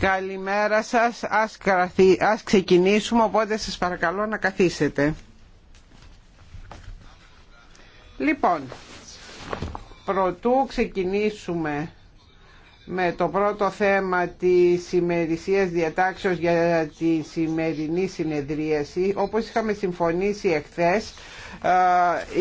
Καλημέρα σας. Ας, ξεκινήσουμε, οπότε σας παρακαλώ να καθίσετε. Λοιπόν, πρωτού ξεκινήσουμε με το πρώτο θέμα της ημερησίας διατάξεως για τη σημερινή συνεδρίαση. Όπως είχαμε συμφωνήσει εχθές,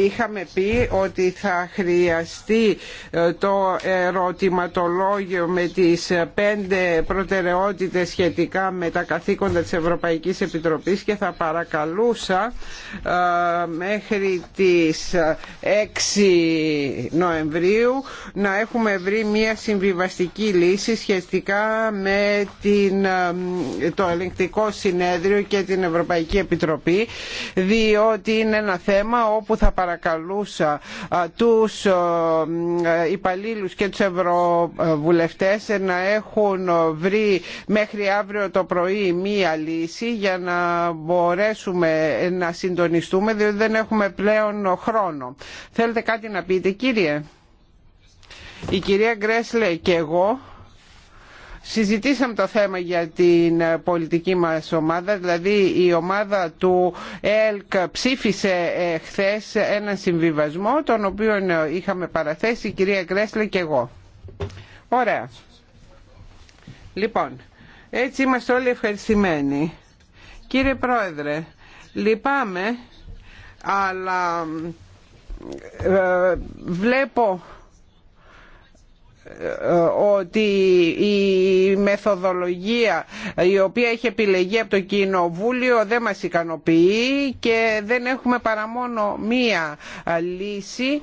είχαμε πει ότι θα χρειαστεί ε, το ερωτηματολόγιο με τις πέντε προτεραιότητες σχετικά με τα καθήκοντα της Ευρωπαϊκής Επιτροπής και θα παρακαλούσα μέχρι τις 6 Νοεμβρίου να έχουμε βρει μια συμβιβαστική εναλλακτική σχετικά με την, ε, το ελεγκτικό συνέδριο και την Ευρωπαϊκή Επιτροπή διότι είναι ένα θέμα όπου θα παρακαλούσα ε, τους ε, υπαλλήλους και τους ευρωβουλευτές να έχουν βρει μέχρι αύριο το πρωί μία λύση για να μπορέσουμε να συντονιστούμε διότι δεν έχουμε πλέον χρόνο. Θέλετε κάτι να πείτε κύριε η κυρία Γκρέσλε και εγώ συζητήσαμε το θέμα για την πολιτική μας ομάδα, δηλαδή η ομάδα του ΕΛΚ ψήφισε ε, χθε έναν συμβιβασμό, τον οποίο ε, είχαμε παραθέσει η κυρία Γκρέσλε και εγώ. Ωραία. Λοιπόν, έτσι είμαστε όλοι ευχαριστημένοι. Κύριε Πρόεδρε, λυπάμαι, αλλά ε, βλέπω ότι η μεθοδολογία η οποία έχει επιλεγεί από το Κοινοβούλιο δεν μας ικανοποιεί και δεν έχουμε παρά μόνο μία λύση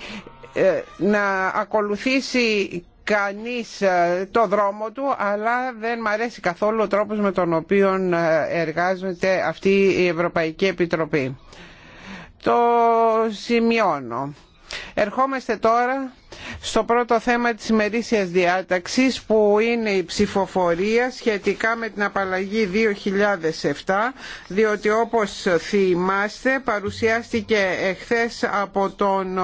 ε, να ακολουθήσει κανείς ε, το δρόμο του αλλά δεν μ' αρέσει καθόλου ο τρόπος με τον οποίο ε, εργάζεται αυτή η Ευρωπαϊκή Επιτροπή. Το σημειώνω. Ερχόμαστε τώρα στο πρώτο θέμα της ημερήσιας διάταξης που είναι η ψηφοφορία σχετικά με την απαλλαγή 2007 διότι όπως θυμάστε παρουσιάστηκε εχθές από τον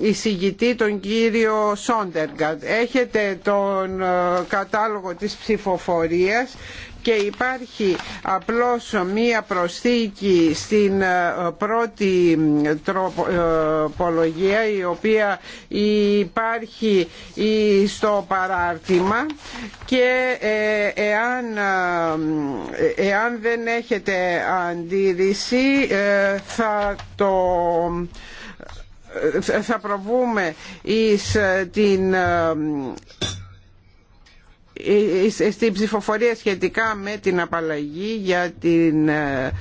ε, εισηγητή τον κύριο Σόντεργαντ. Έχετε τον ε, κατάλογο της ψηφοφορίας και υπάρχει απλώς μία προσθήκη στην ε, πρώτη ε, ε, τροπολογία η οποία υπάρχει στο παράρτημα και εάν, εάν δεν έχετε αντίρρηση θα το θα προβούμε εις την ε, ε, στην ψηφοφορία σχετικά με την απαλλαγή για, ε,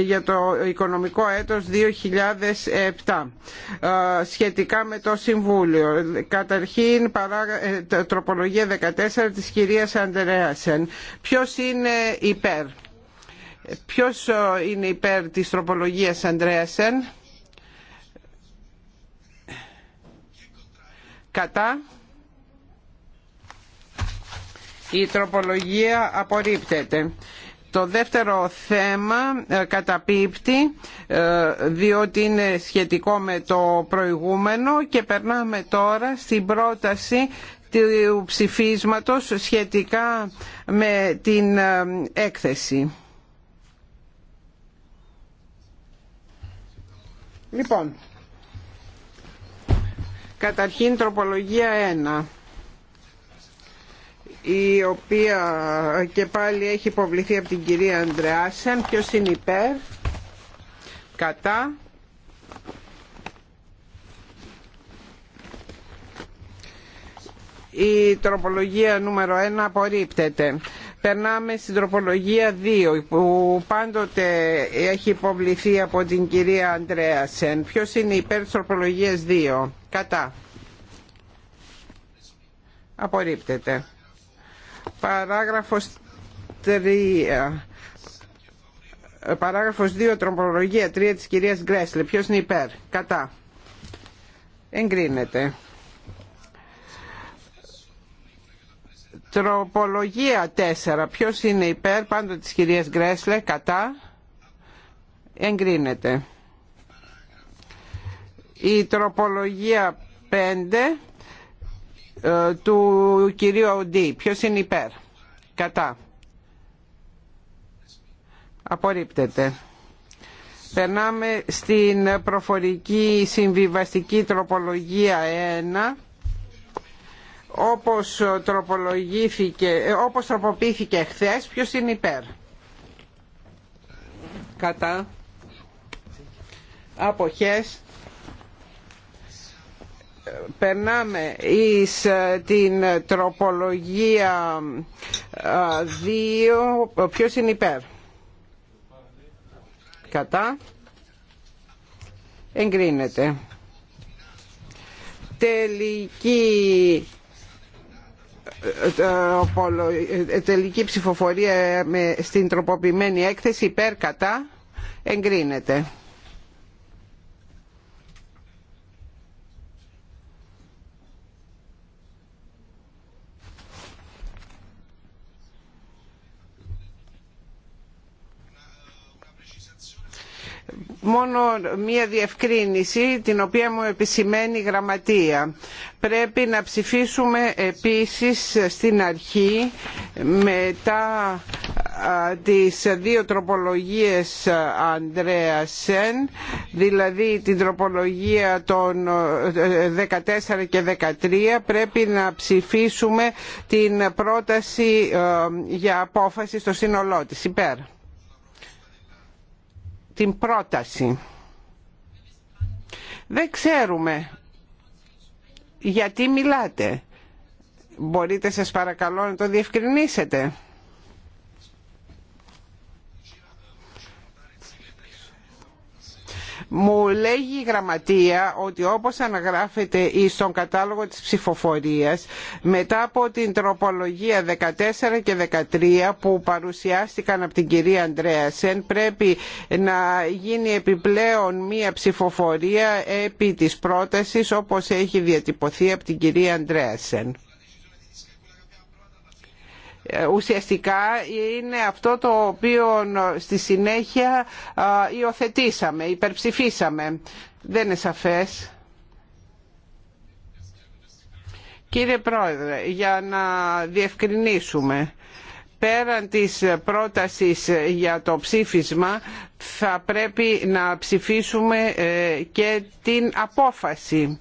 για το οικονομικό έτος 2007 σχετικά με το Συμβούλιο. Καταρχήν παρά, τροπολογία 14 της κυρίας Αντερέασεν. Ποιος είναι υπέρ. Ποιος είναι υπέρ της τροπολογίας Αντρέασεν Κατά. Η τροπολογία απορρίπτεται. Το δεύτερο θέμα ε, καταπίπτει ε, διότι είναι σχετικό με το προηγούμενο και περνάμε τώρα στην πρόταση του ψηφίσματος σχετικά με την ε, έκθεση. Λοιπόν, καταρχήν τροπολογία 1 η οποία και πάλι έχει υποβληθεί από την κυρία Αντρεάσεν. Ποιο είναι υπέρ, κατά. Η τροπολογία νούμερο 1 απορρίπτεται. Περνάμε στην τροπολογία 2 που πάντοτε έχει υποβληθεί από την κυρία Αντρέασεν. Ποιος είναι υπέρ της τροπολογίας 2. Κατά. Απορρίπτεται. Παράγραφος 3. 2, τροπολογία 3 της κυρίας Γκρέσλε. Ποιος είναι υπέρ. Κατά. Εγκρίνεται. Τροπολογία 4. Ποιος είναι υπέρ. Πάντα της κυρίας Γκρέσλε. Κατά. Εγκρίνεται. Η τροπολογία 5 ε, του κυρίου Οντί, Ποιος είναι υπέρ. Κατά. Απορρίπτεται. Περνάμε στην προφορική συμβιβαστική τροπολογία 1 όπως, τροπολογήθηκε, ε, όπως τροποποιήθηκε χθες, ποιος είναι υπέρ. Κατά. Αποχές περνάμε εις ε, την τροπολογία 2 ε, ποιος είναι υπέρ κατά εγκρίνεται τελική ε, τελική ψηφοφορία με, στην τροποποιημένη έκθεση υπέρ κατά εγκρίνεται μόνο μία διευκρίνηση την οποία μου επισημαίνει η γραμματεία. Πρέπει να ψηφίσουμε επίσης στην αρχή μετά τις δύο τροπολογίες Σεν, δηλαδή την τροπολογία των 14 ε, και 13 πρέπει να ψηφίσουμε την πρόταση ε, για απόφαση στο σύνολό της την πρόταση. Δεν ξέρουμε γιατί μιλάτε. Μπορείτε σας παρακαλώ να το διευκρινίσετε. Μου λέγει η γραμματεία ότι όπως αναγράφεται στον κατάλογο της ψηφοφορίας μετά από την τροπολογία 14 και 13 που παρουσιάστηκαν από την κυρία Αντρέασεν πρέπει να γίνει επιπλέον μία ψηφοφορία επί της πρότασης όπως έχει διατυπωθεί από την κυρία Αντρέασεν. Ε, ουσιαστικά είναι αυτό το οποίο στη συνέχεια υιοθετήσαμε, υπερψηφίσαμε. Δεν είναι σαφές. Κύριε Πρόεδρε, για να διευκρινίσουμε, πέραν της πρότασης για το ψήφισμα θα πρέπει να ψηφίσουμε ε, και την απόφαση.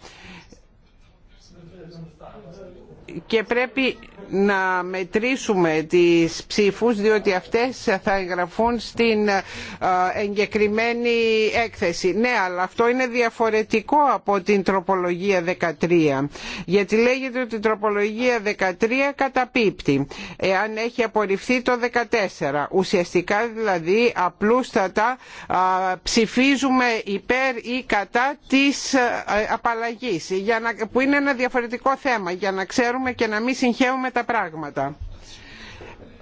Και πρέπει να μετρήσουμε τις ψήφους διότι αυτές θα εγγραφούν στην ε, εγκεκριμένη έκθεση. Ναι, αλλά αυτό είναι διαφορετικό από την τροπολογία 13 γιατί λέγεται ότι η τροπολογία 13 καταπίπτει εάν έχει απορριφθεί το 14. Ουσιαστικά δηλαδή απλούστατα ψηφίζουμε υπέρ ή κατά της ε, απαλλαγής που είναι ένα διαφορετικό θέμα για να ξέρουμε και να μην συγχαίουμε τα πράγματα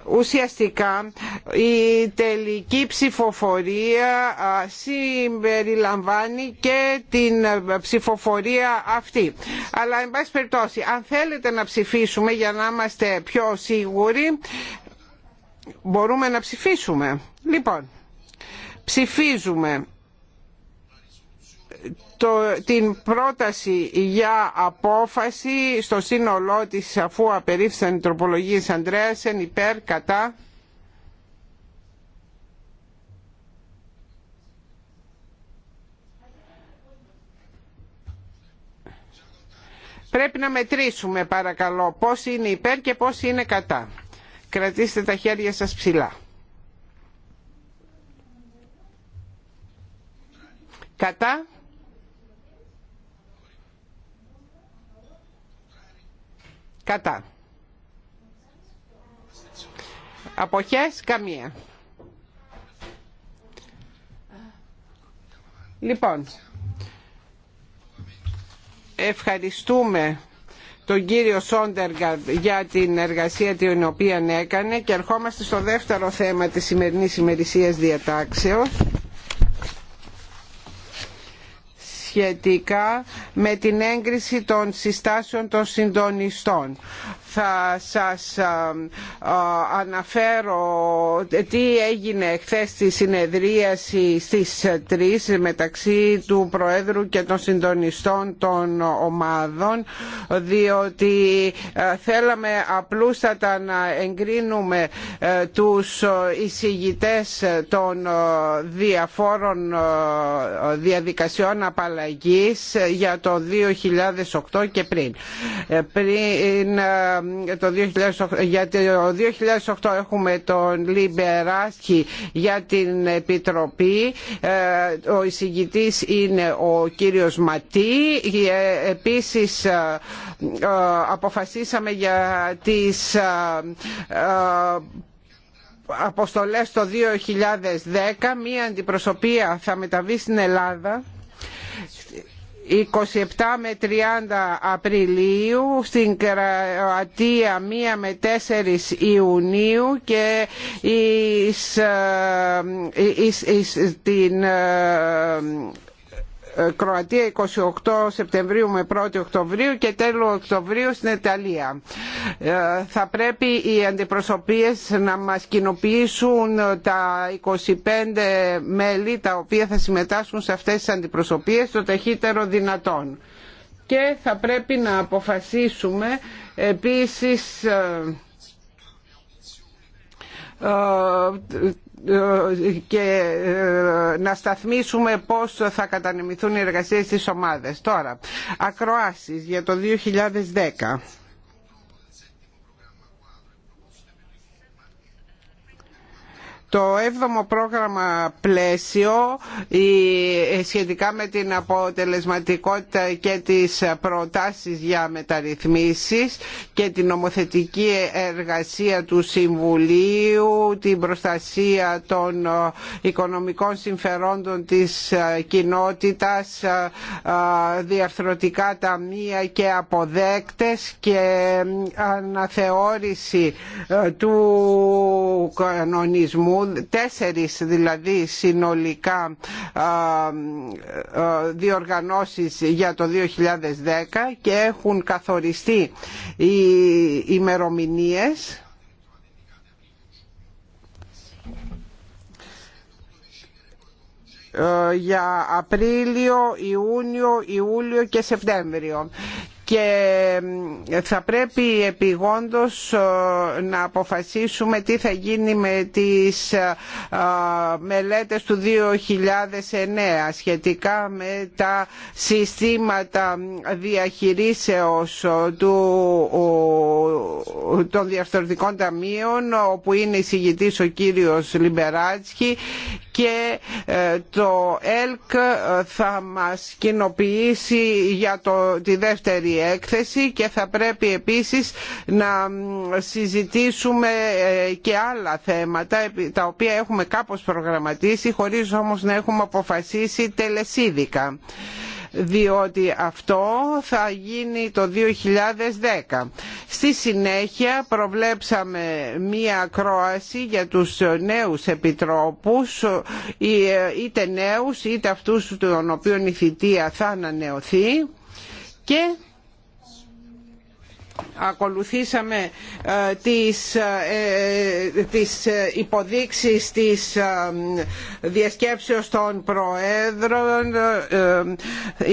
ουσιαστικά η τελική ψηφοφορία συμπεριλαμβάνει και την ψηφοφορία αυτή. Αλλά εν πάση περιπτώσει, αν θέλετε να ψηφίσουμε για να είμαστε πιο σίγουροι, μπορούμε να ψηφίσουμε. Λοιπόν, ψηφίζουμε το, την πρόταση για απόφαση στο σύνολό της αφού απερίφθησαν οι τροπολογίες εν υπέρ κατά Πρέπει να μετρήσουμε παρακαλώ πώς είναι υπέρ και πώς είναι κατά. Κρατήστε τα χέρια σας ψηλά. Κατά. Κατά. Αποχές καμία. Λοιπόν, ευχαριστούμε τον κύριο Σόντεργαρντ για την εργασία την οποία έκανε και ερχόμαστε στο δεύτερο θέμα της σημερινής ημερησίας διατάξεως. σχετικά με την έγκριση των συστάσεων των συντονιστών θα σας αναφέρω τι έγινε χθε στη συνεδρίαση στις 3 μεταξύ του Προέδρου και των συντονιστών των ομάδων διότι θέλαμε απλούστατα να εγκρίνουμε τους εισηγητές των διαφόρων διαδικασιών απαλλαγής για το 2008 και πριν. Ε, πριν το για το 2008 έχουμε τον Λιμπεράσχη για την Επιτροπή. Ε, ο εισηγητής είναι ο κύριος Ματή. Ε, επίσης ε, αποφασίσαμε για τις αποστολές το 2010. Μία αντιπροσωπεία θα μεταβεί στην Ελλάδα 27 με 30 Απριλίου, στην Κρατία 1 με 4 Ιουνίου και ε, στην ε, Κροατία 28 Σεπτεμβρίου με 1 Οκτωβρίου και τέλος Οκτωβρίου στην Ιταλία. Ε, θα πρέπει οι αντιπροσωπείες να μας κοινοποιήσουν τα 25 μέλη τα οποία θα συμμετάσχουν σε αυτές τις αντιπροσωπείες το ταχύτερο δυνατόν. Και θα πρέπει να αποφασίσουμε επίσης ε, ε, και ε, να σταθμίσουμε πώς θα κατανεμηθούν οι εργασίες στις ομάδες. Τώρα, ακροάσεις για το 2010. Το 7ο πρόγραμμα πλαίσιο ε, σχετικά με την αποτελεσματικότητα και τις προτάσεις για μεταρρυθμίσεις και την νομοθετική εργασία του Συμβουλίου, την προστασία των ε, οικονομικών συμφερόντων της ε, κοινότητας, διαρθρωτικά ταμεία και αποδέκτες και αναθεώρηση του κανονισμού τέσσερις δηλαδή συνολικά διοργανώσεις για το 2010 και έχουν καθοριστεί οι ημερομηνίες ε, για Απρίλιο, Ιούνιο, Ιούλιο και Σεπτέμβριο και ε, θα πρέπει επιγόντως ε, να αποφασίσουμε τι θα γίνει με τις ε, μελέτες του 2009 σχετικά με τα συστήματα διαχειρίσεως του, των διαστορτικών ταμείων όπου είναι εισηγητής ο κύριος Λιμπεράτσκι και το ΕΛΚ θα μας κοινοποιήσει για το, τη δεύτερη έκθεση και θα πρέπει επίσης να συζητήσουμε ε, και άλλα θέματα τα οποία έχουμε κάπως προγραμματίσει χωρίς όμως να έχουμε αποφασίσει τελεσίδικα διότι αυτό θα γίνει το 2010. Στη συνέχεια προβλέψαμε μία ακρόαση για τους νέους επιτρόπους, ε, είτε νέους είτε αυτούς των οποίων η θητεία θα ανανεωθεί και ακολουθήσαμε ε, τις, ε, ε, τις υποδείξεις της διασκέψεως των Προέδρων 25-26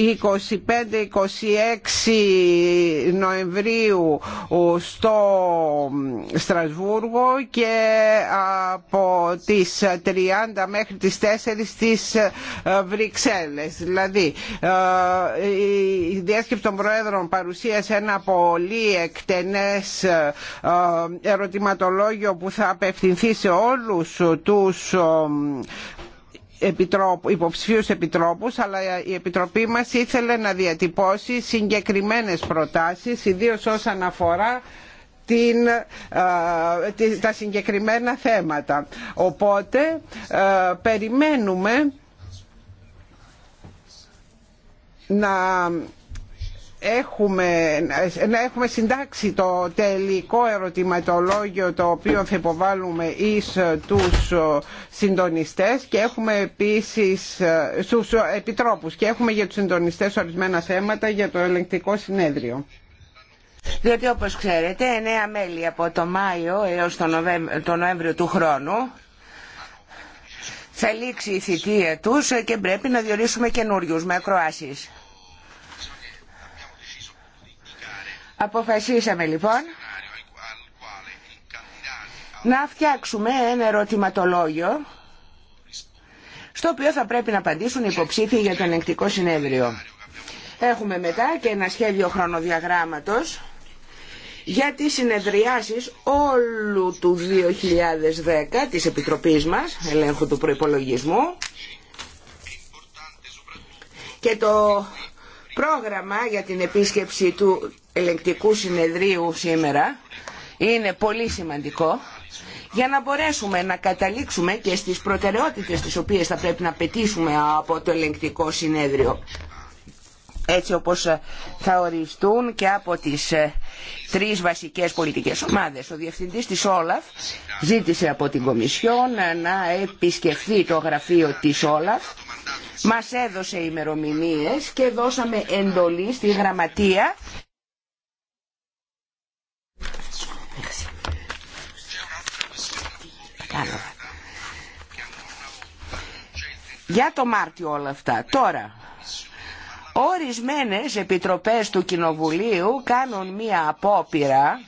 Νοεμβρίου στο Στρασβούργο και από τις 30 μέχρι τις 4 στις Βρυξέλλες. Δηλαδή η διάσκεψη των Προέδρων παρουσίασε ένα πολύ εκτενές ε, ε, ερωτηματολόγιο που θα απευθυνθεί σε όλους τους ε, επιτρόπου, υποψηφίους επιτρόπους αλλά η Επιτροπή μας ήθελε να διατυπώσει συγκεκριμένες προτάσεις ιδίως όσον αφορά την, τα συγκεκριμένα θέματα. Οπότε περιμένουμε να έχουμε, να έχουμε συντάξει το τελικό ερωτηματολόγιο το οποίο θα υποβάλουμε εις τους συντονιστές και έχουμε επίσης στους επιτρόπους και έχουμε για τους συντονιστές ορισμένα θέματα για το ελεγκτικό συνέδριο. Διότι όπως ξέρετε, εννέα μέλη από το Μάιο έως τον Νοέμβριο, του χρόνου θα λήξει η θητεία τους και πρέπει να διορίσουμε καινούριου με ακροάσεις. Αποφασίσαμε λοιπόν να φτιάξουμε ένα ερωτηματολόγιο στο οποίο θα πρέπει να απαντήσουν οι υποψήφοι για το ελεγκτικό συνέδριο. Έχουμε μετά και ένα σχέδιο χρονοδιαγράμματος για τις συνεδριάσεις όλου του 2010 της Επιτροπής μας, ελέγχου του προϋπολογισμού και το πρόγραμμα για την επίσκεψη του ελεγκτικού συνεδρίου σήμερα είναι πολύ σημαντικό για να μπορέσουμε να καταλήξουμε και στις προτεραιότητες τις οποίες θα πρέπει να πετύσουμε από το ελεγκτικό συνέδριο έτσι όπως θα οριστούν και από τις ε, τρεις βασικές πολιτικές ομάδες. Ο διευθυντής της Όλαφ ζήτησε από την Κομισιόν να επισκεφθεί το γραφείο της Όλαφ μας έδωσε ημερομηνίες και δώσαμε εντολή στη γραμματεία για το Μάρτιο όλα αυτά. Τώρα, ορισμένες επιτροπές του Κοινοβουλίου κάνουν μία απόπειρα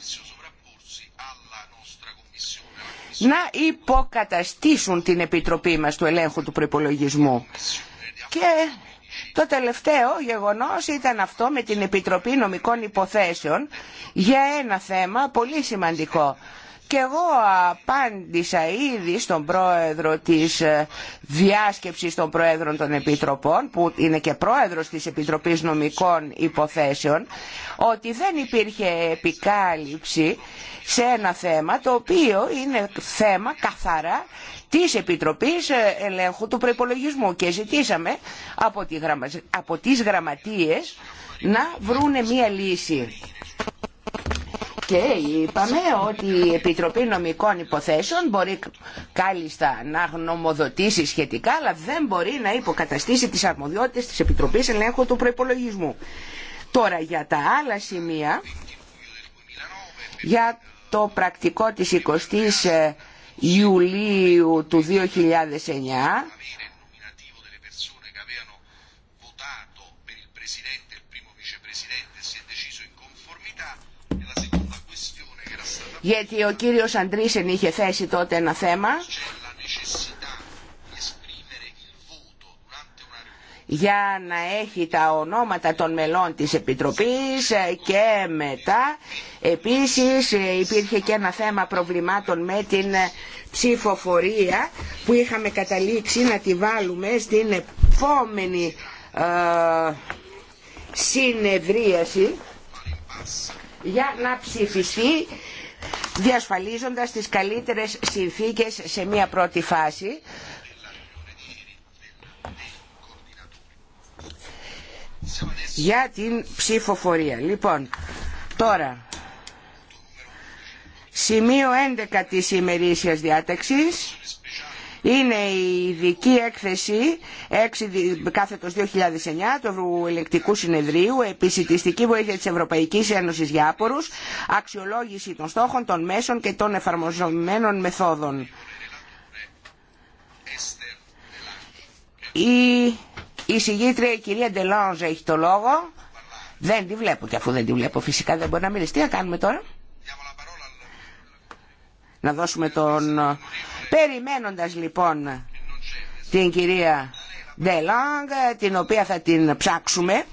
να υποκαταστήσουν την Επιτροπή μας του Ελέγχου του Προϋπολογισμού. Και το τελευταίο γεγονός ήταν αυτό με την Επιτροπή Νομικών Υποθέσεων για ένα θέμα πολύ σημαντικό. Και εγώ απάντησα ήδη στον πρόεδρο της ε, διάσκεψης των πρόεδρων των Επιτροπών, που είναι και πρόεδρος της Επιτροπής Νομικών Υποθέσεων, ότι δεν υπήρχε επικάλυψη σε ένα θέμα το οποίο είναι θέμα καθαρά της Επιτροπής ε, Ελέγχου του Προϋπολογισμού και ζητήσαμε από, τη γραμμα... τις γραμματείες να βρούνε μία λύση. Και είπαμε ότι η Επιτροπή Νομικών Υποθέσεων μπορεί κάλλιστα να γνωμοδοτήσει σχετικά, αλλά δεν μπορεί να υποκαταστήσει τις αρμοδιότητες της Επιτροπής Ελέγχου του Προϋπολογισμού. Τώρα για τα άλλα σημεία, για το πρακτικό της 20 Ιουλίου του 2009 γιατί ο κύριος Αντρίσεν είχε θέσει τότε ένα θέμα για να έχει τα ονόματα των μελών της Επιτροπής ε, και μετά επίσης ε, υπήρχε και ένα θέμα προβλημάτων με την ε, ψηφοφορία που είχαμε καταλήξει να τη βάλουμε στην επόμενη ε, συνεδρίαση για να ψηφιστεί διασφαλίζοντας τις καλύτερες συνθήκες σε μια πρώτη φάση για την ψηφοφορία. Λοιπόν, τώρα, σημείο 11 της ημερήσιας διάταξης είναι η ειδική έκθεση 6 κάθετος 2009 του Ελεκτικού Συνεδρίου «Επισητιστική βοήθεια της Ευρωπαϊκής Ένωσης για άπορους, αξιολόγηση των στόχων, των μέσων και των εφαρμοζομένων μεθόδων». Η η συγγήτρια η κυρία Ντελόνζ έχει το λόγο. Δεν τη βλέπω και αφού δεν τη βλέπω φυσικά δεν μπορεί να μιλήσει. Τι θα κάνουμε τώρα. Να δώσουμε τον... Περιμένοντας λοιπόν την κυρία Ντελόνγκ, την οποία θα την ψάξουμε,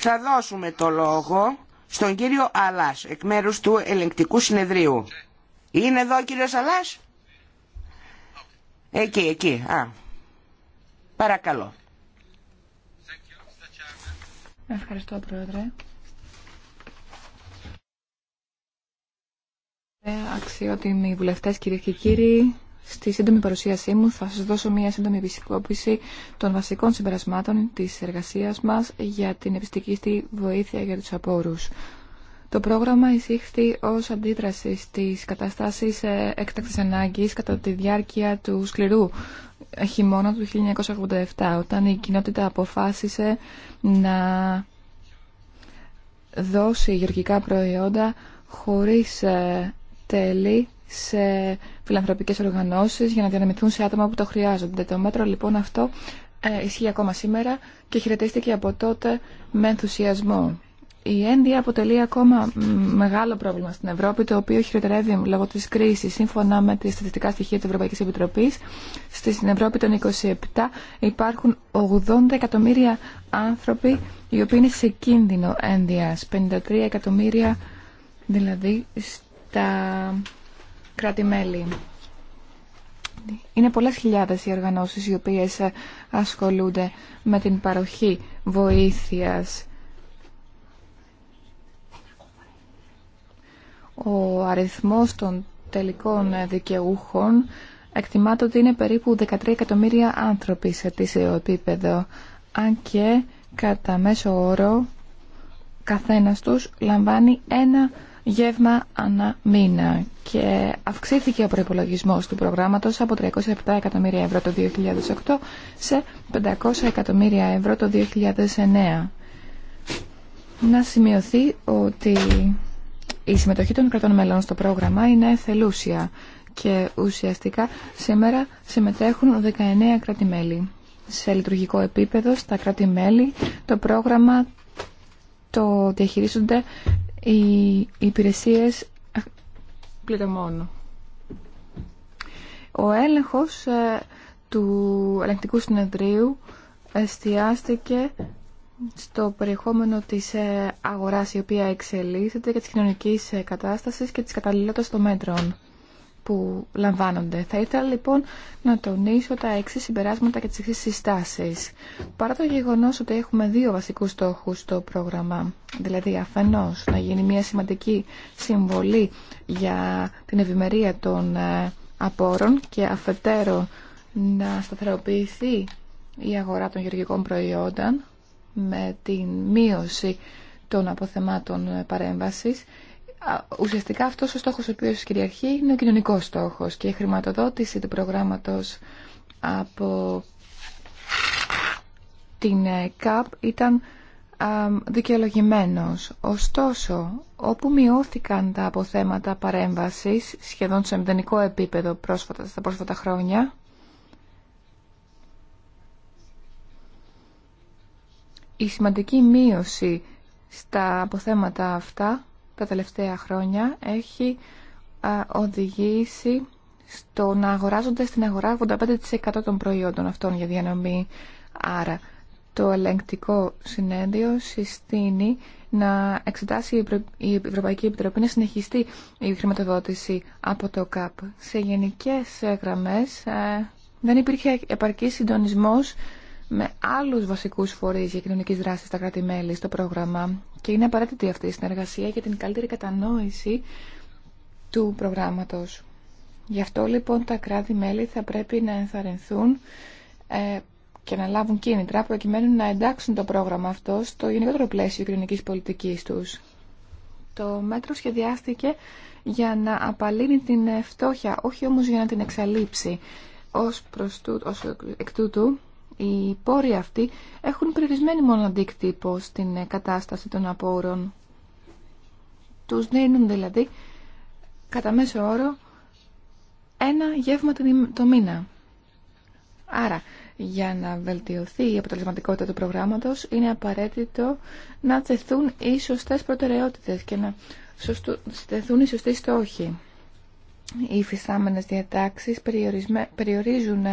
θα δώσουμε το λόγο στον κύριο Αλάς, εκ μέρους του ελεγκτικού συνεδρίου. Είναι εδώ ο κύριος Αλάς? Εκεί, εκεί. Α. Παρακαλώ. Ευχαριστώ, Πρόεδρε. Ε, αξιότιμοι βουλευτέ, κυρίε και κύριοι, στη σύντομη παρουσίασή μου θα σα δώσω μία σύντομη επισκόπηση των βασικών συμπερασμάτων τη εργασία μα για την στη βοήθεια για του απόρου. Το πρόγραμμα εισήχθη ως αντίδραση στις καταστάσεις ε, έκτακτη ανάγκη κατά τη διάρκεια του σκληρού χειμώνα του 1987 όταν η κοινότητα αποφάσισε να δώσει γεωργικά προϊόντα χωρίς ε, τέλη σε φιλανθρωπικές οργανώσεις για να διανεμηθούν σε άτομα που το χρειάζονται. Το μέτρο λοιπόν αυτό ε, ισχύει ακόμα σήμερα και χαιρετίστηκε από τότε με ενθουσιασμό. Η ένδια αποτελεί ακόμα μεγάλο πρόβλημα στην Ευρώπη, το οποίο χειροτερεύει λόγω τη κρίση. Σύμφωνα με τις στατιστικά στοιχεία τη Ευρωπαϊκή Επιτροπή, στην Ευρώπη των 27 υπάρχουν 80 εκατομμύρια άνθρωποι οι οποίοι είναι σε κίνδυνο ένδυα. 53 εκατομμύρια δηλαδή στα κράτη-μέλη. Είναι πολλές χιλιάδες οι οργανώσεις οι οποίες ασχολούνται με την παροχή βοήθειας Ο αριθμός των τελικών δικαιούχων εκτιμάται ότι είναι περίπου 13 εκατομμύρια άνθρωποι σε τίσεο επίπεδο, αν και κατά μέσο όρο καθένας τους λαμβάνει ένα γεύμα ανά μήνα και αυξήθηκε ο προϋπολογισμός του προγράμματος από 307 εκατομμύρια ευρώ το 2008 σε 500 εκατομμύρια ευρώ το 2009. Να σημειωθεί ότι η συμμετοχή των κρατών μελών στο πρόγραμμα είναι θελούσια και ουσιαστικά σήμερα συμμετέχουν 19 κράτη-μέλη. Σε λειτουργικό επίπεδο, στα κράτη-μέλη, το πρόγραμμα το διαχειρίζονται οι υπηρεσίες πληρωμών. Ο έλεγχος ε, του ελεγκτικού συνεδρίου εστιάστηκε στο περιεχόμενο της ε, αγοράς η οποία εξελίσσεται και της κοινωνικής ε, κατάστασης και της καταλληλότητας των μέτρων που λαμβάνονται. Θα ήθελα λοιπόν να τονίσω τα έξι συμπεράσματα και τις εξή συστάσεις. Παρά το γεγονός ότι έχουμε δύο βασικούς στόχους στο πρόγραμμα, δηλαδή αφενός να γίνει μια σημαντική συμβολή για την ευημερία των ε, απόρων και αφετέρου να σταθεροποιηθεί η αγορά των γεωργικών προϊόντων, με την μείωση των αποθεμάτων παρέμβασης. Ουσιαστικά αυτός ο στόχος ο οποίος κυριαρχεί είναι ο κοινωνικός στόχος και η χρηματοδότηση του προγράμματος από την ε, ΚΑΠ ήταν δικαιολογημένος. Ωστόσο, όπου μειώθηκαν τα αποθέματα παρέμβασης σχεδόν σε μηδενικό επίπεδο πρόσφατα, στα πρόσφατα χρόνια, η σημαντική μείωση στα αποθέματα αυτά τα τελευταία χρόνια έχει οδηγήσει στο να αγοράζονται στην αγορά 85% των προϊόντων αυτών για διανομή. Άρα το ελεγκτικό συνέδριο συστήνει να εξετάσει η Ευρωπαϊκή Επιτροπή να συνεχιστεί η χρηματοδότηση από το ΚΑΠ. Σε γενικές γραμμές ε, δεν υπήρχε επαρκή συντονισμός με άλλους βασικούς φορείς για κοινωνική δράση στα κράτη-μέλη στο πρόγραμμα και είναι απαραίτητη αυτή η συνεργασία για την καλύτερη κατανόηση του προγράμματος. Γι' αυτό λοιπόν τα κράτη-μέλη θα πρέπει να ενθαρρυνθούν ε, και να λάβουν κίνητρα προκειμένου να εντάξουν το πρόγραμμα αυτό στο γενικότερο πλαίσιο κοινωνική πολιτική του. Το μέτρο σχεδιάστηκε για να απαλύνει την φτώχεια, όχι όμως για να την εξαλείψει. Ως, εκ τούτου οι πόροι αυτοί έχουν περιορισμένη μόνο αντίκτυπο στην κατάσταση των απόρων. Τους δίνουν δηλαδή κατά μέσο όρο ένα γεύμα το μήνα. Άρα, για να βελτιωθεί η αποτελεσματικότητα του προγράμματος, είναι απαραίτητο να τεθούν οι σωστές προτεραιότητες και να τεθούν οι σωστοί στόχοι. Οι φυσάμενες διατάξεις περιορίζουν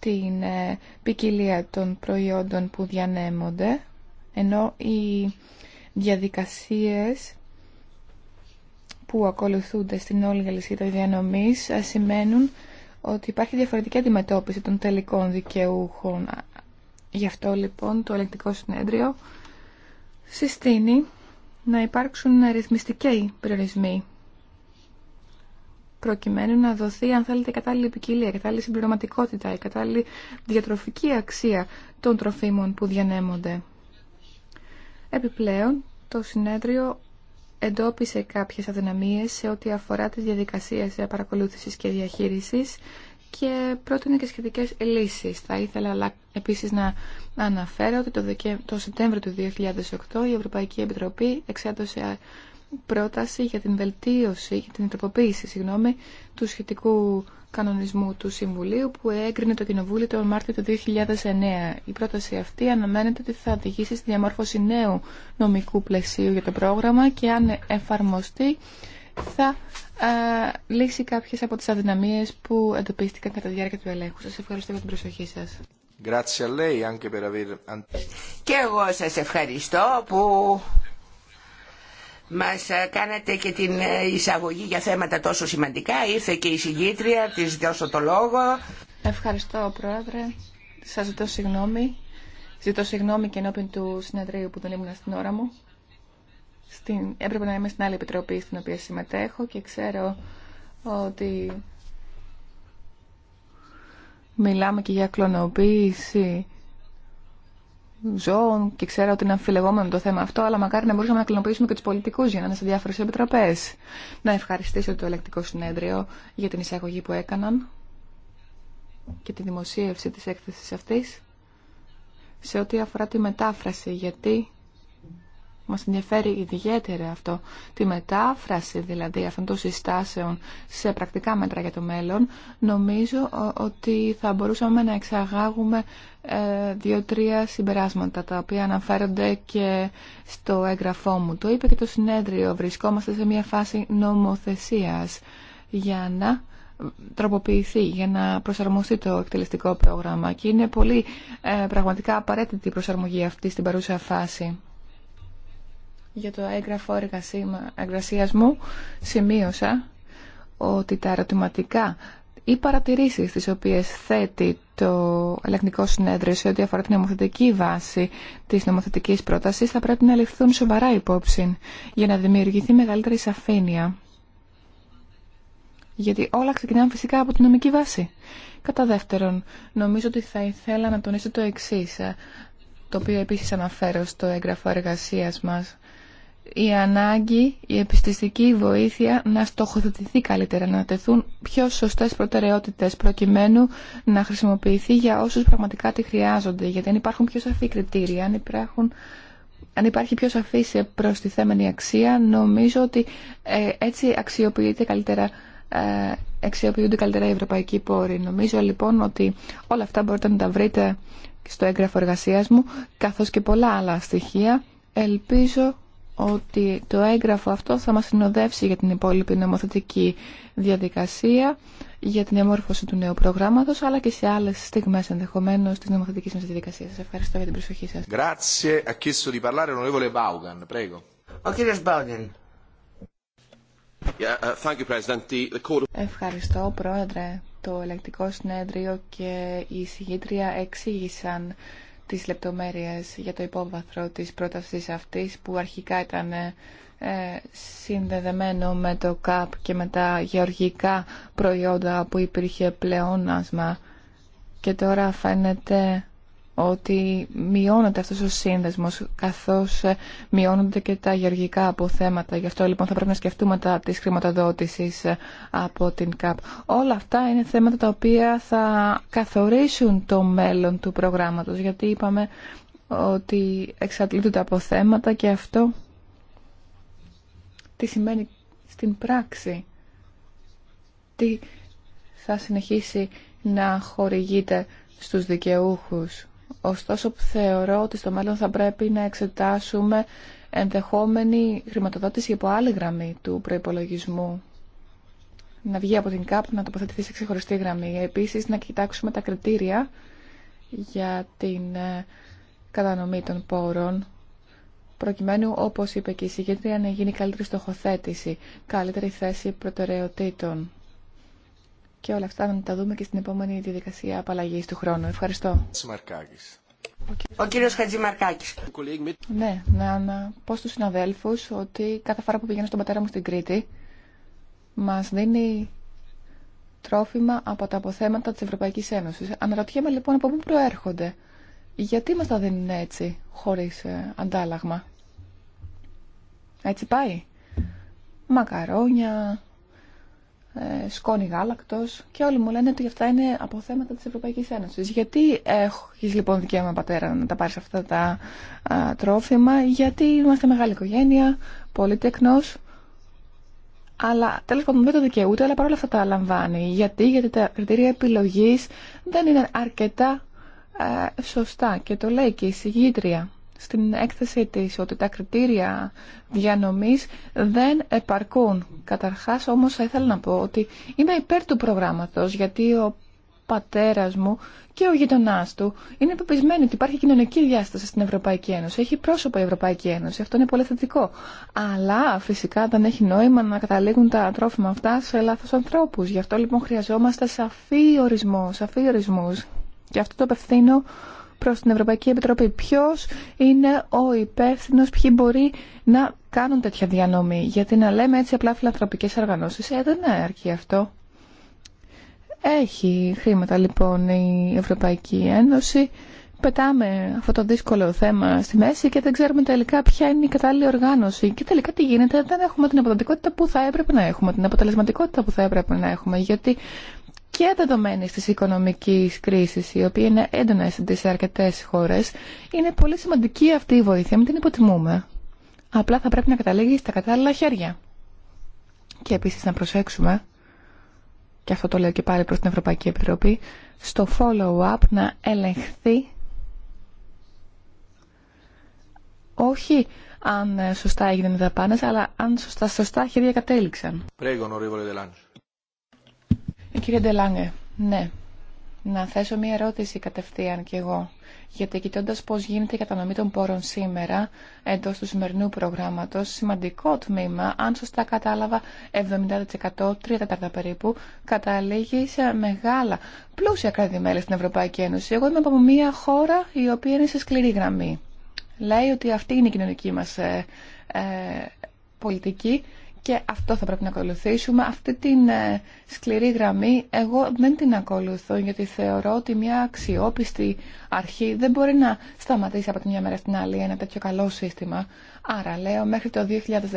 την ε, ποικιλία των προϊόντων που διανέμονται, ενώ οι διαδικασίες που ακολουθούνται στην όλη των διανομής ε, σημαίνουν ότι υπάρχει διαφορετική αντιμετώπιση των τελικών δικαιούχων. Γι' αυτό λοιπόν το ελεκτικό συνέδριο συστήνει να υπάρξουν ρυθμιστικοί προορισμοί προκειμένου να δοθεί, αν θέλετε, η κατάλληλη η κατάλληλη συμπληρωματικότητα, η κατάλληλη διατροφική αξία των τροφίμων που διανέμονται. Επιπλέον, το συνέδριο εντόπισε κάποιες αδυναμίες σε ό,τι αφορά τις διαδικασίες παρακολούθησης και διαχείρισης και πρότεινε και σχετικές λύσεις. Θα ήθελα επίσης να αναφέρω ότι το, Σεπτέμβριο του 2008 η Ευρωπαϊκή Επιτροπή εξέδωσε πρόταση για την βελτίωση, για την τροποποίηση, συγγνώμη, του σχετικού κανονισμού του Συμβουλίου που έγκρινε το Κοινοβούλιο τον Μάρτιο του 2009. Η πρόταση αυτή αναμένεται ότι θα οδηγήσει στη διαμόρφωση νέου νομικού πλαισίου για το πρόγραμμα και αν εφαρμοστεί θα λύσει κάποιες από τις αδυναμίες που εντοπίστηκαν κατά τη διάρκεια του ελέγχου. Σας ευχαριστώ για την προσοχή σας. Και εγώ σας ευχαριστώ που μας κάνατε και την ε, εισαγωγή για θέματα τόσο σημαντικά. Ήρθε και η συγγήτρια, της δώσω το λόγο. Ευχαριστώ Πρόεδρε. Σας ζητώ συγγνώμη. Ζητώ συγγνώμη και ενώπιν του συνεδρίου που δεν ήμουν στην ώρα μου. Στην... Έπρεπε να είμαι στην άλλη επιτροπή στην οποία συμμετέχω και ξέρω ότι μιλάμε και για κλωνοποίηση ζώων και ξέρω ότι είναι αμφιλεγόμενο το θέμα αυτό, αλλά μακάρι να μπορούσαμε να κλινοποιήσουμε και του πολιτικού για να είναι σε διάφορε επιτροπέ. Να ευχαριστήσω το ελεκτικό συνέδριο για την εισαγωγή που έκαναν και τη δημοσίευση της έκθεσης αυτής σε ό,τι αφορά τη μετάφραση, γιατί μας ενδιαφέρει ιδιαίτερα αυτό, τη μετάφραση δηλαδή αυτών των συστάσεων σε πρακτικά μέτρα για το μέλλον. Νομίζω ότι θα μπορούσαμε να εξαγάγουμε ε, δύο-τρία συμπεράσματα τα οποία αναφέρονται και στο έγγραφό μου. Το είπε και το συνέδριο, βρισκόμαστε σε μια φάση νομοθεσίας για να τροποποιηθεί για να προσαρμοστεί το εκτελεστικό πρόγραμμα και είναι πολύ ε, πραγματικά απαραίτητη η προσαρμογή αυτή στην παρούσα φάση για το έγγραφο εργασίας μου σημείωσα ότι τα ερωτηματικά ή παρατηρήσεις τι οποίες θέτει το ελεγκτικό συνέδριο σε ό,τι αφορά την νομοθετική βάση της νομοθετική πρότασης θα πρέπει να ληφθούν σοβαρά υπόψη για να δημιουργηθεί μεγαλύτερη σαφήνεια. Γιατί όλα ξεκινάνε φυσικά από την νομική βάση. Κατά δεύτερον, νομίζω ότι θα ήθελα να τονίσω το εξή, το οποίο επίσης αναφέρω στο έγγραφο εργασίας μας η ανάγκη, η επιστηστική βοήθεια να στοχοθετηθεί καλύτερα, να τεθούν πιο σωστές προτεραιότητες προκειμένου να χρησιμοποιηθεί για όσους πραγματικά τη χρειάζονται. Γιατί αν υπάρχουν πιο σαφή κριτήρια, αν, υπάρχουν, αν υπάρχει πιο σαφή σε προστιθέμενη αξία, νομίζω ότι ε, έτσι αξιοποιείται καλύτερα ε, αξιοποιούνται καλύτερα οι ευρωπαϊκοί πόροι. Νομίζω λοιπόν ότι όλα αυτά μπορείτε να τα βρείτε στο έγγραφο εργασίας μου, καθώς και πολλά άλλα στοιχεία. Ελπίζω ότι το έγγραφο αυτό θα μας συνοδεύσει για την υπόλοιπη νομοθετική διαδικασία, για την διαμόρφωση του νέου προγράμματος, αλλά και σε άλλες στιγμές ενδεχομένως της νομοθετικής μας διαδικασίας. Σας ευχαριστώ για την προσοχή σας. Ευχαριστώ, Πρόεδρε. Το ελεκτικό συνέδριο και η συγγήτρια εξήγησαν τις λεπτομέρειες για το υπόβαθρο της πρότασης αυτής που αρχικά ήταν ε, συνδεδεμένο με το ΚΑΠ και με τα γεωργικά προϊόντα που υπήρχε πλεόνασμα και τώρα φαίνεται ότι μειώνεται αυτός ο σύνδεσμος καθώς ε, μειώνονται και τα γεωργικά αποθέματα. Γι' αυτό λοιπόν θα πρέπει να σκεφτούμε τα της χρηματοδότησης ε, από την ΚΑΠ. Όλα αυτά είναι θέματα τα οποία θα καθορίσουν το μέλλον του προγράμματος γιατί είπαμε ότι εξατλείται τα αποθέματα και αυτό τι σημαίνει στην πράξη. Τι θα συνεχίσει να χορηγείται στους δικαιούχους. Ωστόσο, θεωρώ ότι στο μέλλον θα πρέπει να εξετάσουμε ενδεχόμενη χρηματοδότηση από άλλη γραμμή του προϋπολογισμού. Να βγει από την ΚΑΠ, να τοποθετηθεί σε ξεχωριστή γραμμή. Επίσης, να κοιτάξουμε τα κριτήρια για την ε, κατανομή των πόρων προκειμένου, όπως είπε και η συγκέντρια, να γίνει καλύτερη στοχοθέτηση, καλύτερη θέση προτεραιοτήτων και όλα αυτά να τα δούμε και στην επόμενη διαδικασία απαλλαγή του χρόνου. Ευχαριστώ. Ο κύριος Χατζημαρκάκης. Ναι, να, να πω στου συναδέλφου ότι κάθε φορά που πηγαίνω στον πατέρα μου στην Κρήτη μα δίνει τρόφιμα από τα αποθέματα τη Ευρωπαϊκή Ένωση. Αναρωτιέμαι λοιπόν από πού προέρχονται. Γιατί μα τα δίνουν έτσι, χωρίς ε, αντάλλαγμα. Έτσι πάει. Μακαρόνια, ε, σκόνη γάλακτος και όλοι μου λένε ότι αυτά είναι από θέματα της Ευρωπαϊκής Ένωσης. Γιατί έχει λοιπόν δικαίωμα πατέρα να τα πάρει αυτά τα α, τρόφιμα, γιατί είμαστε μεγάλη οικογένεια, πολύ αλλά τέλος πάντων δεν το δικαιούται, αλλά παρόλα αυτά τα λαμβάνει. Γιατί, γιατί τα κριτήρια επιλογής δεν είναι αρκετά σωστά και το λέει και η συγγήτρια στην έκθεσή της ότι τα κριτήρια διανομής δεν επαρκούν. Καταρχάς όμως θα ήθελα να πω ότι είμαι υπέρ του προγράμματος γιατί ο πατέρας μου και ο γειτονά του είναι πεπισμένοι ότι υπάρχει κοινωνική διάσταση στην Ευρωπαϊκή Ένωση. Έχει πρόσωπο η Ευρωπαϊκή Ένωση. Αυτό είναι πολύ θετικό. Αλλά φυσικά δεν έχει νόημα να καταλήγουν τα τρόφιμα αυτά σε λάθο ανθρώπου. Γι' αυτό λοιπόν χρειαζόμαστε σαφή ορισμό, σαφή ορισμού. Και αυτό το απευθύνω προς την Ευρωπαϊκή Επιτροπή. Ποιος είναι ο υπεύθυνο, ποιοι μπορεί να κάνουν τέτοια διανομή. Γιατί να λέμε έτσι απλά φιλανθρωπικές οργανώσεις, ε, δεν αρκεί αυτό. Έχει χρήματα λοιπόν η Ευρωπαϊκή Ένωση. Πετάμε αυτό το δύσκολο θέμα στη μέση και δεν ξέρουμε τελικά ποια είναι η κατάλληλη οργάνωση. Και τελικά τι γίνεται, δεν έχουμε την αποδοτικότητα που θα έπρεπε να έχουμε, την αποτελεσματικότητα που θα έπρεπε να έχουμε. Γιατί και δεδομένη της οικονομικής κρίσης, η οποία είναι έντονα σε αρκετές χώρες, είναι πολύ σημαντική αυτή η βοήθεια, μην την υποτιμούμε. Απλά θα πρέπει να καταλήγει στα κατάλληλα χέρια. Και επίσης να προσέξουμε, και αυτό το λέω και πάλι προς την Ευρωπαϊκή Επιτροπή, στο follow-up να ελεγχθεί όχι αν σωστά έγιναν οι δαπάνες, αλλά αν σωστά, σωστά χέρια κατέληξαν. Ε, κύριε Ντελάνγκε, ναι. Να θέσω μία ερώτηση κατευθείαν κι εγώ. Γιατί κοιτώντα πώ γίνεται η κατανομή των πόρων σήμερα, εντό του σημερινού προγράμματο, σημαντικό τμήμα, αν σωστά κατάλαβα, 70%, 3 τέταρτα περίπου, καταλήγει σε μεγάλα πλούσια κράτη-μέλη στην Ευρωπαϊκή Ένωση. Εγώ είμαι από μία χώρα η οποία είναι σε σκληρή γραμμή. Λέει ότι αυτή είναι η κοινωνική μα ε, ε, πολιτική και αυτό θα πρέπει να ακολουθήσουμε. Αυτή την ε, σκληρή γραμμή εγώ δεν την ακολουθώ γιατί θεωρώ ότι μια αξιόπιστη αρχή δεν μπορεί να σταματήσει από τη μια μέρα στην άλλη ένα τέτοιο καλό σύστημα. Άρα λέω μέχρι το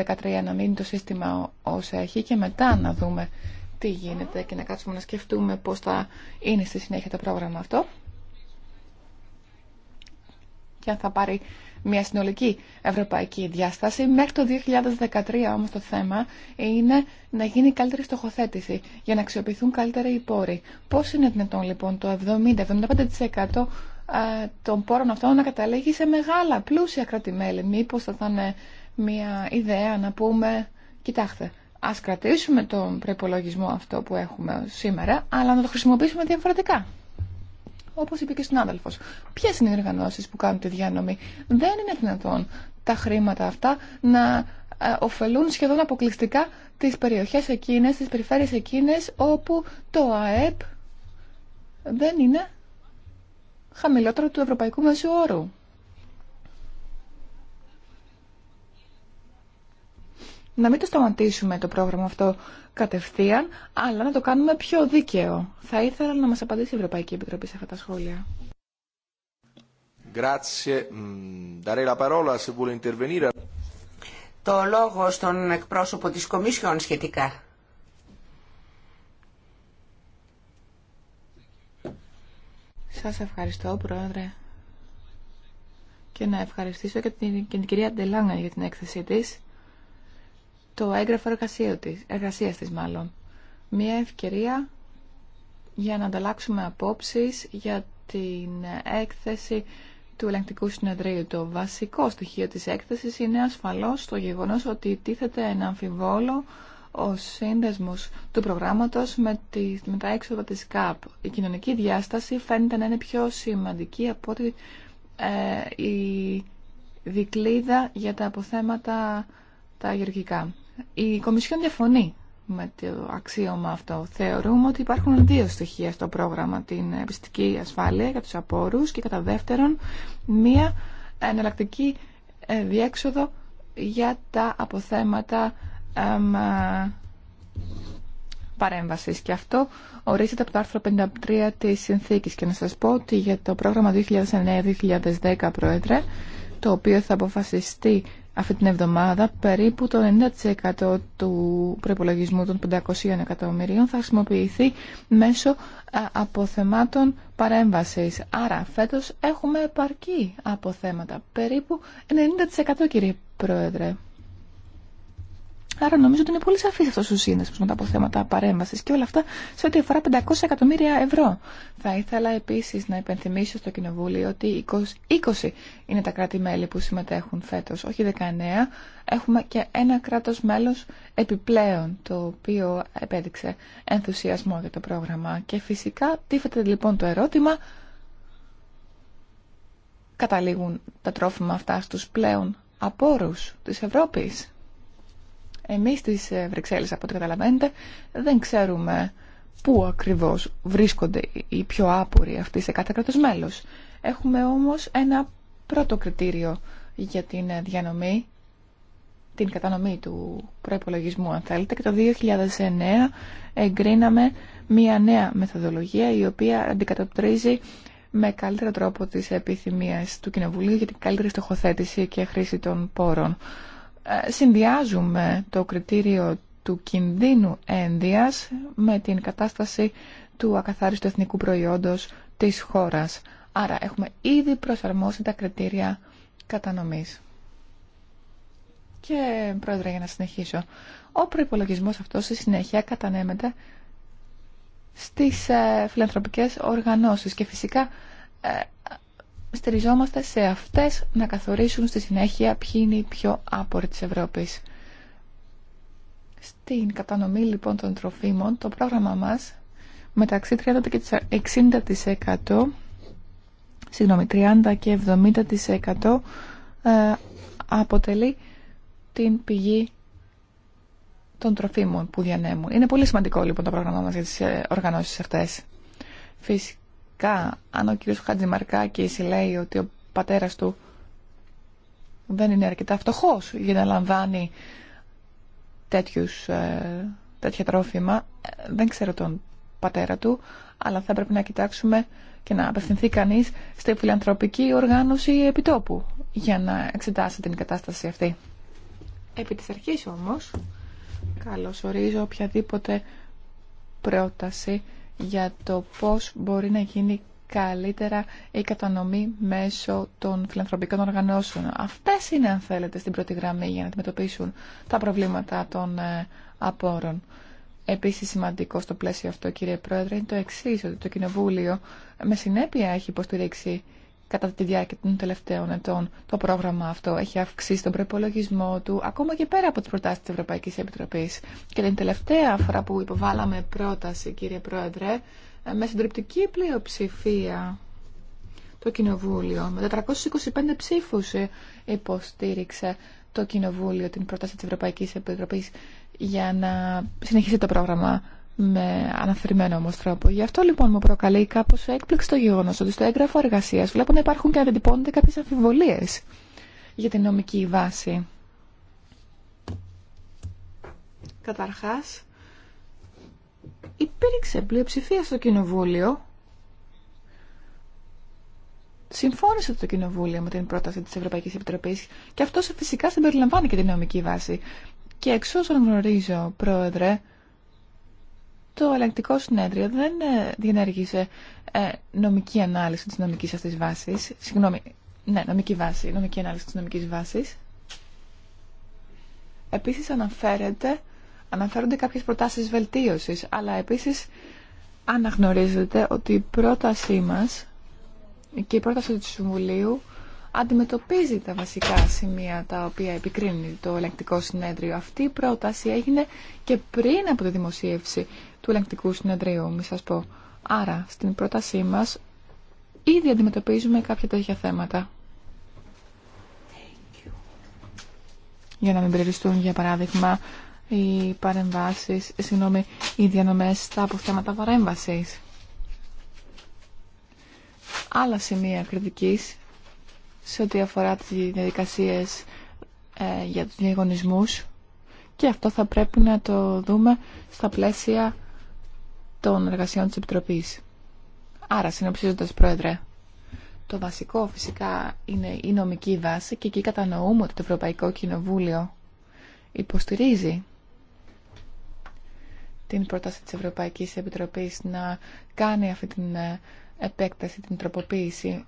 2013 να μείνει το σύστημα όσο έχει και μετά να δούμε τι γίνεται και να κάτσουμε να σκεφτούμε πώς θα είναι στη συνέχεια το πρόγραμμα αυτό και αν θα πάρει μια συνολική ευρωπαϊκή διάσταση. Μέχρι το 2013 όμως το θέμα είναι να γίνει καλύτερη στοχοθέτηση για να αξιοποιηθούν καλύτερα οι πόροι. Πώς είναι δυνατόν λοιπόν το 70-75% των πόρων αυτών να καταλήγει σε μεγάλα κρατημέλη. κράτη-μέλη. Μήπως θα ήταν μια ιδέα να πούμε, κοιτάξτε, ας κρατήσουμε τον προπολογισμό αυτό που έχουμε σήμερα, αλλά να το χρησιμοποιήσουμε διαφορετικά όπως είπε και στον συνάδελφος. Ποιες είναι οι οργανώσει που κάνουν τη διανομή. Δεν είναι δυνατόν τα χρήματα αυτά να ε, ωφελούν σχεδόν αποκλειστικά τις περιοχές εκείνες, τις περιφέρειες εκείνες όπου το ΑΕΠ δεν είναι χαμηλότερο του ευρωπαϊκού όρου. να μην το σταματήσουμε το πρόγραμμα αυτό κατευθείαν, αλλά να το κάνουμε πιο δίκαιο. Θα ήθελα να μας απαντήσει η Ευρωπαϊκή Επιτροπή σε αυτά τα σχόλια. Το λόγο στον εκπρόσωπο της Κομίσιον σχετικά. Σας ευχαριστώ, Πρόεδρε. Και να ευχαριστήσω και την, κυρία Ντελάνα για την έκθεσή της το έγγραφο εργασίας της μάλλον. Μια ευκαιρία για να ανταλλάξουμε απόψεις για την έκθεση του ελεγκτικού συνεδρίου. Το βασικό στοιχείο της έκθεσης είναι ασφαλώς το γεγονός ότι τίθεται ένα αμφιβόλο ο σύνδεσμος του προγράμματος με, τη, με τα έξοδα της ΚΑΠ. Η κοινωνική διάσταση φαίνεται να είναι πιο σημαντική από ότι ε, η δικλίδα για τα αποθέματα τα γεωργικά. Η Κομισιόν διαφωνεί με το αξίωμα αυτό. Θεωρούμε ότι υπάρχουν δύο στοιχεία στο πρόγραμμα, την επιστική ασφάλεια για τους απόρους και κατά δεύτερον μία εναλλακτική ε, διέξοδο για τα αποθέματα ε, παρέμβασης. Και αυτό ορίζεται από το άρθρο 53 της συνθήκης. Και να σας πω ότι για το πρόγραμμα 2009-2010, Πρόεδρε, το οποίο θα αποφασιστεί αυτή την εβδομάδα περίπου το 90% του προπολογισμού των 500 εκατομμυρίων θα χρησιμοποιηθεί μέσω ε, αποθεμάτων παρέμβασης. Άρα φέτος έχουμε επαρκή αποθέματα. Περίπου 90% κύριε Πρόεδρε. Άρα νομίζω ότι είναι πολύ σαφή αυτό ο σύνδεσμο μετά από θέματα παρέμβαση και όλα αυτά σε ό,τι αφορά 500 εκατομμύρια ευρώ. Θα ήθελα επίση να υπενθυμίσω στο Κοινοβούλιο ότι 20 είναι τα κράτη-μέλη που συμμετέχουν φέτο, όχι 19. Έχουμε και ένα κράτο μέλο επιπλέον, το οποίο επέδειξε ενθουσιασμό για το πρόγραμμα. Και φυσικά τίθεται λοιπόν το ερώτημα, καταλήγουν τα τρόφιμα αυτά στους πλέον απόρους της Ευρώπης. Εμείς στις ε, Βρυξέλλες, από ό,τι καταλαβαίνετε, δεν ξέρουμε πού ακριβώς βρίσκονται οι πιο άποροι αυτοί σε κάθε κράτος μέλος. Έχουμε όμως ένα πρώτο κριτήριο για την διανομή, την κατανομή του προϋπολογισμού αν θέλετε και το 2009 εγκρίναμε μια νέα μεθοδολογία η οποία αντικατοπτρίζει με καλύτερο τρόπο τις επιθυμίες του Κοινοβουλίου για την καλύτερη στοχοθέτηση και χρήση των πόρων. Ε, συνδυάζουμε το κριτήριο του κινδύνου ένδυας με την κατάσταση του ακαθάριστου εθνικού προϊόντος της χώρας. Άρα έχουμε ήδη προσαρμόσει τα κριτήρια κατανομής. Και πρόεδρε για να συνεχίσω, ο προϋπολογισμός αυτός στη συνέχεια κατανέμεται στις ε, φιλανθρωπικές οργανώσεις και φυσικά ε, στηριζόμαστε σε αυτές να καθορίσουν στη συνέχεια ποιοι είναι οι πιο άποροι της Ευρώπης. Στην κατανομή λοιπόν των τροφίμων, το πρόγραμμα μας μεταξύ 30 και 60% συγγνώμη, 30 και 70% ε, αποτελεί την πηγή των τροφίμων που διανέμουν. Είναι πολύ σημαντικό λοιπόν το πρόγραμμά μας για τις ε, οργανώσεις αυτές αν ο κ. Χατζημαρκάκης λέει ότι ο πατέρας του δεν είναι αρκετά φτωχός για να λαμβάνει τέτοιους, ε, τέτοια τρόφιμα, ε, δεν ξέρω τον πατέρα του, αλλά θα πρέπει να κοιτάξουμε και να απευθυνθεί κανείς στη φιλανθρωπική οργάνωση επιτόπου για να εξετάσει την κατάσταση αυτή. Επί της αρχής όμως, ορίζω οποιαδήποτε πρόταση για το πώς μπορεί να γίνει καλύτερα η κατανομή μέσω των φιλανθρωπικών οργανώσεων. Αυτές είναι, αν θέλετε, στην πρώτη γραμμή για να αντιμετωπίσουν τα προβλήματα των ε, απόρων. Επίσης σημαντικό στο πλαίσιο αυτό, κύριε Πρόεδρε, είναι το εξή ότι το Κοινοβούλιο με συνέπεια έχει υποστηρίξει κατά τη διάρκεια των τελευταίων ετών. Το πρόγραμμα αυτό έχει αυξήσει τον προπολογισμό του ακόμα και πέρα από τι προτάσει τη Ευρωπαϊκή Επιτροπή. Και την τελευταία φορά που υποβάλαμε πρόταση, κύριε Πρόεδρε, ε, με συντριπτική πλειοψηφία το Κοινοβούλιο, με 425 ψήφους ε, υποστήριξε το Κοινοβούλιο την πρόταση της Ευρωπαϊκής Επιτροπής για να συνεχίσει το πρόγραμμα με αναφερμένο όμω τρόπο. Γι' αυτό λοιπόν μου προκαλεί κάπω έκπληξη το γεγονό ότι στο έγγραφο εργασία βλέπω να υπάρχουν και να αντιτυπώνονται κάποιε αμφιβολίε για την νομική βάση. Καταρχά, υπήρξε πλειοψηφία στο Κοινοβούλιο. Συμφώνησε το Κοινοβούλιο με την πρόταση τη Ευρωπαϊκή Επιτροπή και αυτό φυσικά συμπεριλαμβάνει και την νομική βάση. Και εξ όσων γνωρίζω, Πρόεδρε, το ελεγκτικό συνέδριο δεν ε, διενέργησε ε, νομική ανάλυση της νομικής αυτής βάσης. Συγγνώμη, ναι, νομική βάση, νομική ανάλυση της νομικής βάσης. Επίσης αναφέρεται, αναφέρονται κάποιες προτάσεις βελτίωσης, αλλά επίσης αναγνωρίζεται ότι η πρότασή μας και η πρόταση του Συμβουλίου αντιμετωπίζει τα βασικά σημεία τα οποία επικρίνει το ελεγκτικό συνέδριο. Αυτή η πρόταση έγινε και πριν από τη δημοσίευση του ελεγκτικού συνεδρίου, μη σας πω. Άρα, στην πρότασή μας, ήδη αντιμετωπίζουμε κάποια τέτοια θέματα. Για να μην περιοριστούν, για παράδειγμα, οι παρεμβάσεις, συγγνώμη, οι διανομές στα αποθέματα παρέμβαση. Άλλα σημεία κριτικής σε ό,τι αφορά τις διαδικασίες ε, για τους διαγωνισμούς και αυτό θα πρέπει να το δούμε στα πλαίσια των εργασιών της Επιτροπής. Άρα, συνοψίζοντας, Πρόεδρε, το βασικό φυσικά είναι η νομική βάση και εκεί κατανοούμε ότι το Ευρωπαϊκό Κοινοβούλιο υποστηρίζει την πρόταση της Ευρωπαϊκής Επιτροπής να κάνει αυτή την ε, επέκταση, την τροποποίηση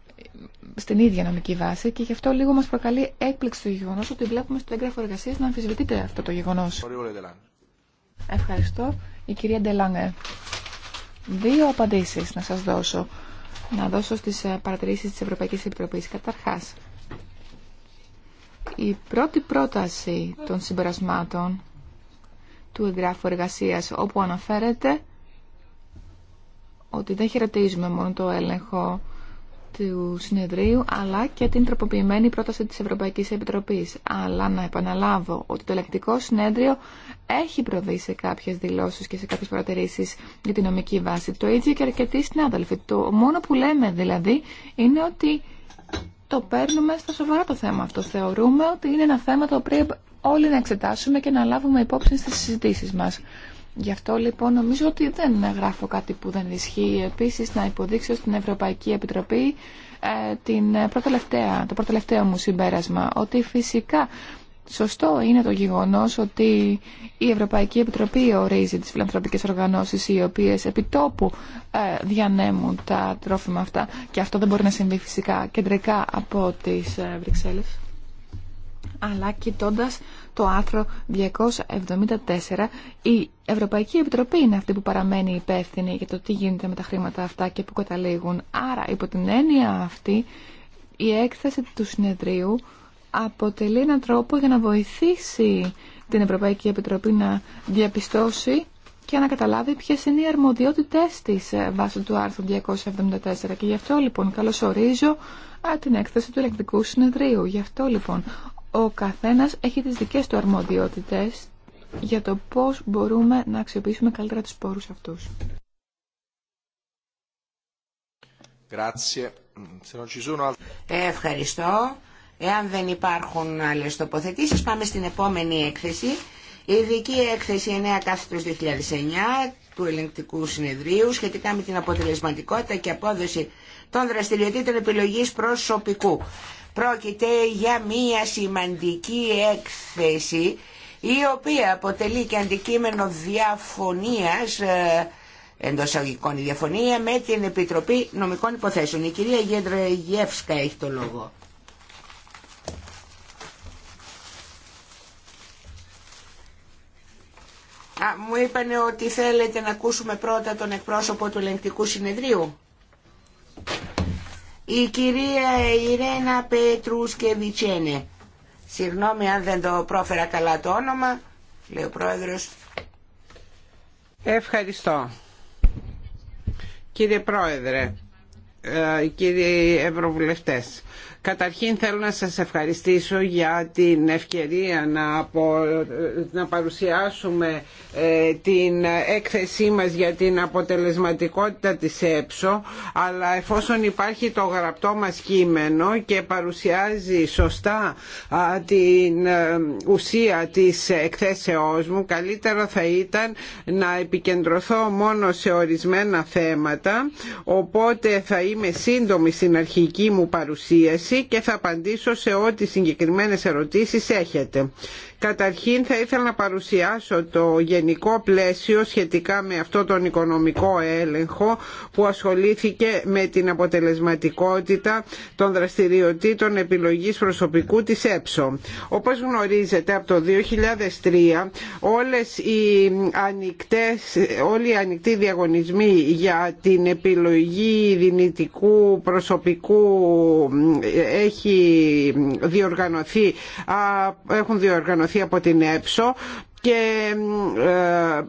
στην ίδια νομική βάση και γι' αυτό λίγο μας προκαλεί έκπληξη το γεγονός ότι βλέπουμε στο έγγραφο εργασία να αμφισβητείται αυτό το γεγονός. Ευχαριστώ. Η κυρία Ντελάνε. Δύο απαντήσεις να σας δώσω. Να δώσω στις ε, παρατηρήσεις της Ευρωπαϊκής Επιτροπής. Καταρχάς, η πρώτη πρόταση των συμπερασμάτων του εγγράφου εργασίας όπου αναφέρεται ότι δεν χαιρετίζουμε μόνο το έλεγχο του συνεδρίου αλλά και την τροποποιημένη πρόταση της Ευρωπαϊκής Επιτροπής. Αλλά να επαναλάβω ότι το ελεκτικό συνέδριο έχει προβεί σε κάποιες δηλώσεις και σε κάποιες παρατηρήσεις για την νομική βάση. Το ίδιο και αρκετοί συνάδελφοι. Το μόνο που λέμε δηλαδή είναι ότι το παίρνουμε στα σοβαρά το θέμα αυτό. Θεωρούμε ότι είναι ένα θέμα το οποίο όλοι να εξετάσουμε και να λάβουμε υπόψη στις συζητήσεις μας. Γι' αυτό λοιπόν νομίζω ότι δεν γράφω κάτι που δεν ισχύει. Επίσης να υποδείξω στην Ευρωπαϊκή Επιτροπή ε, την προτελευταία, το προτελευταίο μου συμπέρασμα ότι φυσικά σωστό είναι το γεγονός ότι η Ευρωπαϊκή Επιτροπή ορίζει τις φιλανθρωπικές οργανώσεις οι οποίες επιτόπου ε, διανέμουν τα τρόφιμα αυτά και αυτό δεν μπορεί να συμβεί φυσικά κεντρικά από τις ε, αλλά κοιτώντα το άρθρο 274. Η Ευρωπαϊκή Επιτροπή είναι αυτή που παραμένει υπεύθυνη για το τι γίνεται με τα χρήματα αυτά και που καταλήγουν. Άρα, υπό την έννοια αυτή, η έκθεση του συνεδρίου αποτελεί έναν τρόπο για να βοηθήσει την Ευρωπαϊκή Επιτροπή να διαπιστώσει και να καταλάβει ποιες είναι οι αρμοδιότητές της βάσει του άρθρου 274. Και γι' αυτό λοιπόν καλωσορίζω ε, την έκθεση του ελεκτικού συνεδρίου. Γι' αυτό λοιπόν ο καθένας έχει τις δικές του αρμοδιότητες για το πώς μπορούμε να αξιοποιήσουμε καλύτερα τους πόρους αυτούς. Ευχαριστώ. Εάν δεν υπάρχουν άλλες τοποθετήσεις, πάμε στην επόμενη έκθεση. Η ειδική έκθεση 9 κάθετος 2009 του Ελεγκτικού Συνεδρίου σχετικά με την αποτελεσματικότητα και απόδοση των δραστηριοτήτων επιλογής προσωπικού. Πρόκειται για μία σημαντική έκθεση η οποία αποτελεί και αντικείμενο διαφωνίας ε, εντό αγωγικών διαφωνία με την Επιτροπή Νομικών Υποθέσεων. Η κυρία Γέντρεγεύσκα έχει το λόγο. μου είπανε ότι θέλετε να ακούσουμε πρώτα τον εκπρόσωπο του ελεγκτικού συνεδρίου. Η κυρία Ιρένα Πετρούσκεβιτσένε. Συγγνώμη αν δεν το πρόφερα καλά το όνομα, λέει ο πρόεδρος. Ευχαριστώ. Κύριε Πρόεδρε, ε, κύριοι Ευρωβουλευτές, Καταρχήν θέλω να σας ευχαριστήσω για την ευκαιρία να, παρουσιάσουμε ε, την έκθεσή μας για την αποτελεσματικότητα της ΕΠΣΟ αλλά εφόσον υπάρχει το γραπτό μας κείμενο και παρουσιάζει σωστά την ε, ουσία της εκθέσεώς μου καλύτερο θα ήταν να επικεντρωθώ μόνο σε ορισμένα θέματα οπότε θα είμαι σύντομη στην αρχική μου παρουσίαση και θα απαντήσω σε ό,τι συγκεκριμένες ερωτήσεις έχετε. Καταρχήν θα ήθελα να παρουσιάσω το γενικό πλαίσιο σχετικά με αυτό τον οικονομικό έλεγχο που ασχολήθηκε με την αποτελεσματικότητα των δραστηριοτήτων επιλογής προσωπικού της ΕΠΣΟ. Όπως γνωρίζετε από το 2003 όλες οι ανοιχτές, όλοι οι ανοιχτοί διαγωνισμοί για την επιλογή δυνητικού προσωπικού ε, έχει διοργανωθεί, έχουν διοργανωθεί από την ΕΠΣΟ και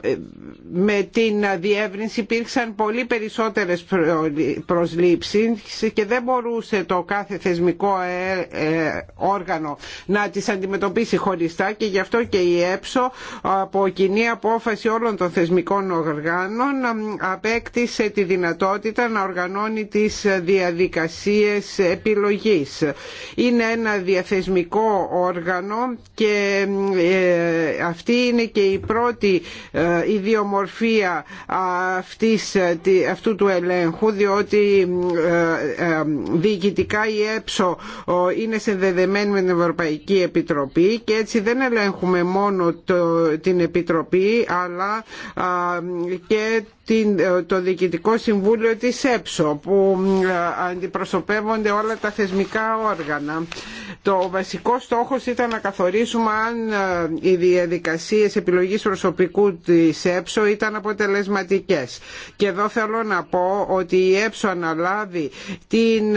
ε, ε, με την διεύρυνση υπήρξαν πολύ περισσότερες προσλήψεις και δεν μπορούσε το κάθε θεσμικό ε, όργανο να τις αντιμετωπίσει χωριστά και γι' αυτό και η ΕΠΣΟ από κοινή απόφαση όλων των θεσμικών οργάνων απέκτησε τη δυνατότητα να οργανώνει τις διαδικασίες επιλογής. Είναι ένα διαθεσμικό όργανο και αυτή είναι και η πρώτη ε, ιδιομορφία αυτής, ε, αυτού του ελέγχου διότι ε, διοικητικά η έψο είναι συνδεδεμένη με την Ευρωπαϊκή Επιτροπή και έτσι δεν ελέγχουμε μόνο την Επιτροπή αλλά και ε, το Διοικητικό Συμβούλιο της ΕΠΣΟ που ε, αντιπροσωπεύονται όλα τα θεσμικά όργανα. Το βασικό στόχος ήταν να καθορίσουμε αν ε, οι διαδικασίες επιλογής προσωπικού της ΕΠΣΟ ήταν αποτελεσματικές. Και εδώ θέλω να πω ότι η ΕΠΣΟ αναλάβει την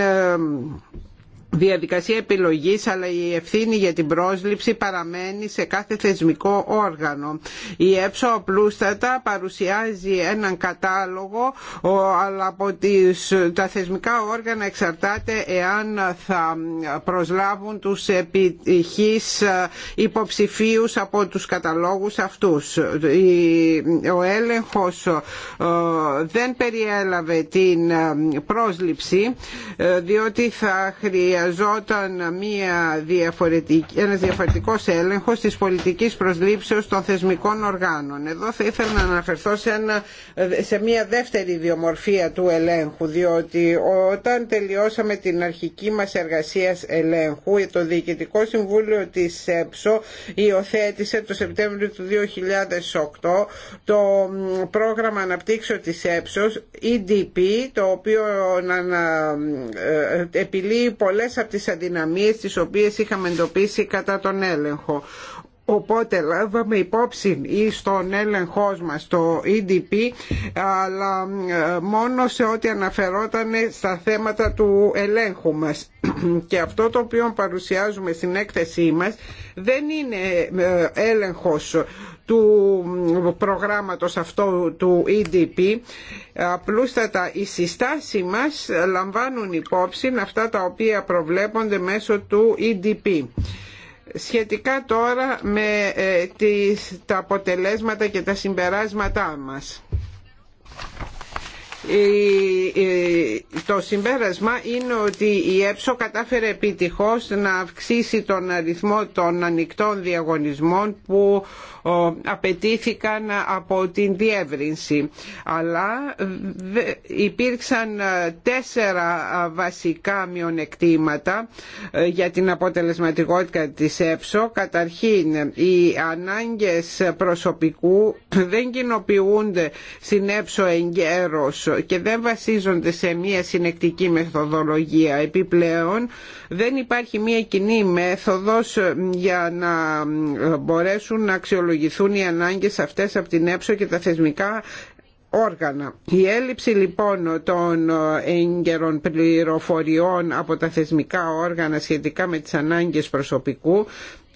διαδικασία επιλογής αλλά η ευθύνη για την πρόσληψη παραμένει σε κάθε θεσμικό όργανο. Η ΕΨΟ απλούστατα παρουσιάζει έναν κατάλογο αλλά από τις, τα θεσμικά όργανα εξαρτάται εάν θα προσλάβουν τους επιτυχείς ε, υποψηφίους από τους καταλόγους αυτούς. Ο έλεγχος ε, δεν περιέλαβε την ε, πρόσληψη διότι θα χρειάζεται χρειαζόταν μια διαφορετική, ένας διαφορετικός έλεγχος της πολιτικής προσλήψεως των θεσμικών οργάνων. Εδώ θα ήθελα να αναφερθώ σε, ένα, σε μια δεύτερη ιδιομορφία του ελέγχου, διότι όταν τελειώσαμε την αρχική μας εργασία ελέγχου, το Διοικητικό Συμβούλιο της ΕΠΣΟ υιοθέτησε το Σεπτέμβριο του 2008 το πρόγραμμα αναπτύξεω της ΕΠΣΟ, EDP, το οποίο ε, ε, επιλύει πολλές πολλές από τις αδυναμίες τις οποίες είχαμε εντοπίσει κατά τον έλεγχο. Οπότε λάβαμε υπόψη ή στον έλεγχό μας το EDP αλλά ε, μόνο σε ό,τι αναφερόταν στα θέματα του ελέγχου μας. Και αυτό το οποίο παρουσιάζουμε στην έκθεσή μας δεν είναι ε, έλεγχος του προγράμματος αυτό του EDP απλούστατα οι συστάσεις μας λαμβάνουν υπόψη αυτά τα οποία προβλέπονται μέσω του EDP σχετικά τώρα με ε, τις, τα αποτελέσματα και τα συμπεράσματά μας. Το συμπέρασμα είναι ότι η ΕΠΣΟ κατάφερε επιτυχώς να αυξήσει τον αριθμό των ανοιχτών διαγωνισμών που απαιτήθηκαν από την διεύρυνση. Αλλά υπήρξαν ε, τέσσερα ε, βασικά μειονεκτήματα ε, για την αποτελεσματικότητα της ΕΠΣΟ. Καταρχήν, οι ανάγκες προσωπικού δεν κοινοποιούνται στην ΕΠΣΟ εγκαίρως και δεν βασίζονται σε μία συνεκτική μεθοδολογία. Επιπλέον δεν υπάρχει μία κοινή μέθοδος ε, για να ε, μπορέσουν να αξιολογηθούν οι ανάγκες αυτές από την έψω και τα θεσμικά όργανα. Η έλλειψη λοιπόν των ε, έγκαιρων πληροφοριών από τα θεσμικά όργανα σχετικά με τις ανάγκες προσωπικού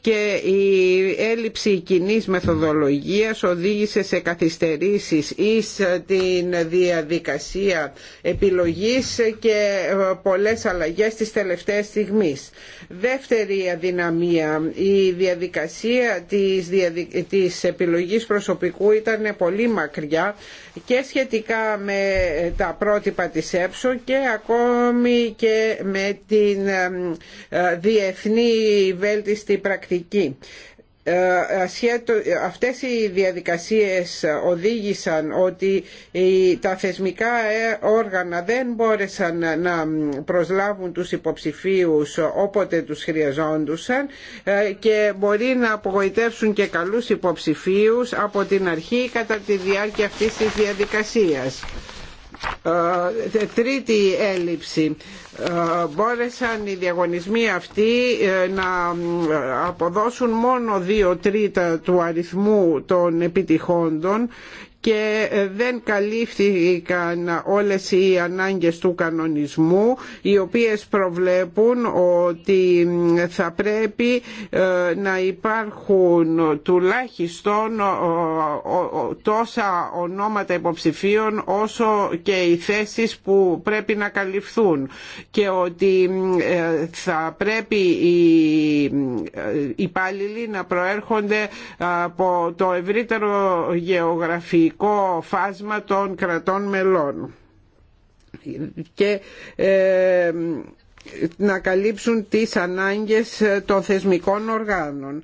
και η έλλειψη κοινή μεθοδολογίας οδήγησε σε καθυστερήσεις ή την διαδικασία επιλογής και ε, πολλές αλλαγές της τελευταίας στιγμής. Δεύτερη αδυναμία, η την διαδικασια επιλογης και πολλες αλλαγες στις τελευταίες στιγμης δευτερη αδυναμια η διαδικασια της, επιλογής προσωπικού ήταν πολύ μακριά και σχετικά με τα πρότυπα της ΕΠΣΟ και ακόμη και με την ε, ε, διεθνή βέλτιστη πρακτική ε, Αυτέ αυτές οι διαδικασίες οδήγησαν ότι τα θεσμικά ε, όργανα δεν μπόρεσαν να προσλάβουν τους υποψηφίους όποτε τους χρειαζόντουσαν ε, και μπορεί να απογοητεύσουν και καλούς υποψηφίους από την αρχή κατά τη διάρκεια αυτής της διαδικασίας. Ε, τρίτη έλλειψη ε, μπόρεσαν οι διαγωνισμοί αυτοί ε, να αποδώσουν μόνο δύο τρίτα του αριθμού των επιτυχόντων και ε, δεν καλύφθηκαν όλες οι ανάγκες του κανονισμού οι οποίες προβλέπουν ότι θα πρέπει ε, να υπάρχουν τουλάχιστον τόσα ονόματα υποψηφίων όσο και οι θέσεις που πρέπει να καλυφθούν και ότι ε, θα πρέπει οι υπάλληλοι να προέρχονται από το ευρύτερο γεωγραφικό πολιτικό φάσμα των κρατών μελών και ε, να καλύψουν τις ανάγκες των θεσμικών οργάνων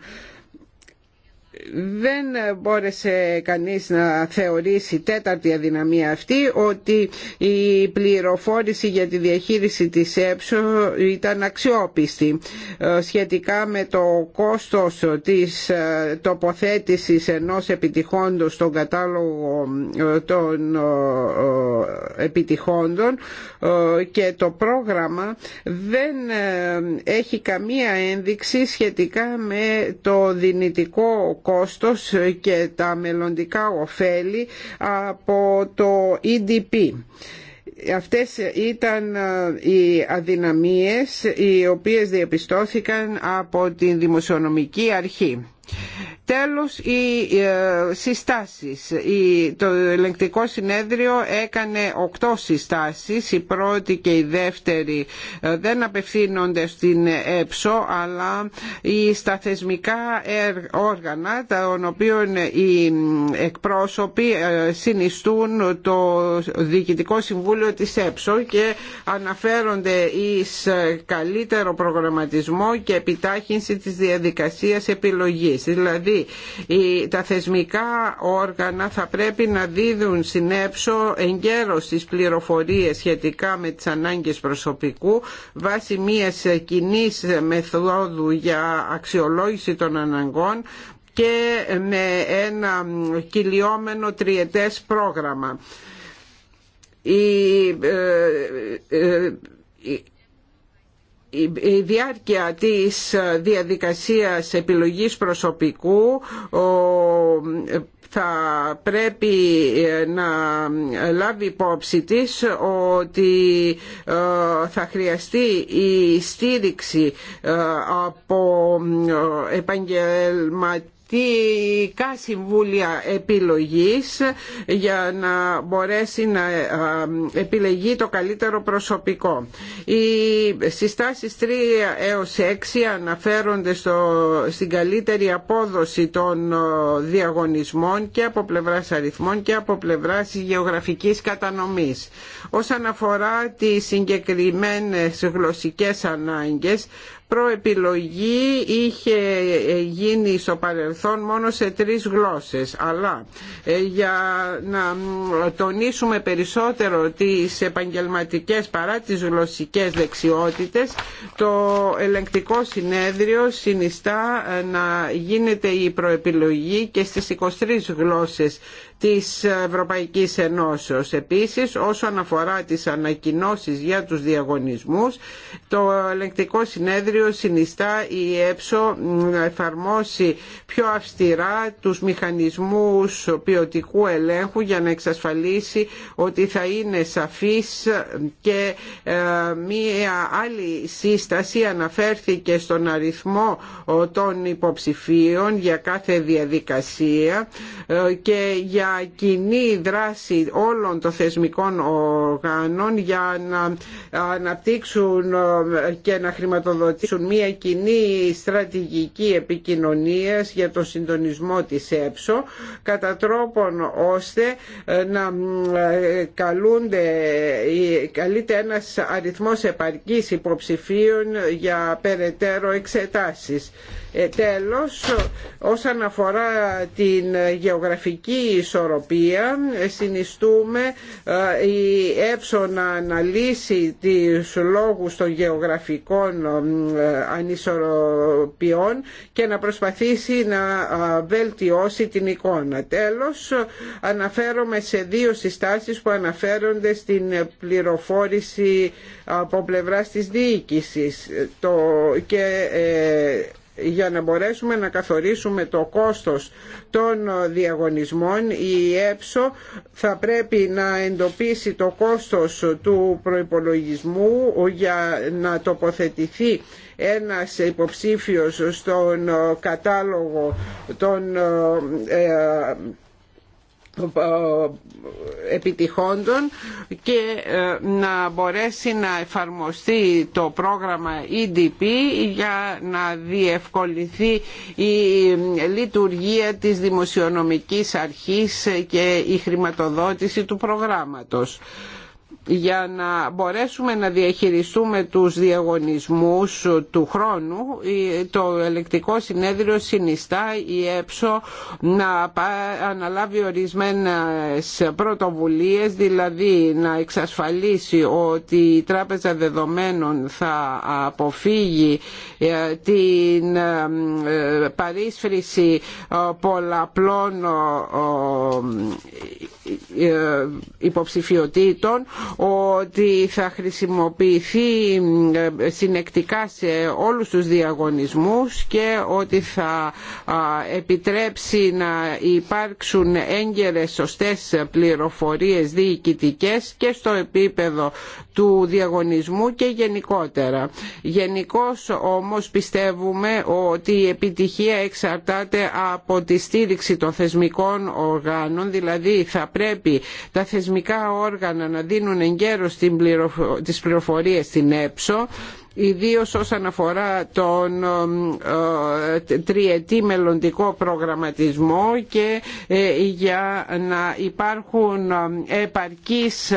δεν μπόρεσε κανείς να θεωρήσει τέταρτη αδυναμία αυτή ότι η πληροφόρηση για τη διαχείριση της ΕΠΣΟ ήταν αξιόπιστη ε, σχετικά με το κόστος της ε, τοποθέτησης ενός επιτυχόντος στον κατάλογο ε, των επιτυχόντων και το πρόγραμμα δεν έχει καμία ένδειξη σχετικά με το δυνητικό κόστος κόστος και τα μελλοντικά ωφέλη από το EDP. Αυτές ήταν ε, οι αδυναμίες οι οποίες διαπιστώθηκαν από την Δημοσιονομική Αρχή. Τέλος, οι ε, συστάσεις. Το ελεγκτικό συνέδριο έκανε οκτώ συστάσεις. Η πρώτη και η δεύτερη ε, δεν απευθύνονται στην ΕΠΣΟ, αλλά οι σταθεσμικά όργανα, τα οποία οι εκπρόσωποι ε, συνιστούν το Διοικητικό Συμβούλιο της ΕΠΣΟ και αναφέρονται εις καλύτερο προγραμματισμό και επιτάχυνση της διαδικασίας επιλογής. Δηλαδή, τα θεσμικά όργανα θα πρέπει να δίδουν συνέψω ενγέρο εγκαίρως τις πληροφορίες σχετικά με τις ανάγκες προσωπικού βάσει μιας κοινή μεθόδου για αξιολόγηση των αναγκών και με ένα κυλιόμενο τριετές πρόγραμμα. Ε, ε, η διάρκεια της διαδικασίας επιλογής προσωπικού θα πρέπει ε, να λάβει υπόψη της ότι ε, θα χρειαστεί η στήριξη ε, από επαγγελματίες πολιτικά Συμβούλια Επιλογής για να μπορέσει να επιλεγεί το καλύτερο προσωπικό. Οι συστάσεις 3 έως 6 αναφέρονται στο, στην καλύτερη απόδοση των διαγωνισμών και από πλευράς αριθμών και από πλευράς γεωγραφικής κατανομής. Όσον αφορά τις συγκεκριμένες γλωσσικές ανάγκες, προεπιλογή είχε γίνει στο παρελθόν μόνο σε τρεις γλώσσες αλλά ε, για να τονίσουμε περισσότερο τις επαγγελματικές παρά τις γλωσσικές δεξιότητες το ελεγκτικό συνέδριο συνιστά ε, να γίνεται η προεπιλογή και στις 23 γλώσσες της Ευρωπαϊκής Ενώσεως. Επίσης, όσον αφορά τις ανακοινώσεις για τους διαγωνισμούς, το ελεγκτικό συνέδριο συνιστά η ΕΠΣΟ να εφαρμόσει πιο αυστηρά τους μηχανισμούς ποιοτικού ελέγχου για να εξασφαλίσει ότι θα είναι σαφής και ε, μία άλλη σύσταση αναφέρθηκε στον αριθμό ε, των υποψηφίων για κάθε διαδικασία ε, και για κοινή δράση όλων των θεσμικών οργάνων για να αναπτύξουν και να χρηματοδοτήσουν μια κοινή στρατηγική επικοινωνίας για το συντονισμό της ΕΠΣΟ κατά τρόπον ώστε να καλούνται, καλείται ένας αριθμός επαρκής υποψηφίων για περαιτέρω εξετάσεις. Ε, τέλος, όσον αφορά την γεωγραφική ισορροπία, συνιστούμε ε, η ΕΠΣΟ να αναλύσει τις λόγους των γεωγραφικών ε, ανισορροπιών και να προσπαθήσει να βελτιώσει την εικόνα. Τέλος, αναφέρομαι σε δύο συστάσεις που αναφέρονται στην πληροφόρηση από πλευράς της διοίκησης το, και για να μπορέσουμε να καθορίσουμε το κόστος των διαγωνισμών η ΕΠΣΟ θα πρέπει να εντοπίσει το κόστος του προϋπολογισμού για να τοποθετηθεί ένας υποψήφιος στον κατάλογο των ε, ε, επιτυχόντων και ε, να μπορέσει να εφαρμοστεί το πρόγραμμα EDP για να διευκολυθεί η ε, λειτουργία της δημοσιονομικής αρχής και η χρηματοδότηση του προγράμματος για να μπορέσουμε να διαχειριστούμε τους διαγωνισμούς του χρόνου το ελεκτικό συνέδριο συνιστά η ΕΠΣΟ να αναλάβει ορισμένες πρωτοβουλίες δηλαδή να εξασφαλίσει ότι η Τράπεζα Δεδομένων θα αποφύγει ε, την ε, παρίσφρηση ε, πολλαπλών υποψηφιωτήτων ότι θα χρησιμοποιηθεί ε, συνεκτικά σε όλους τους διαγωνισμούς και ότι θα επιτρέψει να υπάρξουν έγκαιρες σωστές πληροφορίες διοικητικές και στο επίπεδο του διαγωνισμού και γενικότερα. Γενικώ όμως πιστεύουμε ότι η επιτυχία εξαρτάται από τη στήριξη των θεσμικών οργάνων, δηλαδή θα πρέπει τα θεσμικά όργανα να δίνουν εν εγκαίρως τις πληροφορίες στην ΕΠΣΟ, ιδίω όσον αφορά τον ε, τριετή μελλοντικό προγραμματισμό και ε, για να υπάρχουν ε, επαρκείς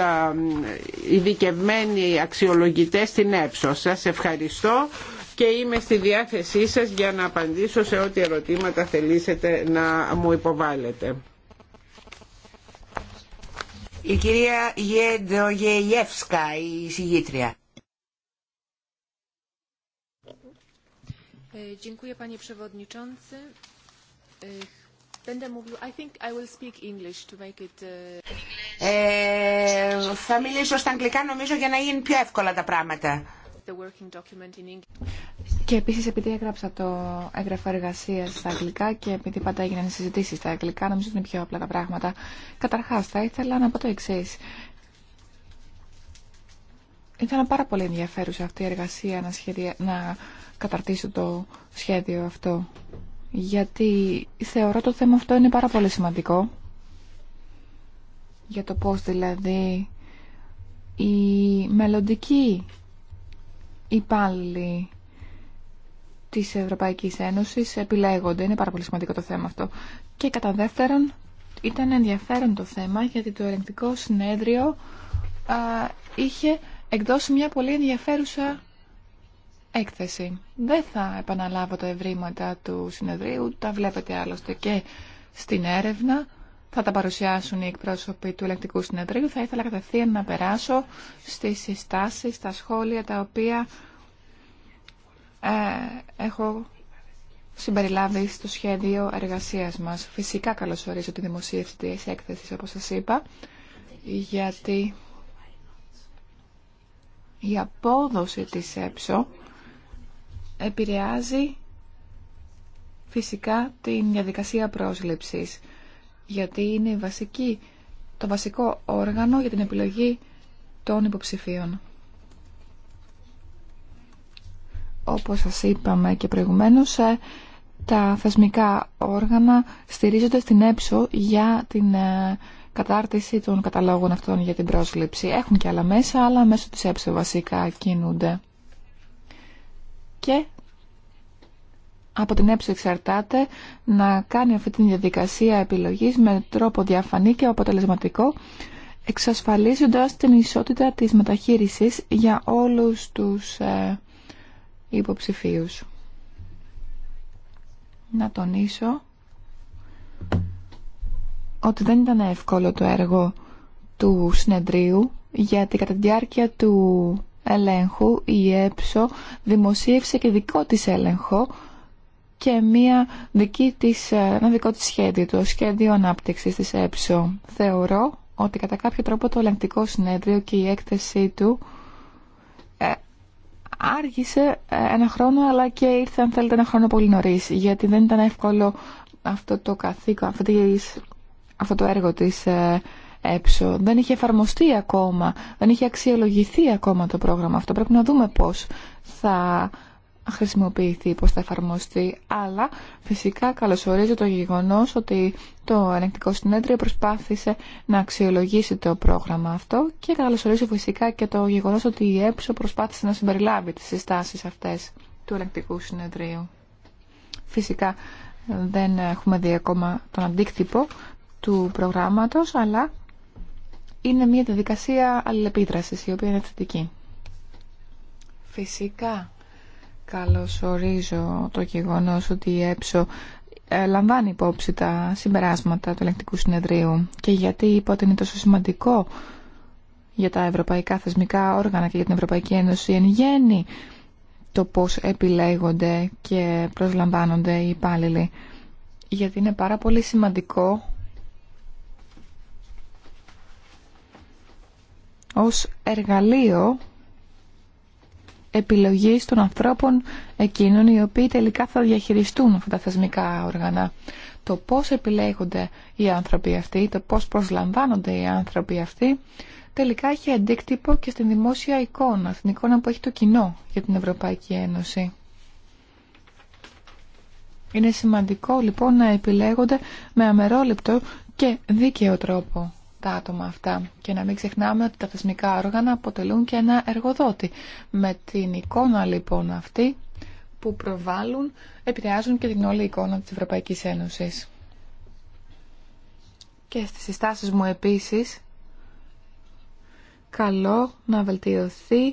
ειδικευμένοι αξιολογητές στην ΕΠΣΟ. Σας ευχαριστώ και είμαι στη διάθεσή σας για να απαντήσω σε ό,τι ερωτήματα θελήσετε να μου υποβάλλετε. Η κυρία Γεντρογεϊεύσκα, η συγγήτρια. Ε, dziękuję panie przewodniczący. Będę I speak θα μιλήσω στα αγγλικά νομίζω για να γίνουν πιο εύκολα τα πράγματα. Και επίσης επειδή έγραψα το έγγραφο εργασία στα αγγλικά και επειδή πάντα έγιναν συζητήσεις στα αγγλικά, νομίζω ότι είναι πιο απλά τα πράγματα. Καταρχάς, θα ήθελα να πω το εξή. Ήταν πάρα πολύ ενδιαφέρουσα αυτή η εργασία να, σχεδια... να καταρτήσω το σχέδιο αυτό. Γιατί θεωρώ το θέμα αυτό είναι πάρα πολύ σημαντικό. Για το πώς δηλαδή οι μελλοντικοί υπάλληλοι της Ευρωπαϊκής Ένωσης επιλέγονται. Είναι πάρα πολύ σημαντικό το θέμα αυτό. Και κατά δεύτερον, ήταν ενδιαφέρον το θέμα γιατί το ελεγκτικό συνέδριο είχε εκδώσει μια πολύ ενδιαφέρουσα έκθεση. Δεν θα επαναλάβω τα ευρήματα του συνεδρίου, τα βλέπετε άλλωστε και στην έρευνα. Θα τα παρουσιάσουν οι εκπρόσωποι του ελεγκτικού συνεδρίου. Θα ήθελα κατευθείαν να περάσω στις συστάσεις, στα σχόλια τα οποία ε, έχω συμπεριλάβει στο σχέδιο εργασίας μας. Φυσικά καλωσορίζω τη δημοσίευση της έκθεσης, όπως σας είπα, γιατί η απόδοση της ΕΠΣΟ επηρεάζει φυσικά την διαδικασία πρόσληψης, γιατί είναι βασική, το βασικό όργανο για την επιλογή των υποψηφίων. Όπως σας είπαμε και προηγουμένως, ε, τα θεσμικά όργανα στηρίζονται στην έψο για την ε, κατάρτιση των καταλόγων αυτών για την πρόσληψη. Έχουν και άλλα μέσα, αλλά μέσω της έψο βασικά κινούνται. Και από την έψω εξαρτάται να κάνει αυτή την διαδικασία επιλογής με τρόπο διαφανή και αποτελεσματικό, εξασφαλίζοντας την ισότητα της μεταχείρισης για όλους τους ε, υποψηφίους. Να τονίσω ότι δεν ήταν εύκολο το έργο του συνεδρίου γιατί κατά τη διάρκεια του ελέγχου η ΕΠΣΟ δημοσίευσε και δικό της έλεγχο και μια δική της, ένα δικό της σχέδιο, το σχέδιο ανάπτυξης της ΕΠΣΟ. Θεωρώ ότι κατά κάποιο τρόπο το ελεγκτικό συνέδριο και η έκθεσή του άργησε ε, ένα χρόνο αλλά και ήρθε αν θέλετε ένα χρόνο πολύ νωρίς γιατί δεν ήταν εύκολο αυτό το καθήκον, αυτό, το έργο της έψω. Ε, δεν είχε εφαρμοστεί ακόμα, δεν είχε αξιολογηθεί ακόμα το πρόγραμμα αυτό. Πρέπει να δούμε πώς θα χρησιμοποιηθεί, πώς θα εφαρμοστεί, αλλά φυσικά καλωσορίζω το γεγονός ότι το Ελεκτικό Συνέδριο προσπάθησε να αξιολογήσει το πρόγραμμα αυτό και καλωσορίζω φυσικά και το γεγονός ότι η ΕΠΣΟ προσπάθησε να συμπεριλάβει τις συστάσεις αυτές του Ελεκτικού Συνεδρίου. Φυσικά δεν έχουμε δει ακόμα τον αντίκτυπο του προγράμματος, αλλά είναι μια διαδικασία αλληλεπίδρασης η οποία είναι θετική. Φυσικά ορίζω το γεγονός ότι η έψω ε, λαμβάνει υπόψη τα συμπεράσματα του ελεκτικού συνεδρίου και γιατί είπα ότι είναι τόσο σημαντικό για τα ευρωπαϊκά θεσμικά όργανα και για την Ευρωπαϊκή Ένωση εν γέννη το πώς επιλέγονται και προσλαμβάνονται οι υπάλληλοι γιατί είναι πάρα πολύ σημαντικό ως εργαλείο επιλογής των ανθρώπων εκείνων οι οποίοι τελικά θα διαχειριστούν αυτά τα θεσμικά όργανα. Το πώς επιλέγονται οι άνθρωποι αυτοί, το πώς προσλαμβάνονται οι άνθρωποι αυτοί, τελικά έχει αντίκτυπο και στην δημόσια εικόνα, στην εικόνα που έχει το κοινό για την Ευρωπαϊκή Ένωση. Είναι σημαντικό λοιπόν να επιλέγονται με αμερόληπτο και δίκαιο τρόπο τα άτομα αυτά. Και να μην ξεχνάμε ότι τα θεσμικά όργανα αποτελούν και ένα εργοδότη. Με την εικόνα λοιπόν αυτή που προβάλλουν επηρεάζουν και την όλη εικόνα της Ευρωπαϊκής Ένωσης. Και στις συστάσεις μου επίσης, καλό να βελτιωθεί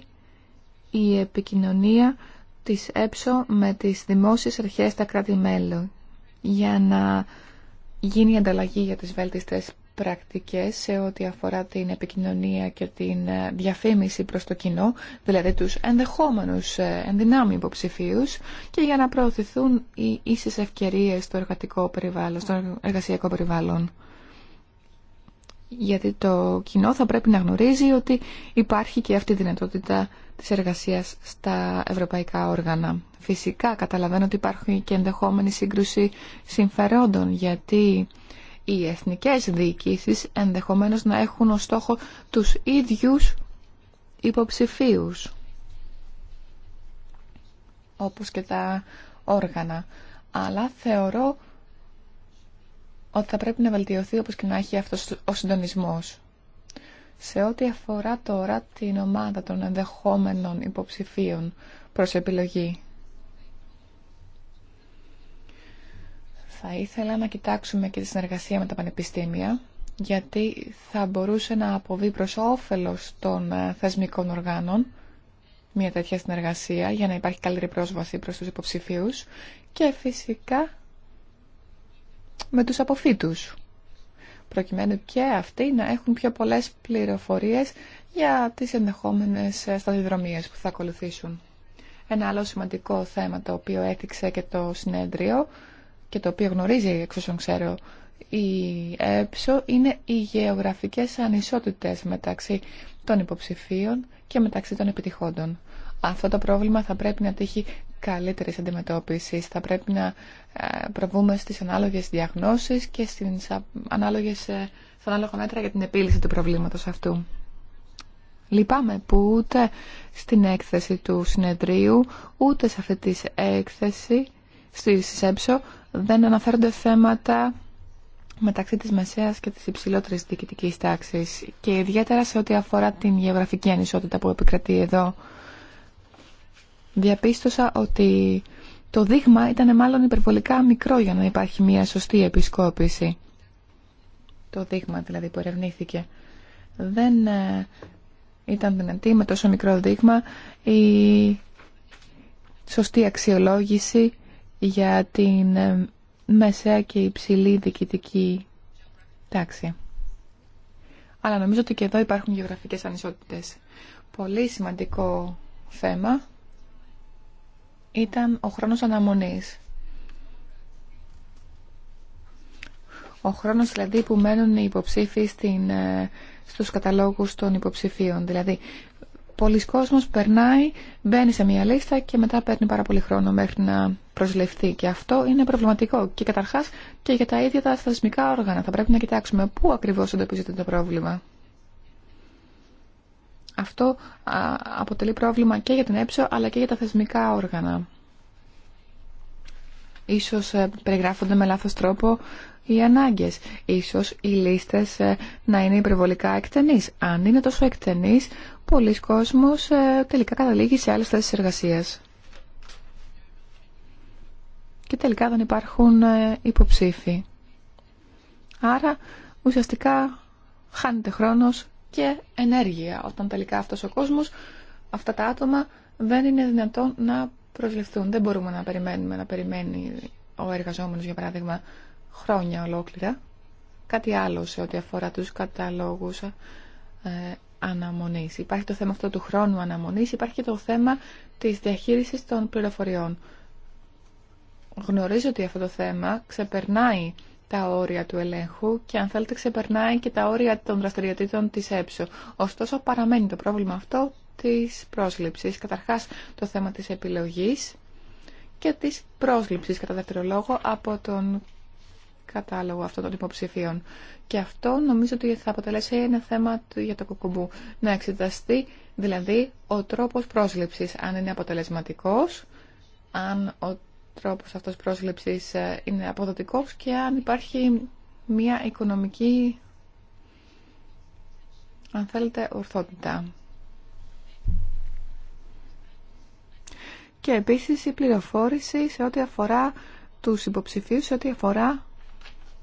η επικοινωνία της έψω με τις δημόσιες αρχές τα κράτη-μέλη για να γίνει ανταλλαγή για τις βέλτιστες πρακτικές σε ό,τι αφορά την επικοινωνία και την ε, διαφήμιση προς το κοινό, δηλαδή τους ενδεχόμενους ε, ενδυνάμει υποψηφίου και για να προωθηθούν οι ίσες ευκαιρίες στο, εργατικό περιβάλλον, στο εργασιακό περιβάλλον. Γιατί το κοινό θα πρέπει να γνωρίζει ότι υπάρχει και αυτή η δυνατότητα της εργασίας στα ευρωπαϊκά όργανα. Φυσικά καταλαβαίνω ότι υπάρχει και ενδεχόμενη σύγκρουση συμφερόντων γιατί οι εθνικές διοικήσεις ενδεχομένως να έχουν ως στόχο τους ίδιους υποψηφίους όπως και τα όργανα αλλά θεωρώ ότι θα πρέπει να βελτιωθεί όπως και να έχει αυτός ο συντονισμός σε ό,τι αφορά τώρα την ομάδα των ενδεχόμενων υποψηφίων προς επιλογή Θα ήθελα να κοιτάξουμε και τη συνεργασία με τα πανεπιστήμια, γιατί θα μπορούσε να αποβεί προς όφελος των ε, θεσμικών οργάνων μια τέτοια συνεργασία για να υπάρχει καλύτερη πρόσβαση προς τους υποψηφίους και φυσικά με τους αποφύτους προκειμένου και αυτοί να έχουν πιο πολλές πληροφορίες για τις ενδεχόμενες ε, σταδιοδρομίες που θα ακολουθήσουν. Ένα άλλο σημαντικό θέμα το οποίο έθιξε και το συνέδριο και το οποίο γνωρίζει εξ ξέρω η ΕΠΣΟ είναι οι γεωγραφικές ανισότητες μεταξύ των υποψηφίων και μεταξύ των επιτυχόντων. Αυτό το πρόβλημα θα πρέπει να τύχει καλύτερης αντιμετώπισης. Θα πρέπει να ε, προβούμε στις ανάλογες διαγνώσεις και στις ανάλογες, ε, στα ανάλογα μέτρα για την επίλυση του προβλήματος αυτού. Λυπάμαι που ούτε στην έκθεση του συνεδρίου, ούτε σε αυτή τη έκθεση στη ΣΕΠΣΟ, δεν αναφέρονται θέματα μεταξύ της μεσαίας και της υψηλότερης διοικητικής τάξης και ιδιαίτερα σε ό,τι αφορά την γεωγραφική ανισότητα που επικρατεί εδώ. Διαπίστωσα ότι το δείγμα ήταν μάλλον υπερβολικά μικρό για να υπάρχει μια σωστή επισκόπηση. Το δείγμα δηλαδή που ερευνήθηκε. Δεν ε, ήταν δυνατή με τόσο μικρό δείγμα η σωστή αξιολόγηση για την ε, μεσαία και υψηλή διοικητική τάξη. Αλλά νομίζω ότι και εδώ υπάρχουν γεωγραφικές ανισότητες. Πολύ σημαντικό θέμα ήταν ο χρόνος αναμονής. Ο χρόνος δηλαδή που μένουν οι υποψήφοι στην, ε, στους καταλόγους των υποψηφίων. Δηλαδή πολλοί κόσμος περνάει, μπαίνει σε μια λίστα και μετά παίρνει πάρα πολύ χρόνο μέχρι να προσληφθεί. Και αυτό είναι προβληματικό. Και καταρχάς και για τα ίδια τα θεσμικά όργανα. Θα πρέπει να κοιτάξουμε πού ακριβώς εντοπίζεται το πρόβλημα. Αυτό αποτελεί πρόβλημα και για την έψο αλλά και για τα θεσμικά όργανα. Ίσως ε, περιγράφονται με λάθος τρόπο οι ανάγκες. Ίσως οι λίστες ε, να είναι υπερβολικά εκτενείς. Αν είναι τόσο εκτενείς, πολλοί κόσμος ε, τελικά καταλήγει σε άλλες θέσεις εργασίας. Και τελικά δεν υπάρχουν ε, υποψήφοι. Άρα ουσιαστικά χάνεται χρόνος και ενέργεια όταν τελικά αυτός ο κόσμος, αυτά τα άτομα δεν είναι δυνατόν να προσληφθούν. Δεν μπορούμε να περιμένουμε να περιμένει ο εργαζόμενος για παράδειγμα χρόνια ολόκληρα. Κάτι άλλο σε ό,τι αφορά τους καταλόγους ε, Υπάρχει το θέμα αυτό του χρόνου αναμονή, υπάρχει και το θέμα της διαχείριση των πληροφοριών. Γνωρίζω ότι αυτό το θέμα ξεπερνάει τα όρια του ελέγχου και αν θέλετε ξεπερνάει και τα όρια των δραστηριοτήτων της έψω. Ωστόσο παραμένει το πρόβλημα αυτό της πρόσληψης. Καταρχάς το θέμα τη επιλογής και της πρόσληψης κατά δεύτερο λόγο από τον κατάλογο αυτών των υποψηφίων. Και αυτό νομίζω ότι θα αποτελέσει ένα θέμα για το κουκουμπού. Να εξεταστεί δηλαδή ο τρόπος πρόσληψης, αν είναι αποτελεσματικός, αν ο τρόπος αυτός πρόσληψης ε, είναι αποδοτικός και αν υπάρχει μια οικονομική, αν θέλετε, ορθότητα. Και επίσης η πληροφόρηση σε ό,τι αφορά τους υποψηφίους, σε ό,τι αφορά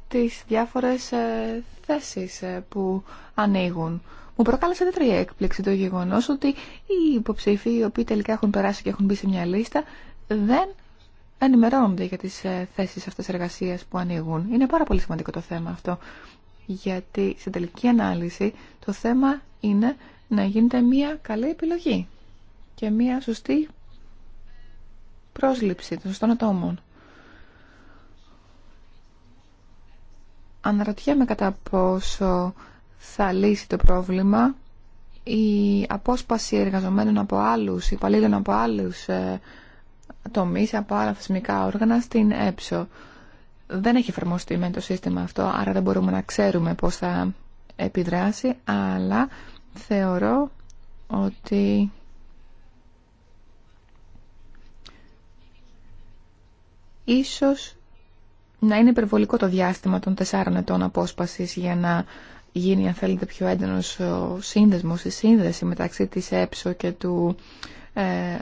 τις διάφορες ε, θέσεις ε, που ανοίγουν. Μου προκάλεσε τέτοια έκπληξη το γεγονός ότι οι υποψήφοι οι οποίοι τελικά έχουν περάσει και έχουν μπει σε μια λίστα δεν ενημερώνονται για τις ε, θέσεις αυτές εργασίας που ανοίγουν. Είναι πάρα πολύ σημαντικό το θέμα αυτό, γιατί στην τελική ανάλυση το θέμα είναι να γίνεται μια καλή επιλογή και μια σωστή πρόσληψη των σωστών ατόμων. αναρωτιέμαι κατά πόσο θα λύσει το πρόβλημα η απόσπαση εργαζομένων από άλλους, υπαλλήλων από άλλους ε, τομείς, από άλλα φυσικά όργανα στην ΕΠΣΟ. Δεν έχει εφαρμοστεί με το σύστημα αυτό, άρα δεν μπορούμε να ξέρουμε πώς θα επιδράσει, αλλά θεωρώ ότι ίσως να είναι υπερβολικό το διάστημα των τεσσάρων ετών απόσπασης για να γίνει αν θέλετε πιο έντονος ο σύνδεσμος, η σύνδεση μεταξύ της έψο και του ε,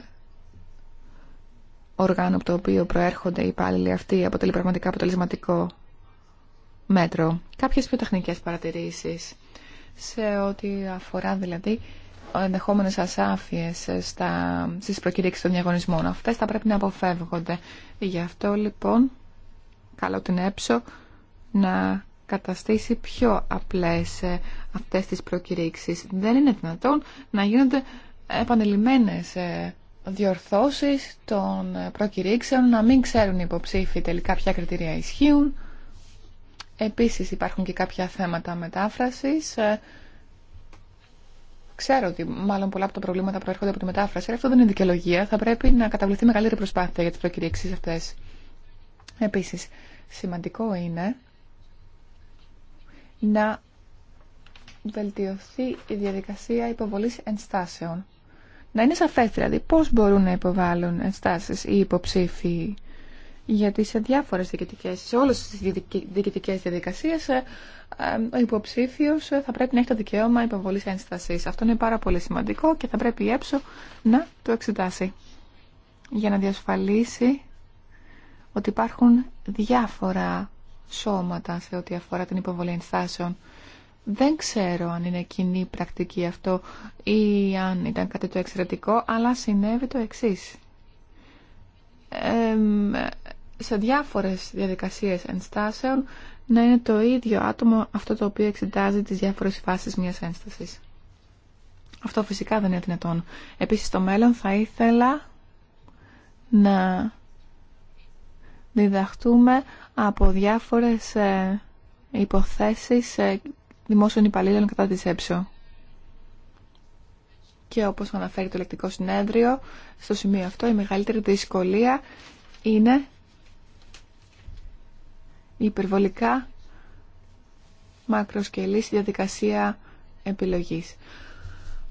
οργάνου από το οποίο προέρχονται οι υπάλληλοι αυτοί αποτελεί πραγματικά αποτελεσματικό μέτρο. Κάποιες πιο τεχνικές παρατηρήσεις σε ό,τι αφορά δηλαδή ενδεχόμενε ασάφειε στι προκηρύξει των διαγωνισμών. Αυτέ θα πρέπει να αποφεύγονται. Γι' αυτό λοιπόν Καλό την έψω να καταστήσει πιο απλές ε, αυτές τις προκηρύξεις. Δεν είναι δυνατόν να γίνονται επανελειμμένες ε, διορθώσεις των προκηρύξεων, να μην ξέρουν οι υποψήφοι τελικά ποια κριτήρια ισχύουν. Επίσης υπάρχουν και κάποια θέματα μετάφρασης. Ε, ξέρω ότι μάλλον πολλά από τα προβλήματα προέρχονται από τη μετάφραση. Αυτό δεν είναι δικαιολογία. Θα πρέπει να καταβληθεί μεγαλύτερη προσπάθεια για τις προκηρύξεις αυτές. Επίσης, σημαντικό είναι να βελτιωθεί η διαδικασία υποβολής ενστάσεων. Να είναι σαφές δηλαδή πώς μπορούν να υποβάλουν ενστάσεις οι υποψήφοι γιατί σε διάφορες διοικητικές, σε όλες τις διοικητικές διαδικασίες ε, ε, ο υποψήφιος ε, θα πρέπει να έχει το δικαίωμα υποβολής ένστασης. Αυτό είναι πάρα πολύ σημαντικό και θα πρέπει η να το εξετάσει για να διασφαλίσει ότι υπάρχουν διάφορα σώματα σε ό,τι αφορά την υποβολή ενστάσεων. Δεν ξέρω αν είναι κοινή πρακτική αυτό ή αν ήταν κάτι το εξαιρετικό, αλλά συνέβη το εξής. σε διάφορες διαδικασίες ενστάσεων να είναι το ίδιο άτομο αυτό το οποίο εξετάζει τις διάφορες φάσεις μιας ένστασης. Αυτό φυσικά δεν είναι δυνατόν. Επίσης στο μέλλον θα ήθελα να διδαχτούμε από διάφορες ε, υποθέσεις ε, δημόσιων υπαλλήλων κατά της ΕΠΣΟ. Και όπως αναφέρει το λεκτικό συνέδριο, στο σημείο αυτό η μεγαλύτερη δυσκολία είναι η υπερβολικά μακροσκελής διαδικασία επιλογής.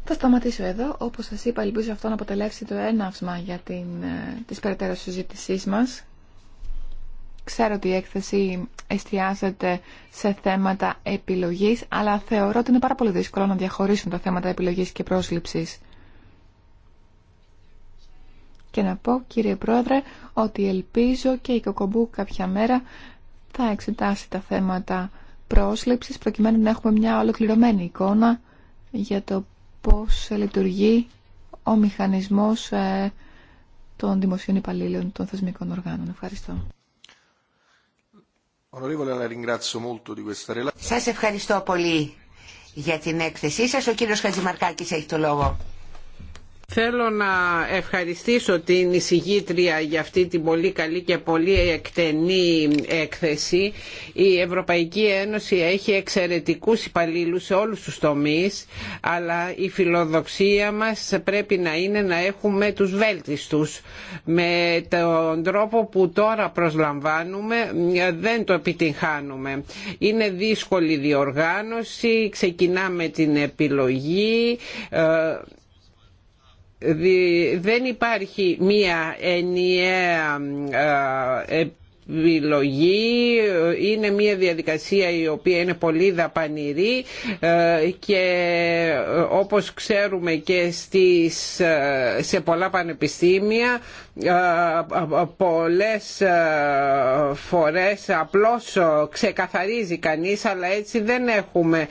Θα σταματήσω εδώ. Όπως σας είπα, ελπίζω αυτό να αποτελέσει το έναυσμα για την, ε, της περαιτέρω συζήτησής μας. Ξέρω ότι η έκθεση εστιάζεται σε θέματα επιλογής, αλλά θεωρώ ότι είναι πάρα πολύ δύσκολο να διαχωρίσουν τα θέματα επιλογής και πρόσληψης. Και να πω, κύριε Πρόεδρε, ότι ελπίζω και η Κοκομπού κάποια μέρα θα εξετάσει τα θέματα πρόσληψης, προκειμένου να έχουμε μια ολοκληρωμένη εικόνα για το πώς λειτουργεί ο μηχανισμός ε, των δημοσίων υπαλλήλων των θεσμικών οργάνων. Ευχαριστώ. Σας ευχαριστώ πολύ για την έκθεσή σας. Ο κύριος Χατζημαρκάκης έχει το λόγο. Θέλω να ευχαριστήσω την εισηγήτρια για αυτή την πολύ καλή και πολύ εκτενή έκθεση. Η Ευρωπαϊκή Ένωση έχει εξαιρετικούς υπαλλήλους σε όλους τους τομείς, αλλά η φιλοδοξία μας πρέπει να είναι να έχουμε τους βέλτιστους. Με τον τρόπο που τώρα προσλαμβάνουμε δεν το επιτυγχάνουμε. Είναι δύσκολη διοργάνωση, ξεκινάμε την επιλογή, ε, δεν υπάρχει μία ενιαία επιλογή είναι μια διαδικασία η οποία είναι πολύ δαπανηρή και όπως ξέρουμε και σε πολλά πανεπιστήμια ε, ε, πολλές ε, φορές απλώς ξεκαθαρίζει κανείς αλλά έτσι δεν έχουμε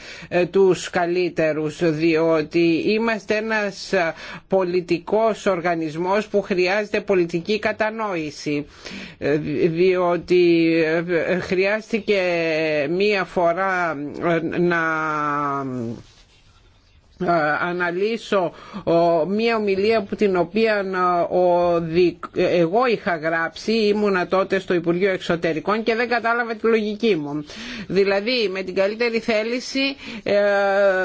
τους καλύτερους διότι είμαστε ένας πολιτικός οργανισμός που χρειάζεται πολιτική κατανόηση διότι χρειάστηκε μία φορά να ε, αναλύσω μία ομιλία που την οποία ε, ε, εγώ είχα γράψει ήμουνα τότε στο Υπουργείο Εξωτερικών και δεν κατάλαβα τη λογική μου δηλαδή με την καλύτερη θέληση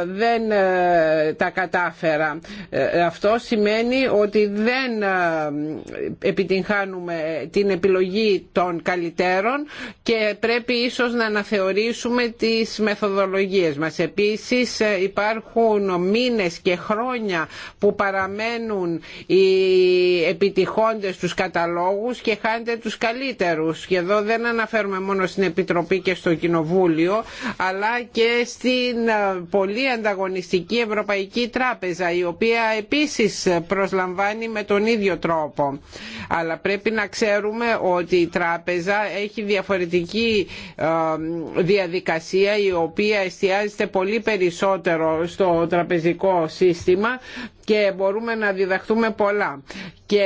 δεν τα κατάφερα αυτό σημαίνει ότι δεν επιτυγχάνουμε την επιλογή των καλυτέρων και πρέπει ίσως να αναθεωρήσουμε τις μεθοδολογίες μας επίσης υπάρχουν μήνες και χρόνια που παραμένουν οι επιτυχώντες τους καταλόγους και χάνετε τους καλύτερους. Και εδώ δεν αναφέρουμε μόνο στην Επιτροπή και στο Κοινοβούλιο αλλά και στην ε, πολύ ανταγωνιστική Ευρωπαϊκή Τράπεζα η οποία επίσης προσλαμβάνει με τον ίδιο τρόπο. Αλλά πρέπει να ξέρουμε ότι η τράπεζα έχει διαφορετική ε, διαδικασία η οποία εστιάζεται πολύ περισσότερο στο τραπεζικό τραπεζικό σύστημα και μπορούμε να διδαχθούμε πολλά. Και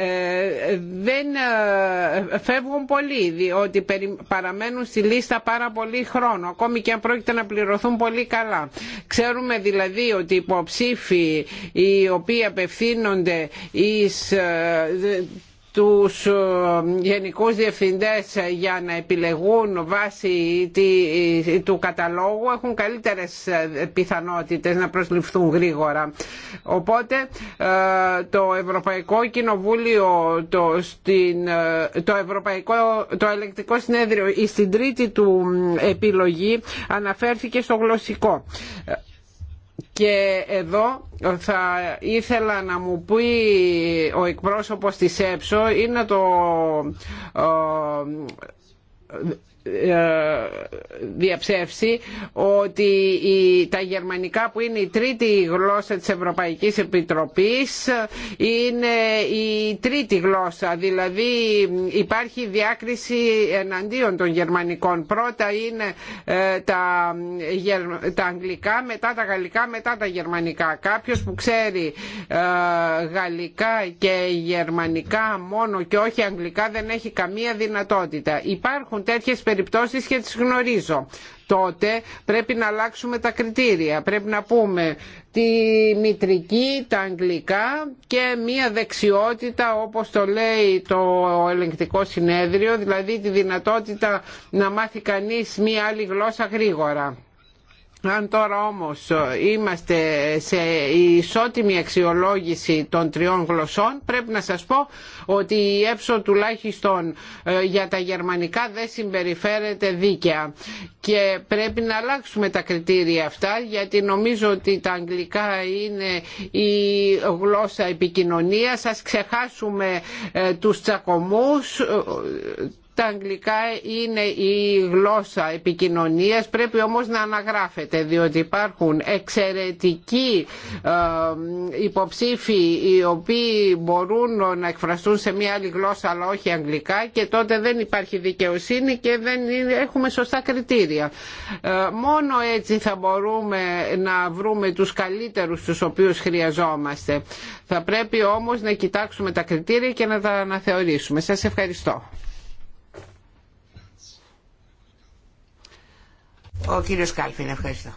ε, δεν ε, φεύγουν πολλοί διότι παραμένουν στη λίστα πάρα πολύ χρόνο ακόμη και αν πρόκειται να πληρωθούν πολύ καλά. Ξέρουμε δηλαδή ότι οι υποψήφοι οι οποίοι απευθύνονται εις ε, τους ε, γενικούς διευθυντές για να επιλεγούν βάσει ε, του καταλόγου έχουν καλύτερες ε, πιθανότητες να προσληφθούν γρήγορα. Οπότε το Ευρωπαϊκό Κοινοβούλιο, το, στην, το, Ευρωπαϊκό, το Ελεκτικό Συνέδριο στην τρίτη του επιλογή αναφέρθηκε στο γλωσσικό. Και εδώ θα ήθελα να μου πει ο εκπρόσωπος της ΕΠΣΟ είναι το ε, διαψεύσει ότι τα γερμανικά που είναι η τρίτη γλώσσα της Ευρωπαϊκής Επιτροπής είναι η τρίτη γλώσσα δηλαδή υπάρχει διάκριση εναντίον των γερμανικών πρώτα είναι ε, τα, τα αγγλικά μετά τα γαλλικά μετά τα γερμανικά κάποιος που ξέρει ε, γαλλικά και γερμανικά μόνο και όχι αγγλικά δεν έχει καμία δυνατότητα υπάρχουν τέτοιες περιπτώσεις περιπτώσεις και τις γνωρίζω τότε πρέπει να αλλάξουμε τα κριτήρια. Πρέπει να πούμε τη μητρική, τα αγγλικά και μία δεξιότητα όπως το λέει το ελεγκτικό συνέδριο, δηλαδή τη δυνατότητα να μάθει κανείς μία άλλη γλώσσα γρήγορα. Αν τώρα όμως ε, είμαστε σε ισότιμη αξιολόγηση των τριών γλωσσών πρέπει να σας πω ότι η έψο τουλάχιστον ε, για τα γερμανικά δεν συμπεριφέρεται δίκαια και πρέπει να αλλάξουμε τα κριτήρια αυτά γιατί νομίζω ότι τα αγγλικά είναι η γλώσσα επικοινωνίας ας ξεχάσουμε ε, τους τσακωμούς τα αγγλικά είναι η γλώσσα επικοινωνίας πρέπει όμως να αναγράφεται διότι υπάρχουν εξαιρετικοί ε, υποψήφοι οι οποίοι μπορούν να εκφραστούν σε μια άλλη γλώσσα αλλά όχι αγγλικά και τότε δεν υπάρχει δικαιοσύνη και δεν έχουμε σωστά κριτήρια. Ε, μόνο έτσι θα μπορούμε να βρούμε τους καλύτερους τους οποίους χρειαζόμαστε. Θα πρέπει όμως να κοιτάξουμε τα κριτήρια και να τα αναθεωρήσουμε. Σας ευχαριστώ. Ο κύριος Κάλφιν, ευχαριστώ.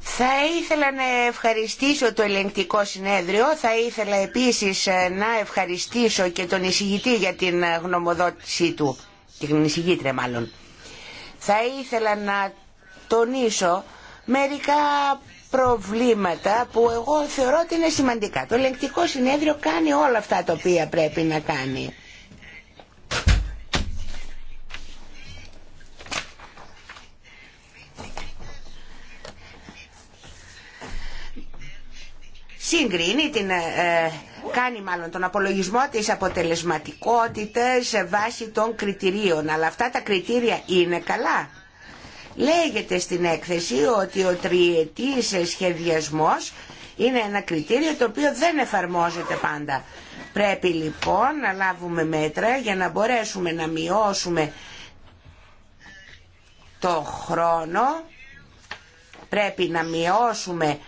Θα ήθελα να ευχαριστήσω το ελεγκτικό συνέδριο. Θα ήθελα επίσης ε, να ευχαριστήσω και τον εισηγητή για την ε, γνωμοδότησή του. Την εισηγήτρια μάλλον. Θα ήθελα να τονίσω μερικά προβλήματα που εγώ θεωρώ ότι είναι σημαντικά. Το ελεγκτικό συνέδριο κάνει όλα αυτά τα οποία πρέπει να κάνει. Συγκρίνει την, ε, ε, κάνει μάλλον τον απολογισμό της αποτελεσματικότητας σε βάση των κριτηρίων. Αλλά αυτά τα κριτήρια είναι καλά. Λέγεται στην έκθεση ότι ο τριετής σχεδιασμός είναι ένα κριτήριο το οποίο δεν εφαρμόζεται πάντα. Πρέπει λοιπόν να λάβουμε μέτρα για να μπορέσουμε να μειώσουμε το χρόνο, πρέπει να μειώσουμε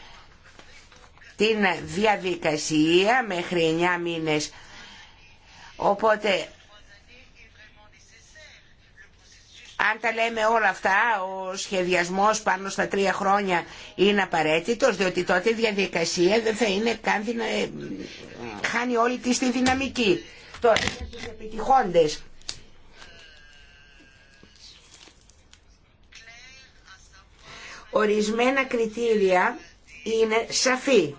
την διαδικασία μέχρι 9 μήνες. Οπότε αν τα λέμε όλα αυτά, ο σχεδιασμός πάνω στα τρία χρόνια είναι απαραίτητος, διότι τότε η διαδικασία δεν θα είναι καν ε, χάνει όλη τη τη δυναμική. Τώρα, για τους επιτυχόντες. Ορισμένα κριτήρια είναι σαφή.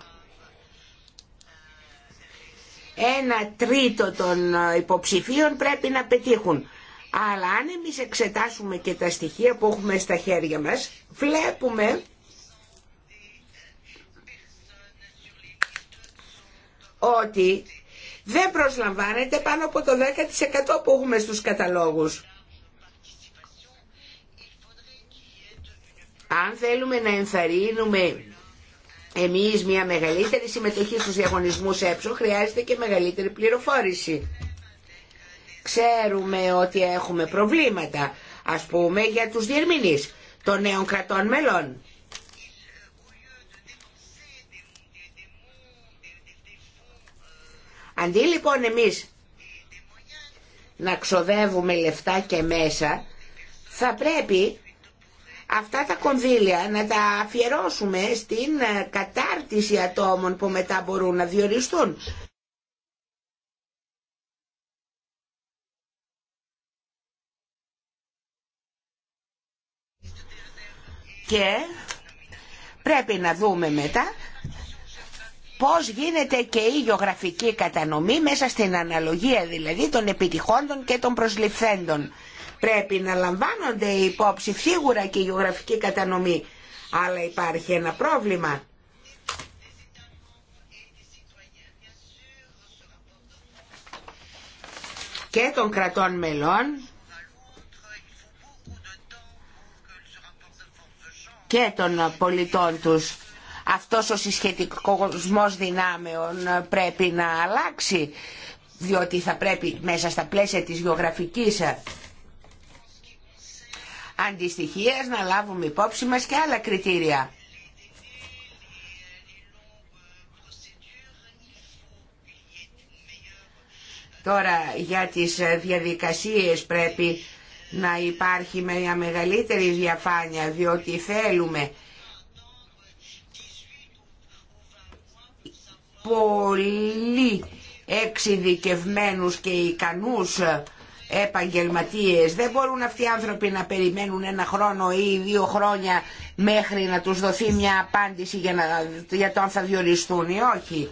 Ένα τρίτο των υποψηφίων πρέπει να πετύχουν αλλά αν εμείς εξετάσουμε και τα στοιχεία που έχουμε στα χέρια μας, βλέπουμε ότι δεν προσλαμβάνεται πάνω από το 10% που έχουμε στους καταλόγους. Αν θέλουμε να ενθαρρύνουμε εμείς μια μεγαλύτερη συμμετοχή στους διαγωνισμούς έψω, χρειάζεται και μεγαλύτερη πληροφόρηση. Ξέρουμε ότι έχουμε προβλήματα, ας πούμε για τους διερμηνείς των νέων κρατών μελών. Αντί λοιπόν εμείς να ξοδεύουμε λεφτά και μέσα, θα πρέπει αυτά τα κονδύλια να τα αφιερώσουμε στην κατάρτιση ατόμων που μετά μπορούν να διοριστούν. και πρέπει να δούμε μετά πώς γίνεται και η γεωγραφική κατανομή μέσα στην αναλογία δηλαδή των επιτυχόντων και των προσληφθέντων. Πρέπει να λαμβάνονται υπόψη φίγουρα και η γεωγραφική κατανομή. Αλλά υπάρχει ένα πρόβλημα. και των κρατών μελών και των πολιτών τους. Αυτός ο συσχετικοσμός δυνάμεων πρέπει να αλλάξει, διότι θα πρέπει μέσα στα πλαίσια της γεωγραφικής αντιστοιχίας να λάβουμε υπόψη μας και άλλα κριτήρια. Τώρα για τις διαδικασίες πρέπει να υπάρχει μια μεγαλύτερη διαφάνεια διότι θέλουμε πολύ εξειδικευμένους και ικανούς επαγγελματίες. Δεν μπορούν αυτοί οι άνθρωποι να περιμένουν ένα χρόνο ή δύο χρόνια μέχρι να τους δοθεί μια απάντηση για, να, για το αν θα διοριστούν ή όχι.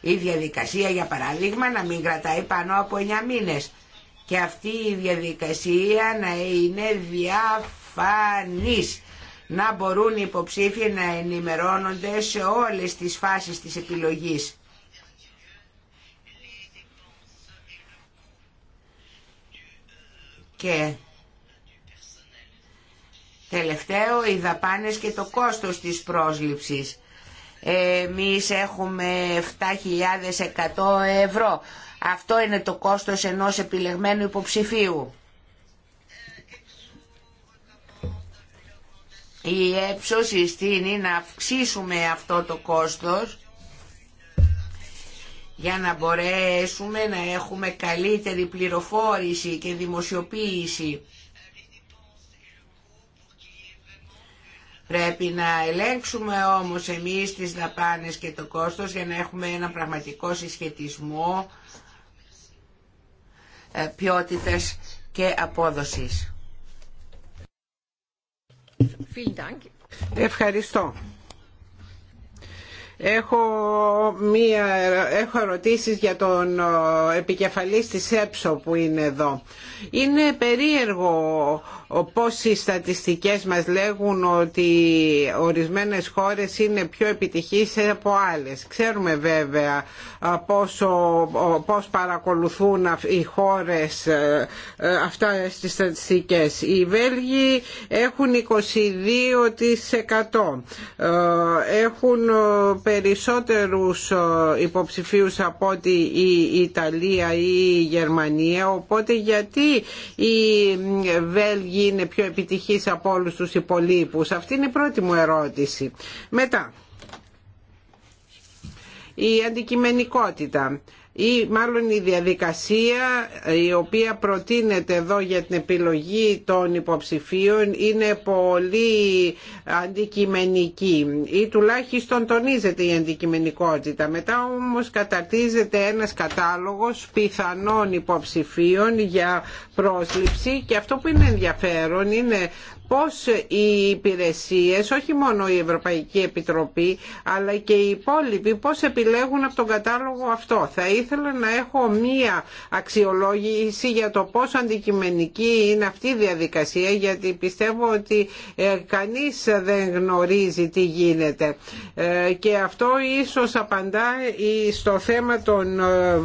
Η διαδικασία για παράδειγμα να μην κρατάει πάνω από 9 μήνες και αυτή η διαδικασία να είναι διαφανής να μπορούν οι υποψήφοι να ενημερώνονται σε όλες τις φάσεις της επιλογής. Και τελευταίο οι δαπάνες και το κόστος της πρόσληψης. Εμείς έχουμε 7.100 ευρώ αυτό είναι το κόστος ενός επιλεγμένου υποψηφίου. Η έψο συστήνει να αυξήσουμε αυτό το κόστος για να μπορέσουμε να έχουμε καλύτερη πληροφόρηση και δημοσιοποίηση. Πρέπει να ελέγξουμε όμως εμείς τις δαπάνες και το κόστος για να έχουμε ένα πραγματικό συσχετισμό ε, ποιότητας και απόδοσης. Ευχαριστώ. Έχω, μία, έχω ερωτήσεις για τον επικεφαλής της ΕΠΣΟ που είναι εδώ. Είναι περίεργο πως οι στατιστικές μας λέγουν ότι ορισμένες χώρες είναι πιο επιτυχείς από άλλες. Ξέρουμε βέβαια πόσο, πώς παρακολουθούν οι χώρες ε, ε, αυτά τι στατιστικές. Οι Βέλγοι έχουν 22% ε, έχουν περισσότερους υποψηφίους από ότι η Ιταλία ή η Γερμανία οπότε γιατί οι Βέλγοι είναι πιο επιτυχής από όλους τους υπολείπους. Αυτή είναι η πρώτη μου ερώτηση. Μετά, η αντικειμενικότητα ή μάλλον η διαδικασία η οποία προτείνεται εδώ για την επιλογή των υποψηφίων είναι πολύ αντικειμενική ή τουλάχιστον τονίζεται η αντικειμενικότητα. Μετά όμως καταρτίζεται ένας κατάλογος πιθανών υποψηφίων για πρόσληψη και αυτό που είναι ενδιαφέρον είναι πώς οι υπηρεσίες, όχι μόνο η Ευρωπαϊκή Επιτροπή, αλλά και οι υπόλοιποι, πώς επιλέγουν από τον κατάλογο αυτό. Θα ήθελα να έχω μία αξιολόγηση για το πόσο αντικειμενική είναι αυτή η διαδικασία, γιατί πιστεύω ότι ε, κανείς δεν γνωρίζει τι γίνεται. Ε, και αυτό ίσως απαντά στο θέμα των ε,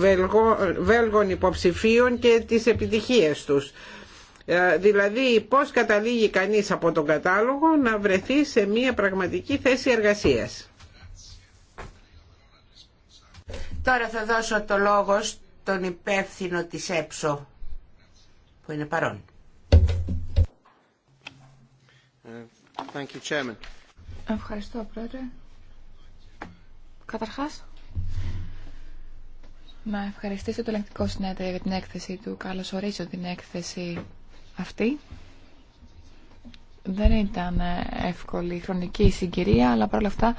Βέλγων υποψηφίων και τις επιτυχίες τους. Ε, δηλαδή πώς καταλήγει κανείς από τον κατάλογο να βρεθεί σε μια πραγματική θέση εργασίας. Τώρα θα δώσω το λόγο στον υπεύθυνο της ΕΠΣΟ που είναι παρόν. Ε, Ευχαριστώ πρόεδρε. Καταρχάς, να ευχαριστήσω το ελεγκτικό συνέδριο για την έκθεση του. Καλώς ορίζω την έκθεση αυτή. Δεν ήταν εύκολη η χρονική συγκυρία, αλλά παρόλα αυτά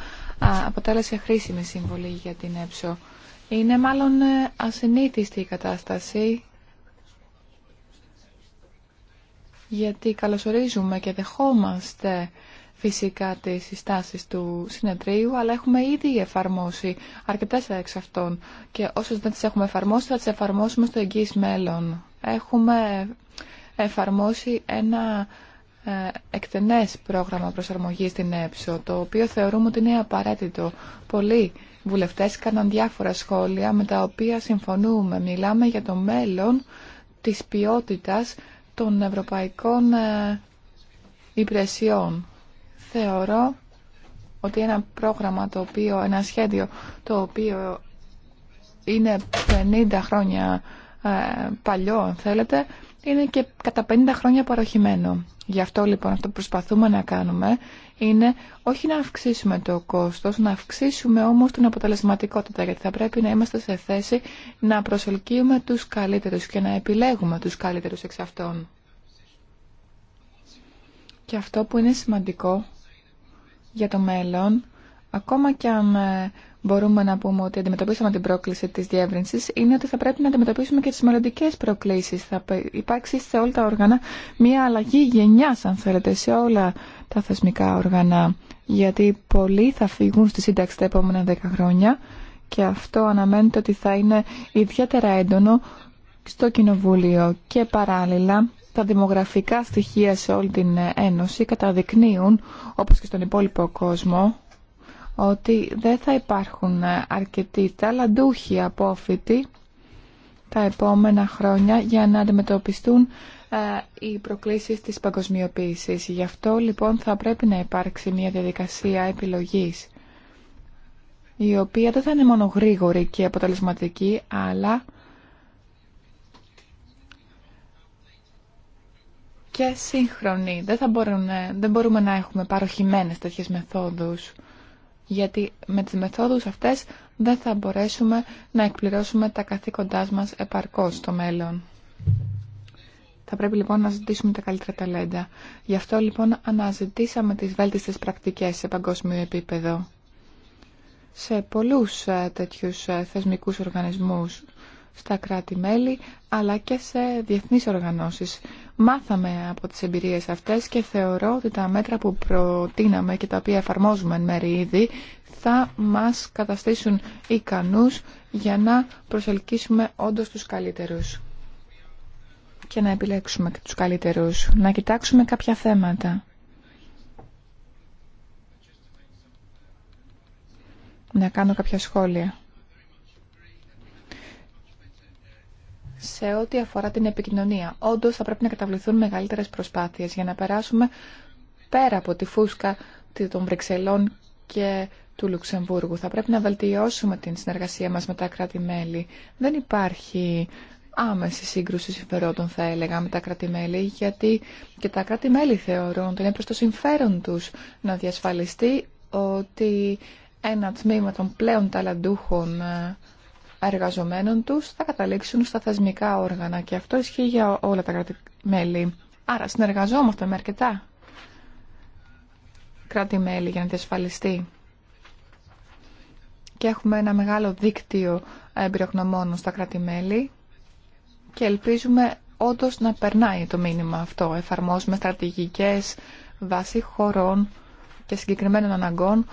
αποτέλεσε χρήσιμη συμβολή για την έψο. Είναι μάλλον ε, ασυνήθιστη η κατάσταση, γιατί καλωσορίζουμε και δεχόμαστε φυσικά τις συστάσεις του συνεδρίου, αλλά έχουμε ήδη εφαρμόσει αρκετές εξ αυτών και όσες δεν τις έχουμε εφαρμόσει θα τις εφαρμόσουμε στο εγγύης μέλλον. Έχουμε εφαρμόσει ένα ε, εκτενές πρόγραμμα προσαρμογής στην ΕΠΣΟ, το οποίο θεωρούμε ότι είναι απαραίτητο. Πολλοί βουλευτές κάναν διάφορα σχόλια με τα οποία συμφωνούμε. Μιλάμε για το μέλλον της ποιότητας των ευρωπαϊκών ε, υπηρεσιών. Θεωρώ ότι ένα πρόγραμμα το οποίο, ένα σχέδιο το οποίο είναι 50 χρόνια ε, παλιό, αν θέλετε, είναι και κατά 50 χρόνια παροχημένο. Γι' αυτό λοιπόν αυτό που προσπαθούμε να κάνουμε είναι όχι να αυξήσουμε το κόστος, να αυξήσουμε όμως την αποτελεσματικότητα γιατί θα πρέπει να είμαστε σε θέση να προσελκύουμε τους καλύτερους και να επιλέγουμε τους καλύτερους εξ αυτών. Και αυτό που είναι σημαντικό για το μέλλον, ακόμα και αν ε, μπορούμε να πούμε ότι αντιμετωπίσαμε την πρόκληση της διεύρυνσης είναι ότι θα πρέπει να αντιμετωπίσουμε και τις μελλοντικέ προκλήσεις. Θα υπάρξει σε όλα τα όργανα μια αλλαγή γενιάς, αν θέλετε, σε όλα τα θεσμικά όργανα. Γιατί πολλοί θα φύγουν στη σύνταξη τα επόμενα δέκα χρόνια και αυτό αναμένεται ότι θα είναι ιδιαίτερα έντονο στο Κοινοβούλιο και παράλληλα τα δημογραφικά στοιχεία σε όλη την Ένωση καταδεικνύουν, όπως και στον υπόλοιπο κόσμο, ότι δεν θα υπάρχουν αρκετοί ταλαντούχοι απόφοιτοι τα επόμενα χρόνια για να αντιμετωπιστούν ε, οι προκλήσεις της παγκοσμιοποίησης. Γι' αυτό λοιπόν θα πρέπει να υπάρξει μια διαδικασία επιλογής η οποία δεν θα είναι μόνο γρήγορη και αποτελεσματική αλλά και σύγχρονη. Δεν, ε, μπορούμε να έχουμε παροχημένες τέτοιες μεθόδους γιατί με τις μεθόδους αυτές δεν θα μπορέσουμε να εκπληρώσουμε τα καθήκοντά μας επαρκώς στο μέλλον. Θα πρέπει λοιπόν να ζητήσουμε τα καλύτερα ταλέντα. Γι' αυτό λοιπόν αναζητήσαμε τις βέλτιστες πρακτικές σε παγκόσμιο επίπεδο. Σε πολλούς ε, τέτοιους ε, θεσμικούς οργανισμούς στα κράτη-μέλη, αλλά και σε διεθνείς οργανώσεις Μάθαμε από τις εμπειρίες αυτές και θεωρώ ότι τα μέτρα που προτείναμε και τα οποία εφαρμόζουμε εν μέρη ήδη θα μας καταστήσουν ικανούς για να προσελκύσουμε όντως τους καλύτερους και να επιλέξουμε τους καλύτερους, να κοιτάξουμε κάποια θέματα. Να κάνω κάποια σχόλια. σε ό,τι αφορά την επικοινωνία. Όντως θα πρέπει να καταβληθούν μεγαλύτερες προσπάθειες για να περάσουμε πέρα από τη φούσκα των Βρυξελών και του Λουξεμβούργου. Θα πρέπει να βελτιώσουμε την συνεργασία μας με τα κράτη-μέλη. Δεν υπάρχει άμεση σύγκρουση συμφερόντων, θα έλεγα, με τα κράτη-μέλη, γιατί και τα κράτη-μέλη θεωρούν ότι είναι προς το συμφέρον τους να διασφαλιστεί ότι ένα τμήμα των πλέον ταλαντούχων ε, εργαζομένων τους θα καταλήξουν στα θεσμικά όργανα και αυτό ισχύει για όλα τα κράτη-μέλη. Άρα συνεργαζόμαστε με αρκετά κράτη-μέλη για να διασφαλιστεί και έχουμε ένα μεγάλο δίκτυο εμπειρογνωμόνων στα κράτη-μέλη και ελπίζουμε όντως να περνάει το μήνυμα αυτό. Εφαρμόζουμε στρατηγικές βάσει χωρών και συγκεκριμένων αναγκών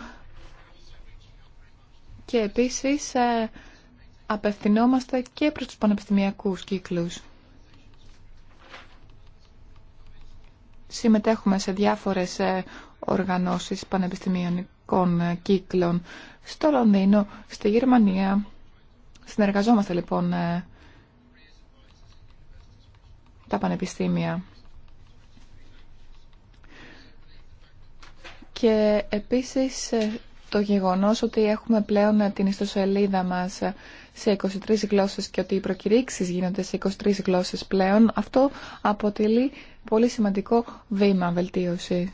και επίσης ε, απευθυνόμαστε και προς τους πανεπιστημιακούς κύκλους. Συμμετέχουμε σε διάφορες ε, οργανώσεις πανεπιστημιακών ε, κύκλων στο Λονδίνο, στη Γερμανία. Συνεργαζόμαστε λοιπόν ε, τα πανεπιστήμια. Και επίσης το γεγονός ότι έχουμε πλέον την ιστοσελίδα μας σε 23 γλώσσες και ότι οι προκηρύξεις γίνονται σε 23 γλώσσες πλέον, αυτό αποτελεί πολύ σημαντικό βήμα βελτίωση.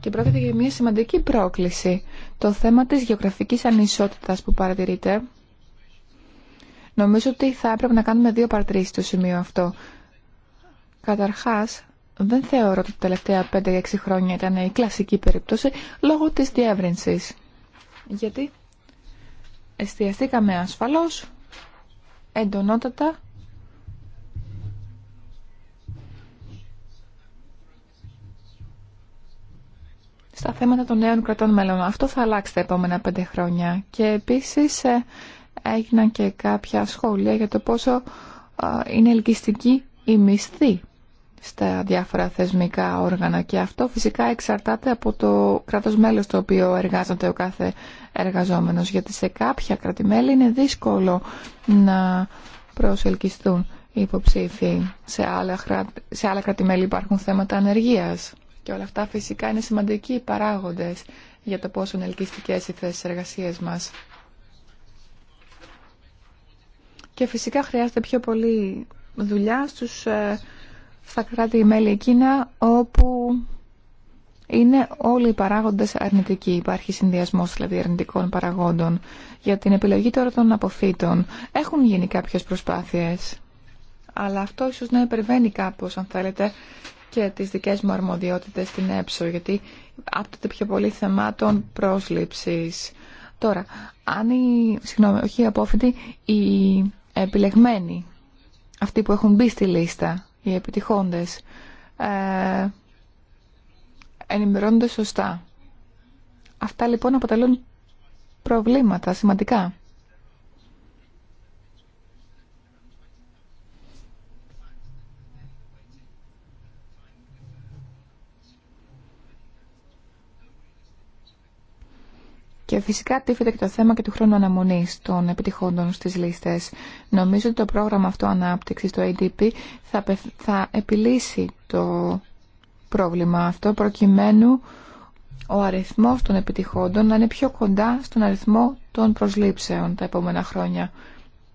Και πρόκειται για μια σημαντική πρόκληση. Το θέμα της γεωγραφικής ανισότητας που παρατηρείται, νομίζω ότι θα έπρεπε να κάνουμε δύο παρατηρήσεις στο σημείο αυτό. Καταρχάς, δεν θεωρώ ότι τα τελευταία 5-6 χρόνια ήταν η κλασική περίπτωση λόγω της διεύρυνσης. Γιατί εστιαστήκαμε ασφαλώς, εντονότατα, στα θέματα των νέων κρατών μέλων. Αυτό θα αλλάξει τα επόμενα 5 χρόνια. Και επίσης ε, έγιναν και κάποια σχόλια για το πόσο ε, είναι ελκυστική η μισθή στα διάφορα θεσμικά όργανα και αυτό φυσικά εξαρτάται από το κράτος μέλος το οποίο εργάζεται ο κάθε εργαζόμενος γιατί σε κάποια κρατημέλη είναι δύσκολο να προσελκυστούν οι υποψήφοι σε άλλα, σε άλλα κρατημέλη υπάρχουν θέματα ανεργίας και όλα αυτά φυσικά είναι σημαντικοί παράγοντες για το πόσο ελκυστικές οι θέσεις εργασία μας και φυσικά χρειάζεται πιο πολύ δουλειά στους ε, στα κράτη-μέλη εκείνα όπου είναι όλοι οι παράγοντες αρνητικοί. Υπάρχει συνδυασμός δηλαδή αρνητικών παραγόντων. Για την επιλογή τώρα των αποφύτων έχουν γίνει κάποιες προσπάθειες. Αλλά αυτό ίσως να υπερβαίνει κάπως, αν θέλετε, και τις δικές μου αρμοδιότητες στην έψο, γιατί άπτεται πιο πολύ θεμάτων πρόσληψης. Τώρα, αν οι συγγνώμη, οι επιλεγμένοι, αυτοί που έχουν μπει στη λίστα, οι επιτυχώντες, ε, ενημερώνονται σωστά. Αυτά λοιπόν αποτελούν προβλήματα σημαντικά. Και φυσικά τίθεται και το θέμα και του χρόνου αναμονή των επιτυχόντων στι λίστε. Νομίζω ότι το πρόγραμμα αυτό ανάπτυξη, το ADP, θα, θα επιλύσει το πρόβλημα αυτό προκειμένου ο αριθμός των επιτυχόντων να είναι πιο κοντά στον αριθμό των προσλήψεων τα επόμενα χρόνια.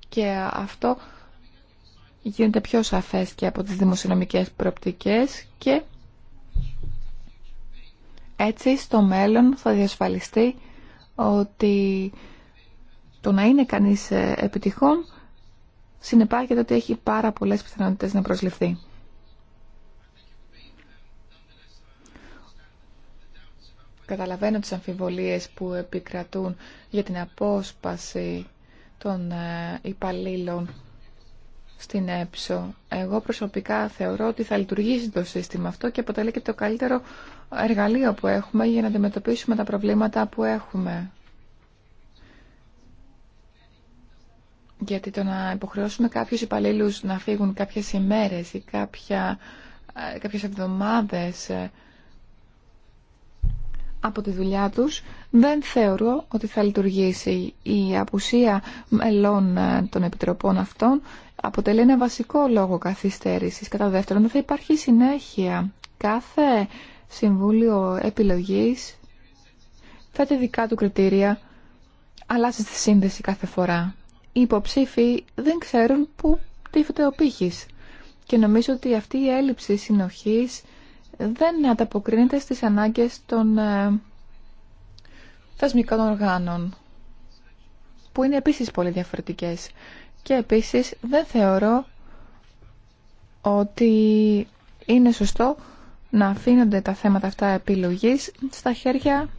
Και αυτό γίνεται πιο σαφές και από τις δημοσιονομικές προοπτικές και έτσι στο μέλλον θα διασφαλιστεί ότι το να είναι κανείς ε, επιτυχών συνεπάγεται ότι έχει πάρα πολλές πιθανότητες να προσληφθεί. Καταλαβαίνω τις αμφιβολίες που επικρατούν για την απόσπαση των ε, υπαλλήλων στην έψο. Εγώ προσωπικά θεωρώ ότι θα λειτουργήσει το σύστημα αυτό και αποτελεί και το καλύτερο εργαλείο που έχουμε για να αντιμετωπίσουμε τα προβλήματα που έχουμε. Γιατί το να υποχρεώσουμε κάποιους υπαλλήλους να φύγουν κάποιες ημέρες ή κάποια, ε, κάποιες εβδομάδες ε, από τη δουλειά τους δεν θεωρώ ότι θα λειτουργήσει η απουσία μελών ε, των επιτροπών αυτών αποτελεί ένα βασικό λόγο καθυστέρησης. Κατά δεύτερον, δεν θα υπάρχει συνέχεια. Κάθε Συμβούλιο Επιλογής θέτει δικά του κριτήρια, αλλάζει τη σύνδεση κάθε φορά. Οι υποψήφοι δεν ξέρουν πού τύφεται ο πύχης. Και νομίζω ότι αυτή η έλλειψη συνοχής δεν ανταποκρίνεται στις ανάγκες των ε, θεσμικών οργάνων, που είναι επίσης πολύ διαφορετικές. Και επίσης δεν θεωρώ ότι είναι σωστό να αφήνονται τα θέματα αυτά επιλογής στα χέρια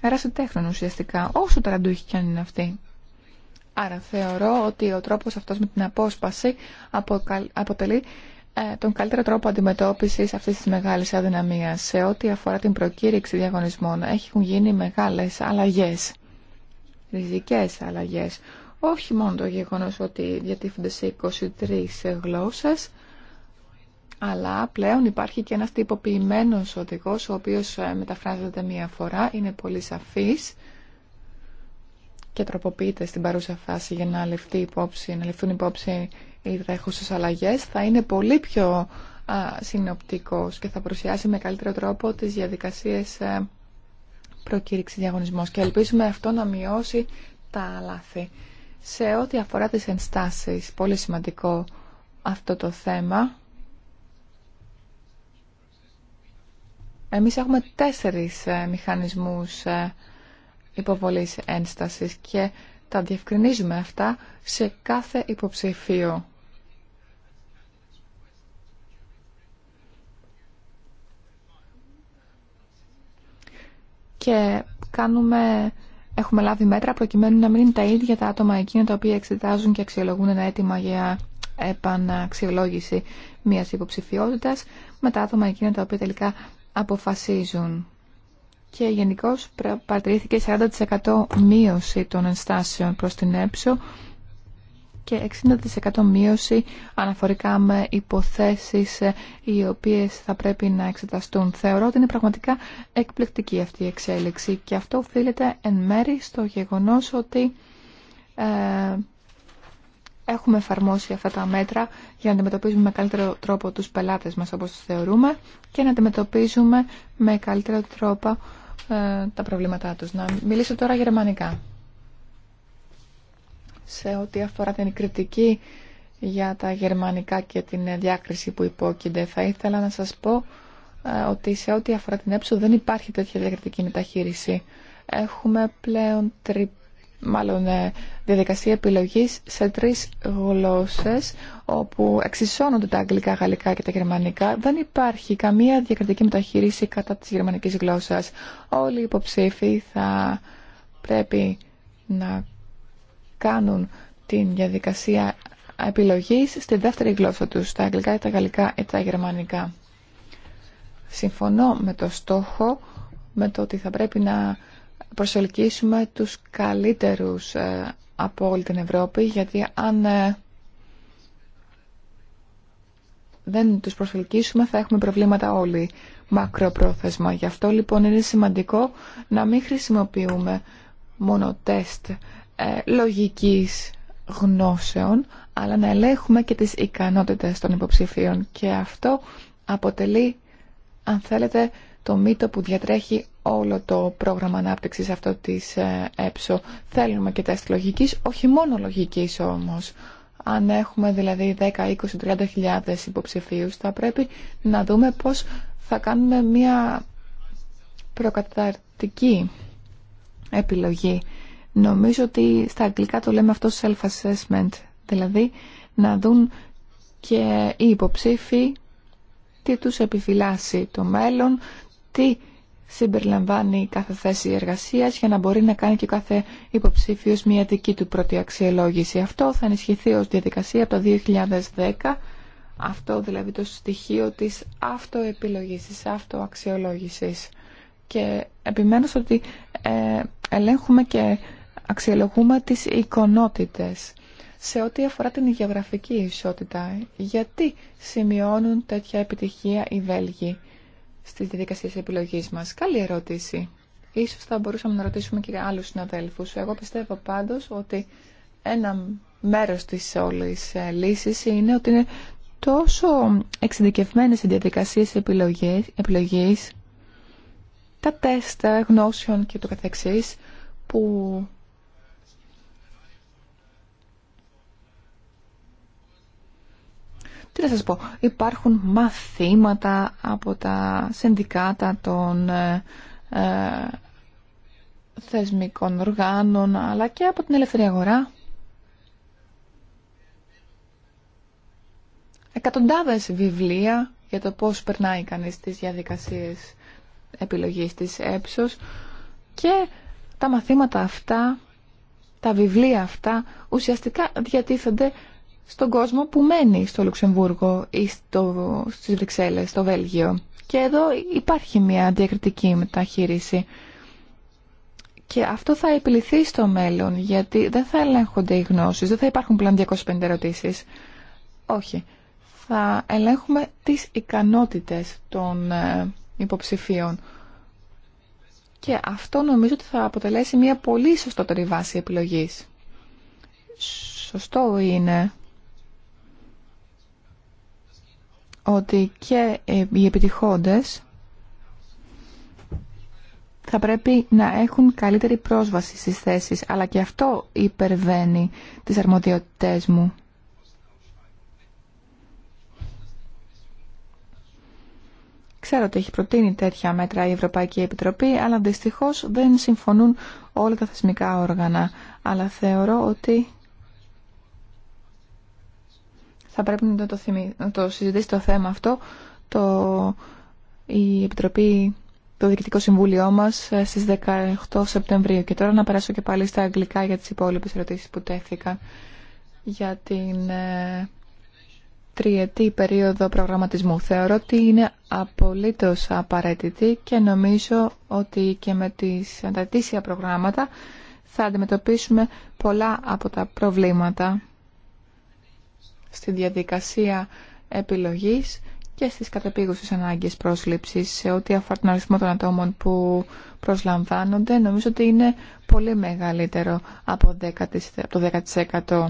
ερασιτέχνων ουσιαστικά, όσο ταραντούχη κι αν είναι αυτή. Άρα θεωρώ ότι ο τρόπος αυτός με την απόσπαση αποτελεί ε, τον καλύτερο τρόπο αντιμετώπισης αυτής της μεγάλης αδυναμίας. Σε ό,τι αφορά την προκήρυξη διαγωνισμών έχουν γίνει μεγάλες αλλαγές, ριζικές αλλαγές όχι μόνο το γεγονός ότι διατίθενται σε 23 γλώσσες, αλλά πλέον υπάρχει και ένας τυποποιημένος οδηγός, ο οποίος ε, μεταφράζεται μία φορά, είναι πολύ σαφής και τροποποιείται στην παρούσα φάση για να, ληφθεί υπόψη, να ληφθούν υπόψη οι δέχουσες αλλαγές. Θα είναι πολύ πιο συνοπτικός και θα παρουσιάσει με καλύτερο τρόπο τις διαδικασίες ε, προκήρυξη διαγωνισμός και ελπίζουμε αυτό να μειώσει τα λάθη. Σε ό,τι αφορά τις ενστάσεις, πολύ σημαντικό αυτό το θέμα. Εμείς έχουμε τέσσερις ε, μηχανισμούς ε, υποβολής ένστασης και τα διευκρινίζουμε αυτά σε κάθε υποψηφίο. Και κάνουμε έχουμε λάβει μέτρα προκειμένου να μην είναι τα ίδια τα άτομα εκείνα τα οποία εξετάζουν και αξιολογούν ένα αίτημα για επαναξιολόγηση μιας υποψηφιότητας με τα άτομα εκείνα τα οποία τελικά αποφασίζουν. Και γενικώ παρατηρήθηκε 40% μείωση των ενστάσεων προς την έψο και 60% μείωση αναφορικά με υποθέσεις ε, οι οποίες θα πρέπει να εξεταστούν. Θεωρώ ότι είναι πραγματικά εκπληκτική αυτή η εξέλιξη και αυτό οφείλεται εν μέρη στο γεγονός ότι ε, έχουμε εφαρμόσει αυτά τα μέτρα για να αντιμετωπίζουμε με καλύτερο τρόπο τους πελάτες μας όπως θεωρούμε και να αντιμετωπίζουμε με καλύτερο τρόπο ε, τα προβλήματά τους. Να μιλήσω τώρα γερμανικά σε ό,τι αφορά την κριτική για τα γερμανικά και την διάκριση που υπόκεινται. Θα ήθελα να σας πω ε, ότι σε ό,τι αφορά την έψοδο δεν υπάρχει τέτοια διακριτική μεταχείριση. Έχουμε πλέον τρι... μάλλον, ε, διαδικασία επιλογής σε τρεις γλώσσες όπου εξισώνονται τα αγγλικά, γαλλικά και τα γερμανικά. Δεν υπάρχει καμία διακριτική μεταχείριση κατά της γερμανικής γλώσσας. Όλοι οι υποψήφοι θα πρέπει να κάνουν την διαδικασία επιλογής στη δεύτερη γλώσσα τους, τα αγγλικά τα γαλλικά ή τα γερμανικά. Συμφωνώ με το στόχο, με το ότι θα πρέπει να προσελκύσουμε τους καλύτερους ε, από όλη την Ευρώπη, γιατί αν ε, δεν τους προσελκύσουμε θα έχουμε προβλήματα όλοι μακροπρόθεσμα. Γι' αυτό λοιπόν είναι σημαντικό να μην χρησιμοποιούμε μόνο τεστ ε, λογικής γνώσεων, αλλά να ελέγχουμε και τις ικανότητες των υποψηφίων. Και αυτό αποτελεί, αν θέλετε, το μύτο που διατρέχει όλο το πρόγραμμα ανάπτυξης αυτό της ε, ΕΠΣΟ. Θέλουμε και τεστ λογικής, όχι μόνο λογικής όμως. Αν έχουμε δηλαδή 10, 20, 30 χιλιάδες υποψηφίους, θα πρέπει να δούμε πώς θα κάνουμε μια προκαταρτική επιλογή Νομίζω ότι στα αγγλικά το λέμε αυτό self-assessment, δηλαδή να δουν και οι υποψήφοι τι τους επιφυλάσσει το μέλλον, τι συμπεριλαμβάνει κάθε θέση εργασίας για να μπορεί να κάνει και κάθε υποψήφιος μια δική του πρώτη αξιολόγηση. Αυτό θα ενισχυθεί ως διαδικασία από το 2010, αυτό δηλαδή το στοιχείο της αυτοεπιλογής, της αυτοαξιολόγησης. Και επιμένω ότι ε, ελέγχουμε και αξιολογούμε τις εικονότητες σε ό,τι αφορά την γεωγραφική ισότητα. Γιατί σημειώνουν τέτοια επιτυχία οι Βέλγοι στις διαδικασίες επιλογής μας. Καλή ερώτηση. Ίσως θα μπορούσαμε να ρωτήσουμε και άλλους συναδέλφους. Εγώ πιστεύω πάντως ότι ένα μέρος της όλης ε, λύσης είναι ότι είναι τόσο εξειδικευμένες οι διαδικασίες επιλογής, τα τεστ γνώσεων και το καθεξής που Τι να σας πω, υπάρχουν μαθήματα από τα συνδικάτα των ε, ε, θεσμικών οργάνων, αλλά και από την ελεύθερη αγορά. Εκατοντάδες βιβλία για το πώς περνάει κανείς τις διαδικασίες επιλογής της έψος και τα μαθήματα αυτά, τα βιβλία αυτά ουσιαστικά διατίθενται στον κόσμο που μένει στο Λουξεμβούργο ή στο, στις Βρυξέλλες, στο Βέλγιο. Και εδώ υπάρχει μια διακριτική μεταχείριση. Και αυτό θα επιληθεί στο μέλλον, γιατί δεν θα ελέγχονται οι γνώσεις, δεν θα υπάρχουν πλέον 250 ερωτήσεις. Όχι. Θα ελέγχουμε τις ικανότητες των ε, υποψηφίων. Και αυτό νομίζω ότι θα αποτελέσει μια πολύ σωστότερη βάση επιλογής. Σωστό είναι ότι και ε, οι επιτυχόντες θα πρέπει να έχουν καλύτερη πρόσβαση στις θέσεις, αλλά και αυτό υπερβαίνει τις αρμοδιότητές μου. Ξέρω ότι έχει προτείνει τέτοια μέτρα η Ευρωπαϊκή Επιτροπή, αλλά δυστυχώς δεν συμφωνούν όλα τα θεσμικά όργανα. Αλλά θεωρώ ότι θα πρέπει να το, θυμί... το συζητήσει το θέμα αυτό το... η Επιτροπή, το Διοικητικό Συμβούλιο μας ε, στις 18 Σεπτεμβρίου. Και τώρα να περάσω και πάλι στα αγγλικά για τις υπόλοιπες ερωτήσεις που τέθηκα για την ε, τριετή περίοδο προγραμματισμού. Θεωρώ ότι είναι απολύτως απαραίτητη και νομίζω ότι και με τις αντατήσια προγράμματα θα αντιμετωπίσουμε πολλά από τα προβλήματα στη διαδικασία επιλογής και στις κατεπήγουσες ανάγκες πρόσληψης σε ό,τι αφορά τον αριθμό των ατόμων που προσλαμβάνονται νομίζω ότι είναι πολύ μεγαλύτερο από το 10%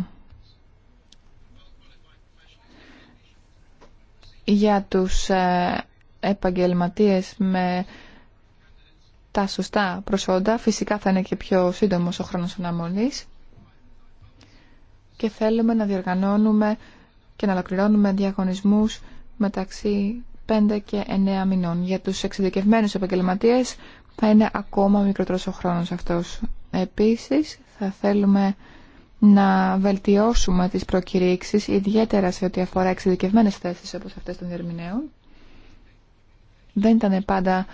για τους ε, επαγγελματίες με τα σωστά προσόντα φυσικά θα είναι και πιο σύντομος ο χρόνος αναμονής και θέλουμε να διοργανώνουμε και να ολοκληρώνουμε διαγωνισμούς μεταξύ 5 και 9 μηνών. Για τους εξειδικευμένους επαγγελματίες θα είναι ακόμα μικρότερος ο χρόνος αυτός. Επίσης θα θέλουμε να βελτιώσουμε τις προκηρύξεις, ιδιαίτερα σε ό,τι αφορά εξειδικευμένες θέσεις όπως αυτές των διερμηνέων. Δεν ήταν πάντα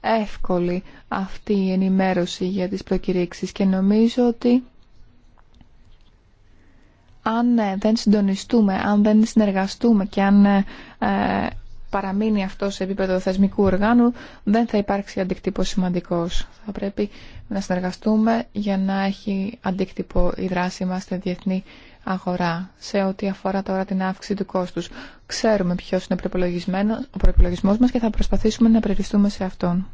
εύκολη αυτή η ενημέρωση για τις προκηρύξεις και νομίζω ότι αν ε, δεν συντονιστούμε, αν δεν συνεργαστούμε και αν ε, ε, παραμείνει αυτό σε επίπεδο θεσμικού οργάνου, δεν θα υπάρξει αντίκτυπο σημαντικό. Θα πρέπει να συνεργαστούμε για να έχει αντίκτυπο η δράση μα στη διεθνή αγορά. Σε ό,τι αφορά τώρα την αύξηση του κόστου, ξέρουμε ποιο είναι ο προπολογισμό μα και θα προσπαθήσουμε να περιοριστούμε σε αυτόν.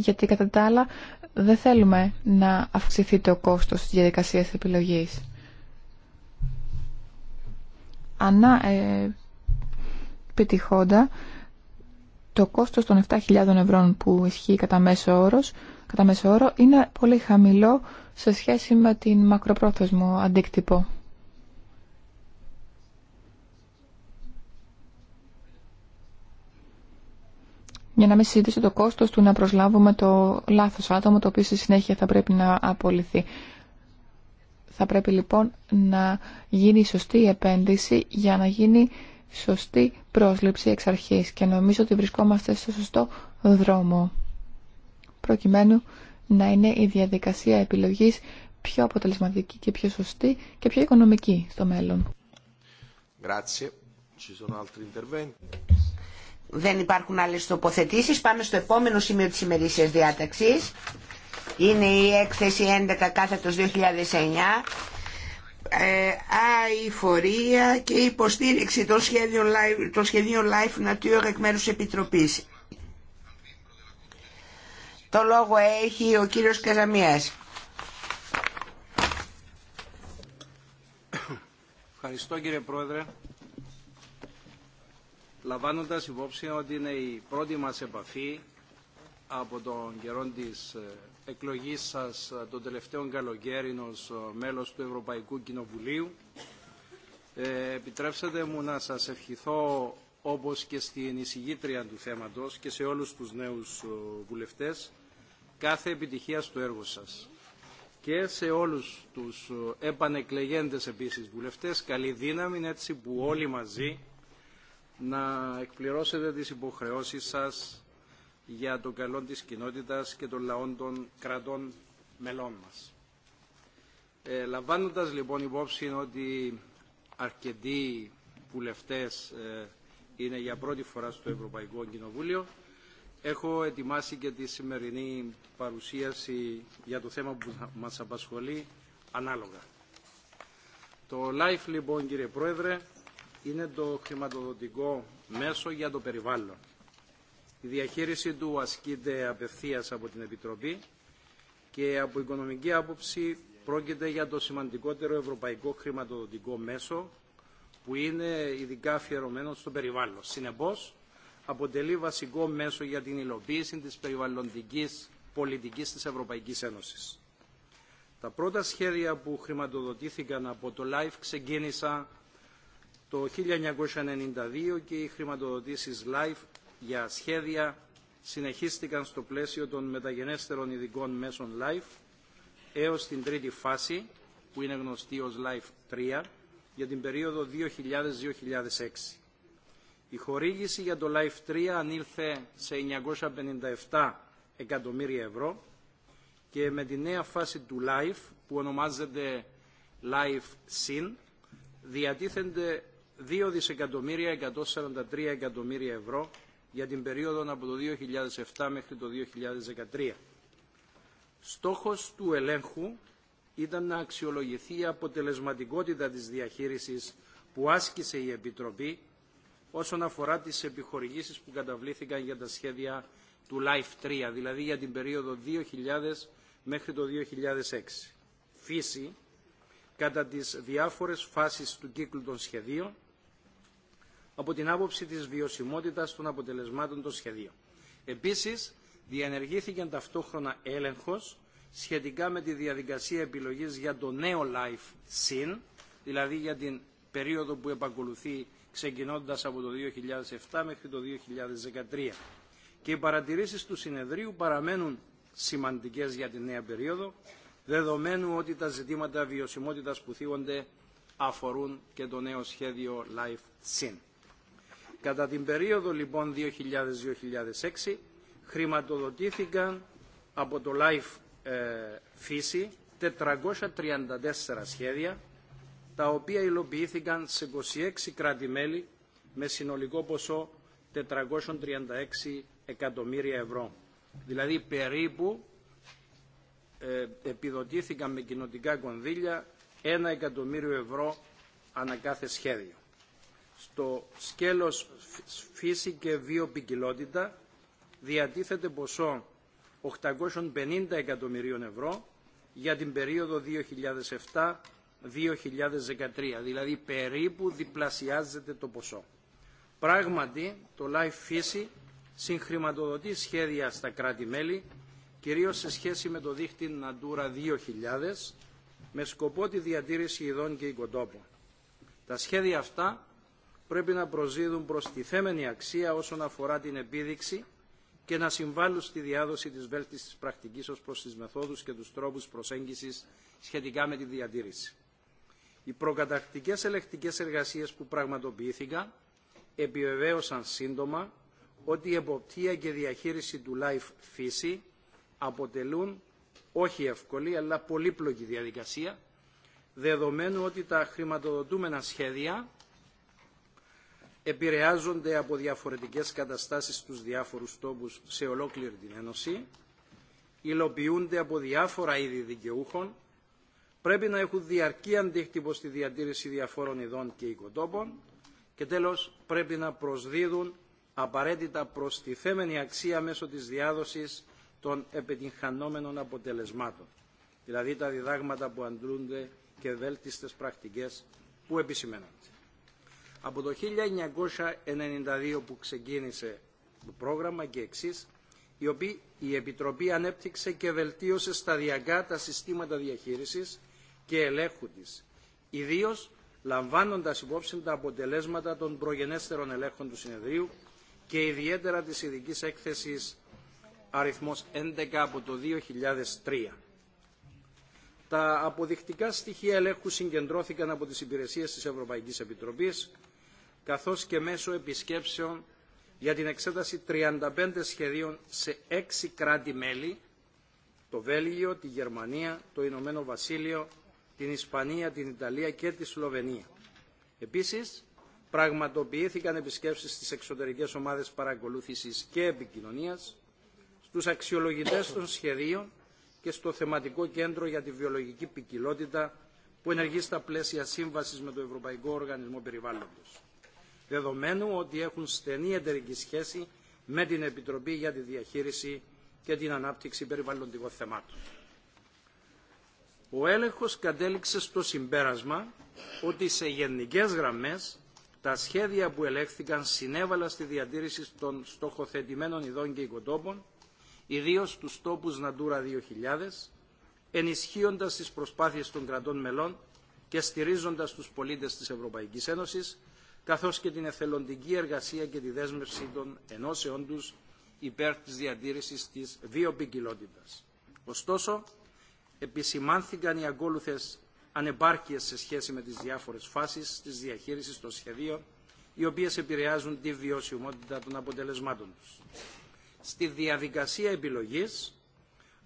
γιατί κατά τα άλλα δεν θέλουμε να αυξηθεί το κόστος της διαδικασίας επιλογής. Ανά ε, το κόστος των 7.000 ευρώ που ισχύει κατά μέσο, όρος, κατά μέσο όρο είναι πολύ χαμηλό σε σχέση με την μακροπρόθεσμο αντίκτυπο. για να μην συζητήσω το κόστος του να προσλάβουμε το λάθος άτομο το οποίο στη συνέχεια θα πρέπει να απολυθεί. Θα πρέπει λοιπόν να γίνει σωστή επένδυση για να γίνει σωστή πρόσληψη εξ αρχής και νομίζω ότι βρισκόμαστε στο σωστό δρόμο προκειμένου να είναι η διαδικασία επιλογής πιο αποτελεσματική και πιο σωστή και πιο οικονομική στο μέλλον. Δεν υπάρχουν άλλες τοποθετήσεις. Πάμε στο επόμενο σημείο της ημερήσιας διάταξης. Είναι η έκθεση 11 κάθετος 2009. Ε, αηφορία και υποστήριξη των σχέδιων Life, των σχεδίων Nature εκ μέρου επιτροπή. Επιτροπής. Το λόγο έχει ο κύριος Καζαμίας. Ευχαριστώ κύριε Πρόεδρε λαμβάνοντας υπόψη ότι είναι η πρώτη μας επαφή από τον καιρό της ε, εκλογής σας ε, τον τελευταίο καλοκαίρι ως ε, μέλος του Ευρωπαϊκού Κοινοβουλίου. επιτρέψτε μου να σας ευχηθώ όπως και στην εισηγήτρια του θέματος και σε όλους τους νέους βουλευτές κάθε επιτυχία στο έργο σας. Και σε όλους τους επανεκλεγέντες επίσης βουλευτές καλή δύναμη έτσι που όλοι μαζί να εκπληρώσετε τις υποχρεώσεις σας για το καλό της κοινότητας και των λαών των κρατών μελών μας. Ε, λαμβάνοντας λοιπόν υπόψη ότι αρκετοί βουλευτές ε, είναι για πρώτη φορά στο Ευρωπαϊκό Κοινοβούλιο, έχω ετοιμάσει και τη σημερινή παρουσίαση για το θέμα που μας απασχολεί ανάλογα. Το live λοιπόν κύριε Πρόεδρε είναι το χρηματοδοτικό μέσο για το περιβάλλον. Η διαχείριση του ασκείται απευθείας από την Επιτροπή και από οικονομική άποψη πρόκειται για το σημαντικότερο ευρωπαϊκό χρηματοδοτικό μέσο που είναι ειδικά αφιερωμένο στο περιβάλλον. Συνεπώς, αποτελεί βασικό μέσο για την υλοποίηση της περιβαλλοντικής πολιτικής της Ευρωπαϊκής Ένωσης. Τα πρώτα σχέδια που χρηματοδοτήθηκαν από το LIFE ξεκίνησαν το 1992 και οι χρηματοδοτήσεις LIFE για σχέδια συνεχίστηκαν στο πλαίσιο των μεταγενέστερων ειδικών μέσων LIFE έως την τρίτη φάση, που είναι γνωστή ως LIFE 3, για την περίοδο 2000-2006. Η χορήγηση για το LIFE 3 ανήλθε σε 957 εκατομμύρια ευρώ και με τη νέα φάση του LIFE, που ονομάζεται LIFE SIN διατίθενται 2 δισεκατομμύρια 143 εκατομμύρια ευρώ για την περίοδο από το 2007 μέχρι το 2013. Στόχος του ελέγχου ήταν να αξιολογηθεί η αποτελεσματικότητα της διαχείρισης που άσκησε η Επιτροπή όσον αφορά τις επιχορηγήσεις που καταβλήθηκαν για τα σχέδια του LIFE 3, δηλαδή για την περίοδο 2000 μέχρι το 2006. Φύση, κατά τις διάφορες φάσεις του κύκλου των σχεδίων, από την άποψη της βιωσιμότητας των αποτελεσμάτων των σχεδίων. Επίσης, διενεργήθηκε ταυτόχρονα έλεγχος σχετικά με τη διαδικασία επιλογής για το νέο Life Sin, δηλαδή για την περίοδο που επακολουθεί ξεκινώντας από το 2007 μέχρι το 2013. Και οι παρατηρήσεις του συνεδρίου παραμένουν σημαντικές για τη νέα περίοδο, δεδομένου ότι τα ζητήματα βιωσιμότητας που θίγονται αφορούν και το νέο σχέδιο Life Sin. Κατά την περίοδο λοιπόν 2000-2006 χρηματοδοτήθηκαν από το Life ε, Φύση 434 σχέδια τα οποία υλοποιήθηκαν σε 26 κράτη-μέλη με συνολικό ποσό 436 εκατομμύρια ευρώ. Δηλαδή περίπου ε, επιδοτήθηκαν με κοινοτικά κονδύλια 1 εκατομμύριο ευρώ ανά κάθε σχέδιο στο σκέλος φύση και βιοπικιλότητα διατίθεται ποσό 850 εκατομμυρίων ευρώ για την περίοδο 2007-2013, δηλαδή περίπου διπλασιάζεται το ποσό. Πράγματι, το Life Φύση συγχρηματοδοτεί σχέδια στα κράτη-μέλη, κυρίως σε σχέση με το δίχτυ Natura 2000, με σκοπό τη διατήρηση ειδών και οικοτόπων. Τα σχέδια αυτά πρέπει να προσδίδουν προς τη θέμενη αξία όσον αφορά την επίδειξη και να συμβάλλουν στη διάδοση της βέλτιστης πρακτικής ως προς τις μεθόδους και τους τρόπους προσέγγισης σχετικά με τη διατήρηση. Οι προκατακτικές ελεκτικές εργασίες που πραγματοποιήθηκαν επιβεβαίωσαν σύντομα ότι η εποπτεία και διαχείριση του life φύση αποτελούν όχι εύκολη αλλά πολύπλοκη διαδικασία δεδομένου ότι τα χρηματοδοτούμενα σχέδια επηρεάζονται από διαφορετικές καταστάσεις στους διάφορους τόπους σε ολόκληρη την Ένωση, υλοποιούνται από διάφορα είδη δικαιούχων, πρέπει να έχουν διαρκή αντίκτυπο στη διατήρηση διαφόρων ειδών και οικοτόπων και τέλος πρέπει να προσδίδουν απαραίτητα προστιθέμενη αξία μέσω της διάδοσης των επιτυγχανόμενων αποτελεσμάτων, δηλαδή τα διδάγματα που αντλούνται και βέλτιστες πρακτικές που επισημαίνονται. Από το 1992 που ξεκίνησε το πρόγραμμα και εξή, η η Επιτροπή ανέπτυξε και βελτίωσε σταδιακά τα συστήματα διαχείρισης και ελέγχου της, ιδίως λαμβάνοντας υπόψη τα αποτελέσματα των προγενέστερων ελέγχων του συνεδρίου και ιδιαίτερα της ειδική έκθεσης αριθμός 11 από το 2003. Τα αποδεικτικά στοιχεία ελέγχου συγκεντρώθηκαν από τις υπηρεσίες της Ευρωπαϊκής Επιτροπής καθώς και μέσω επισκέψεων για την εξέταση 35 σχεδίων σε 6 κράτη-μέλη, το Βέλγιο, τη Γερμανία, το Ηνωμένο Βασίλειο, την Ισπανία, την Ιταλία και τη Σλοβενία. Επίσης, πραγματοποιήθηκαν επισκέψεις στις εξωτερικές ομάδες παρακολούθησης και επικοινωνίας, στους αξιολογητές των σχεδίων και στο θεματικό κέντρο για τη βιολογική ποικιλότητα που ενεργεί στα πλαίσια σύμβασης με το Ευρωπαϊκό Οργανισμό Περιβάλλοντος δεδομένου ότι έχουν στενή εταιρική σχέση με την Επιτροπή για τη Διαχείριση και την Ανάπτυξη Περιβαλλοντικών Θεμάτων. Ο έλεγχος κατέληξε στο συμπέρασμα ότι σε γενικές γραμμές τα σχέδια που ελέγχθηκαν συνέβαλαν στη διατήρηση των στοχοθετημένων ειδών και οικοτόπων, ιδίω του τόπου Natura 2000, ενισχύοντας τις προσπάθειες των κρατών μελών και στηρίζοντας τους πολίτες της Ευρωπαϊκής Ένωσης καθώς και την εθελοντική εργασία και τη δέσμευση των ενώσεών τους υπέρ της διατήρησης της βιοπικιλότητας. Ωστόσο, επισημάνθηκαν οι ακόλουθες ανεπάρκειες σε σχέση με τις διάφορες φάσεις της διαχείρισης των σχεδίων, οι οποίες επηρεάζουν τη βιωσιμότητα των αποτελεσμάτων τους. Στη διαδικασία επιλογής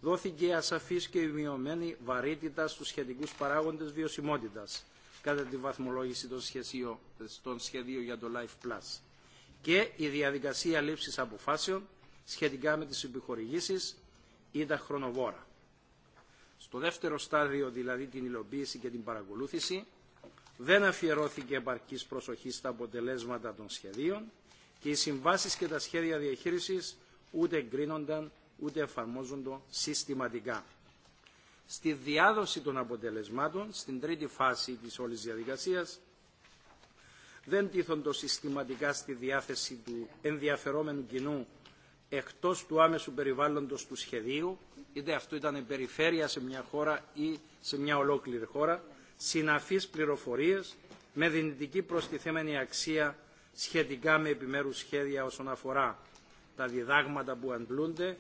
δόθηκε ασαφής και μειωμένη βαρύτητα στους σχετικούς παράγοντες βιωσιμότητας, κατά τη βαθμολόγηση των, σχεδίων, των σχεδίων για το Life Plus και η διαδικασία λήψης αποφάσεων σχετικά με τις επιχορηγήσεις τα χρονοβόρα. Στο δεύτερο στάδιο, δηλαδή την υλοποίηση και την παρακολούθηση, δεν αφιερώθηκε επαρκής προσοχή στα αποτελέσματα των σχεδίων και οι συμβάσεις και τα σχέδια διαχείρισης ούτε εγκρίνονταν ούτε εφαρμόζονταν συστηματικά στη διάδοση των αποτελεσμάτων, στην τρίτη φάση της όλης διαδικασίας, δεν τίθοντο συστηματικά στη διάθεση του ενδιαφερόμενου κοινού εκτός του άμεσου περιβάλλοντος του σχεδίου, είτε αυτό ήταν η περιφέρεια σε μια χώρα ή σε μια ολόκληρη χώρα, συναφείς πληροφορίες με δυνητική προστιθέμενη αξία σχετικά με επιμέρους σχέδια όσον αφορά τα διδάγματα που αντλούνται,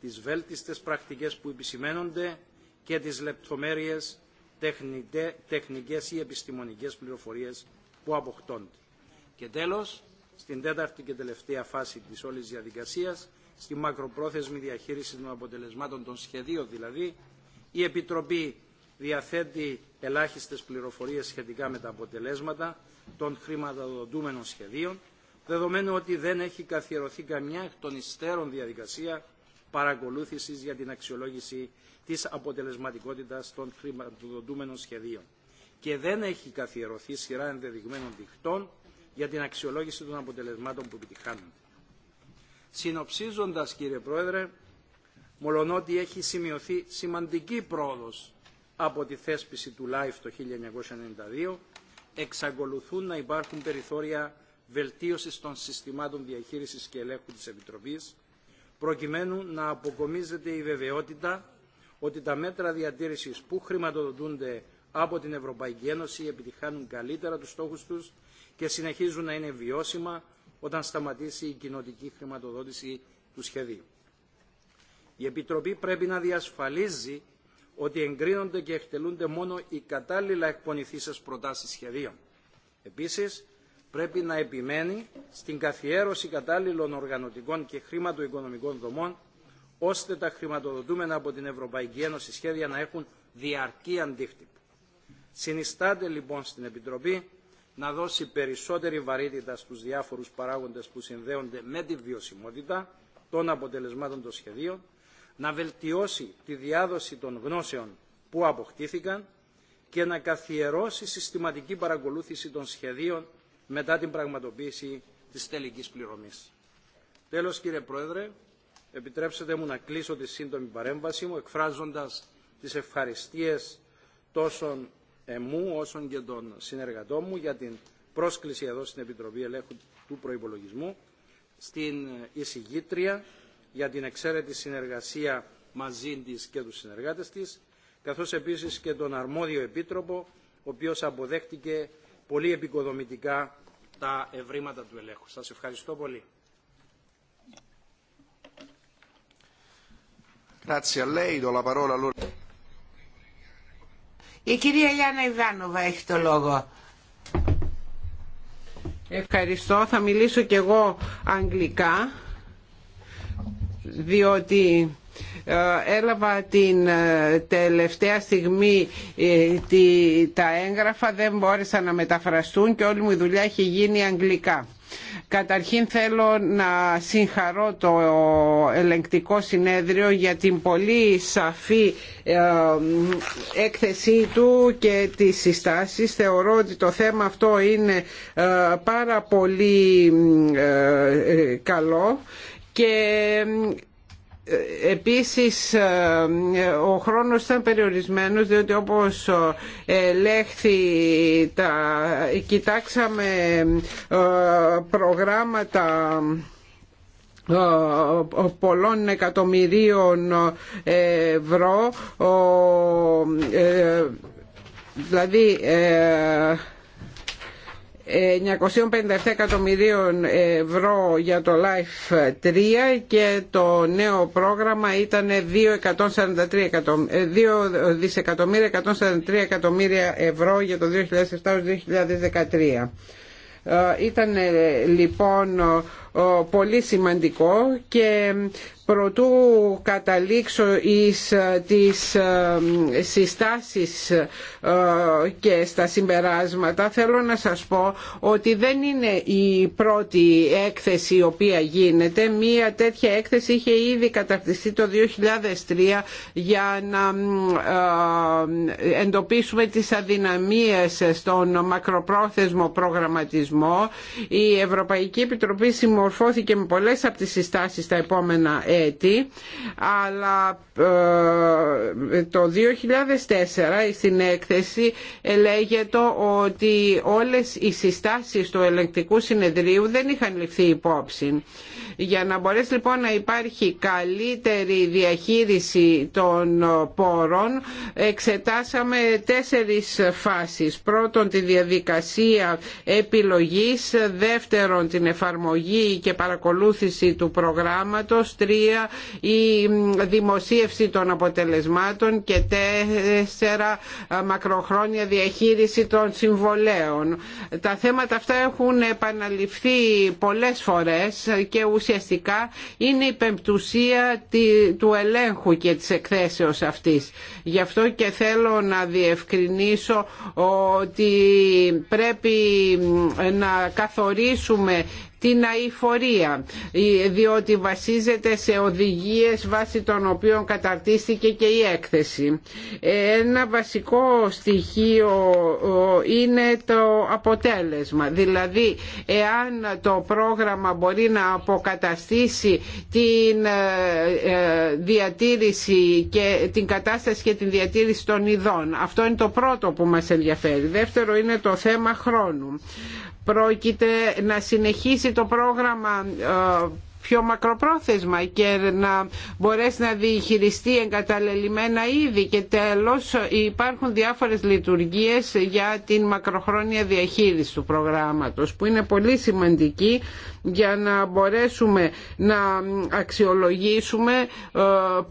τις βέλτιστες πρακτικές που επισημαίνονται, και τις λεπτομέρειες τεχνικές ή επιστημονικές πληροφορίες που αποκτώνται. Και τέλος, στην τέταρτη και τελευταία φάση της όλης διαδικασίας, στη μακροπρόθεσμη διαχείριση των αποτελεσμάτων των σχεδίων δηλαδή, η Επιτροπή διαθέτει ελάχιστες πληροφορίες σχετικά με τα αποτελέσματα των χρηματοδοτούμενων σχεδίων, δεδομένου ότι δεν έχει καθιερωθεί καμιά εκ των υστέρων διαδικασία παρακολούθησης για την αξιολόγηση της αποτελεσματικότητας των χρηματοδοτούμενων σχεδίων και δεν έχει καθιερωθεί σειρά ενδεδειγμένων δικτών για την αξιολόγηση των αποτελεσμάτων που επιτυχάνονται. Συνοψίζοντας, κύριε Πρόεδρε, μολονότι έχει σημειωθεί σημαντική πρόοδος από τη θέσπιση του ΛΑΙΦ το 1992, εξακολουθούν να υπάρχουν περιθώρια βελτίωσης των συστημάτων διαχείρισης και ελέγχου της Επιτροπής, προκειμένου να αποκομίζεται η βεβαιότητα ότι τα μέτρα διατήρησης που χρηματοδοτούνται από την Ευρωπαϊκή Ένωση επιτυχάνουν καλύτερα τους στόχους τους και συνεχίζουν να είναι βιώσιμα όταν σταματήσει η κοινοτική χρηματοδότηση του σχεδίου. Η Επιτροπή πρέπει να διασφαλίζει ότι εγκρίνονται και εκτελούνται μόνο οι κατάλληλα εκπονηθήσεις προτάσεις σχεδίων. Επίσης, πρέπει να επιμένει στην καθιέρωση κατάλληλων οργανωτικών και χρηματοοικονομικών δομών, ώστε τα χρηματοδοτούμενα από την Ευρωπαϊκή Ένωση σχέδια να έχουν διαρκή αντίκτυπο. Συνιστάται λοιπόν στην Επιτροπή να δώσει περισσότερη βαρύτητα στους διάφορους παράγοντες που συνδέονται με τη βιωσιμότητα των αποτελεσμάτων των σχεδίων, να βελτιώσει τη διάδοση των γνώσεων που αποκτήθηκαν και να καθιερώσει συστηματική παρακολούθηση των σχεδίων μετά την πραγματοποίηση της τελικής πληρωμής. Τέλος, κύριε Πρόεδρε, επιτρέψτε μου να κλείσω τη σύντομη παρέμβαση μου εκφράζοντας τις ευχαριστίες τόσων εμού όσων και των συνεργατών μου για την πρόσκληση εδώ στην Επιτροπή Ελέγχου του Προϋπολογισμού, στην εισηγήτρια για την εξαίρετη συνεργασία μαζί της και τους συνεργάτες της, καθώς επίσης και τον αρμόδιο επίτροπο, ο οποίος αποδέχτηκε πολύ επικοδομητικά τα ευρήματα του ελέγχου. Σας ευχαριστώ πολύ. Η κυρία Γιάννα Ιβάνοβα έχει το λόγο. Ευχαριστώ. Θα μιλήσω κι εγώ αγγλικά, διότι ε, έλαβα την ε, τελευταία στιγμή ε, τα έγγραφα, δεν μπόρεσα να μεταφραστούν και όλη μου η δουλειά έχει γίνει αγγλικά. Καταρχήν θέλω να συγχαρώ το ελεγκτικό συνέδριο για την πολύ σαφή έκθεσή του και τις συστάσεις. Θεωρώ ότι το θέμα αυτό είναι πάρα πολύ καλό και Επίσης ο χρόνος ήταν περιορισμένος διότι όπως ε, λέχθη τα, κοιτάξαμε ε, προγράμματα ε, πολλών εκατομμυρίων ευρώ δηλαδή 957 εκατομμυρίων ευρώ για το LIFE 3 και το νέο πρόγραμμα ήταν 2 δισεκατομμύρια 143 εκατομμύρια ευρώ για το 2007-2013. Ε, ήταν ε, λοιπόν πολύ σημαντικό και προτού καταλήξω εις τις ε, συστάσεις ε, και στα συμπεράσματα θέλω να σας πω ότι δεν είναι η πρώτη έκθεση η οποία γίνεται. Μία τέτοια έκθεση είχε ήδη καταρτιστεί το 2003 για να ε, εντοπίσουμε τις αδυναμίες στον μακροπρόθεσμο προγραμματισμό. Η Ευρωπαϊκή Επιτροπή μορφώθηκε με πολλές από τις συστάσεις τα επόμενα έτη αλλά ε, το 2004 στην έκθεση λέγεται ότι όλες οι συστάσεις του ελεγκτικού συνεδρίου δεν είχαν ληφθεί υπόψη για να μπορέσει λοιπόν να υπάρχει καλύτερη διαχείριση των πόρων εξετάσαμε τέσσερις φάσεις. Πρώτον τη διαδικασία επιλογής, δεύτερον την εφαρμογή και παρακολούθηση του προγράμματος, τρία η δημοσίευση των αποτελεσμάτων και τέσσερα μακροχρόνια διαχείριση των συμβολέων. Τα θέματα αυτά έχουν επαναληφθεί πολλές φορές και ουσιαστικά είναι η πεμπτουσία του ελέγχου και της εκθέσεως αυτής. Γι' αυτό και θέλω να διευκρινίσω ότι πρέπει να καθορίσουμε την αηφορία διότι βασίζεται σε οδηγίες βάσει των οποίων καταρτίστηκε και η έκθεση. Ένα βασικό στοιχείο είναι το αποτέλεσμα. Δηλαδή, εάν το πρόγραμμα μπορεί να αποκαταστήσει την ε, ε, διατήρηση και την κατάσταση και την διατήρηση των ειδών. Αυτό είναι το πρώτο που μας ενδιαφέρει. Δεύτερο είναι το θέμα χρόνου πρόκειται να συνεχίσει το πρόγραμμα ε, πιο μακροπρόθεσμα και να μπορέσει να διχειριστεί εγκαταλελειμμένα ήδη. και τέλος υπάρχουν διάφορες λειτουργίες για την μακροχρόνια διαχείριση του προγράμματος που είναι πολύ σημαντική για να μπορέσουμε να αξιολογήσουμε ε,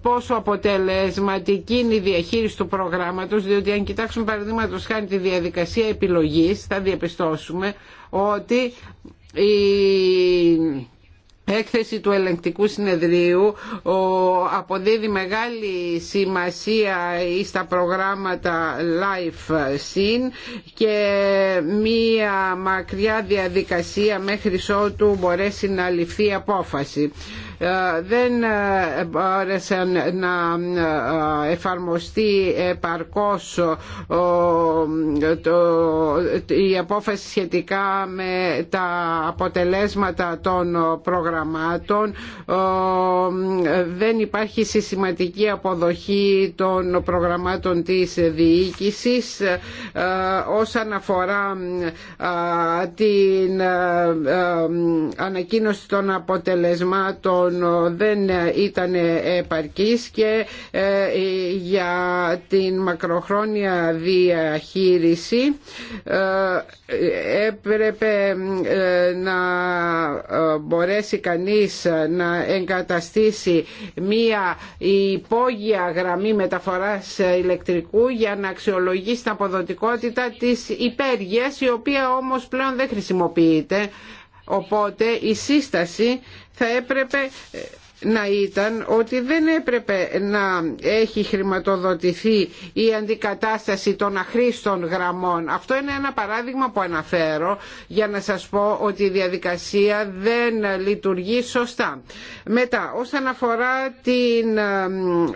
πόσο αποτελεσματική είναι η διαχείριση του προγράμματος διότι αν κοιτάξουμε παραδείγματος χάνει τη διαδικασία επιλογής θα διαπιστώσουμε ότι η έκθεση του ελεγκτικού συνεδρίου αποδίδει μεγάλη σημασία στα προγράμματα Life Sin και μία μακριά διαδικασία μέχρι ότου μπορέσει να ληφθεί απόφαση. Ε, δεν ε, μπόρεσαν να ε, εφαρμοστεί επαρκώς η απόφαση σχετικά με τα αποτελέσματα των προγραμμάτων δεν υπάρχει συστηματική αποδοχή των προγραμμάτων της διοίκησης όσον αφορά την ανακοίνωση των αποτελεσμάτων Λοιπόν, δεν ήταν επαρκής και ε, για την μακροχρόνια διαχείριση ε, έπρεπε ε, να μπορέσει κανείς να εγκαταστήσει μία υπόγεια γραμμή μεταφοράς ηλεκτρικού για να αξιολογήσει την αποδοτικότητα της υπέργειας η οποία όμως πλέον δεν χρησιμοποιείται. Οπότε η σύσταση θα έπρεπε ε, να ήταν ότι δεν έπρεπε να έχει χρηματοδοτηθεί η αντικατάσταση των αχρήστων γραμμών. Αυτό είναι ένα παράδειγμα που αναφέρω για να σας πω ότι η διαδικασία δεν λειτουργεί σωστά. Μετά, όσον αφορά την ε,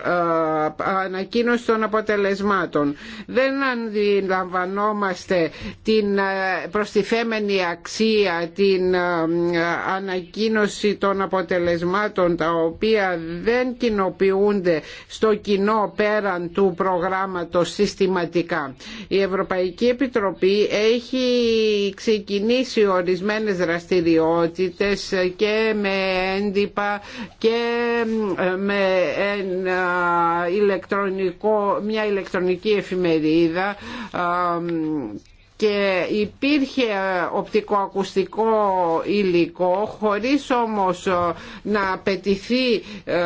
ε, ανακοίνωση των αποτελεσμάτων, δεν αντιλαμβανόμαστε την ε, προστιθέμενη αξία, την ανακοίνωση των αποτελεσμάτων τα οποία δεν κοινοποιούνται στο κοινό πέραν του προγράμματος συστηματικά. Η Ευρωπαϊκή Επιτροπή έχει ξεκινήσει ορισμένες δραστηριότητες και με έντυπα και ε, με ένα ηλεκτρονικό, μια ηλεκτρονική εφημερίδα ε, και υπήρχε οπτικοακουστικό υλικό χωρίς όμως ε, να απαιτηθεί ε,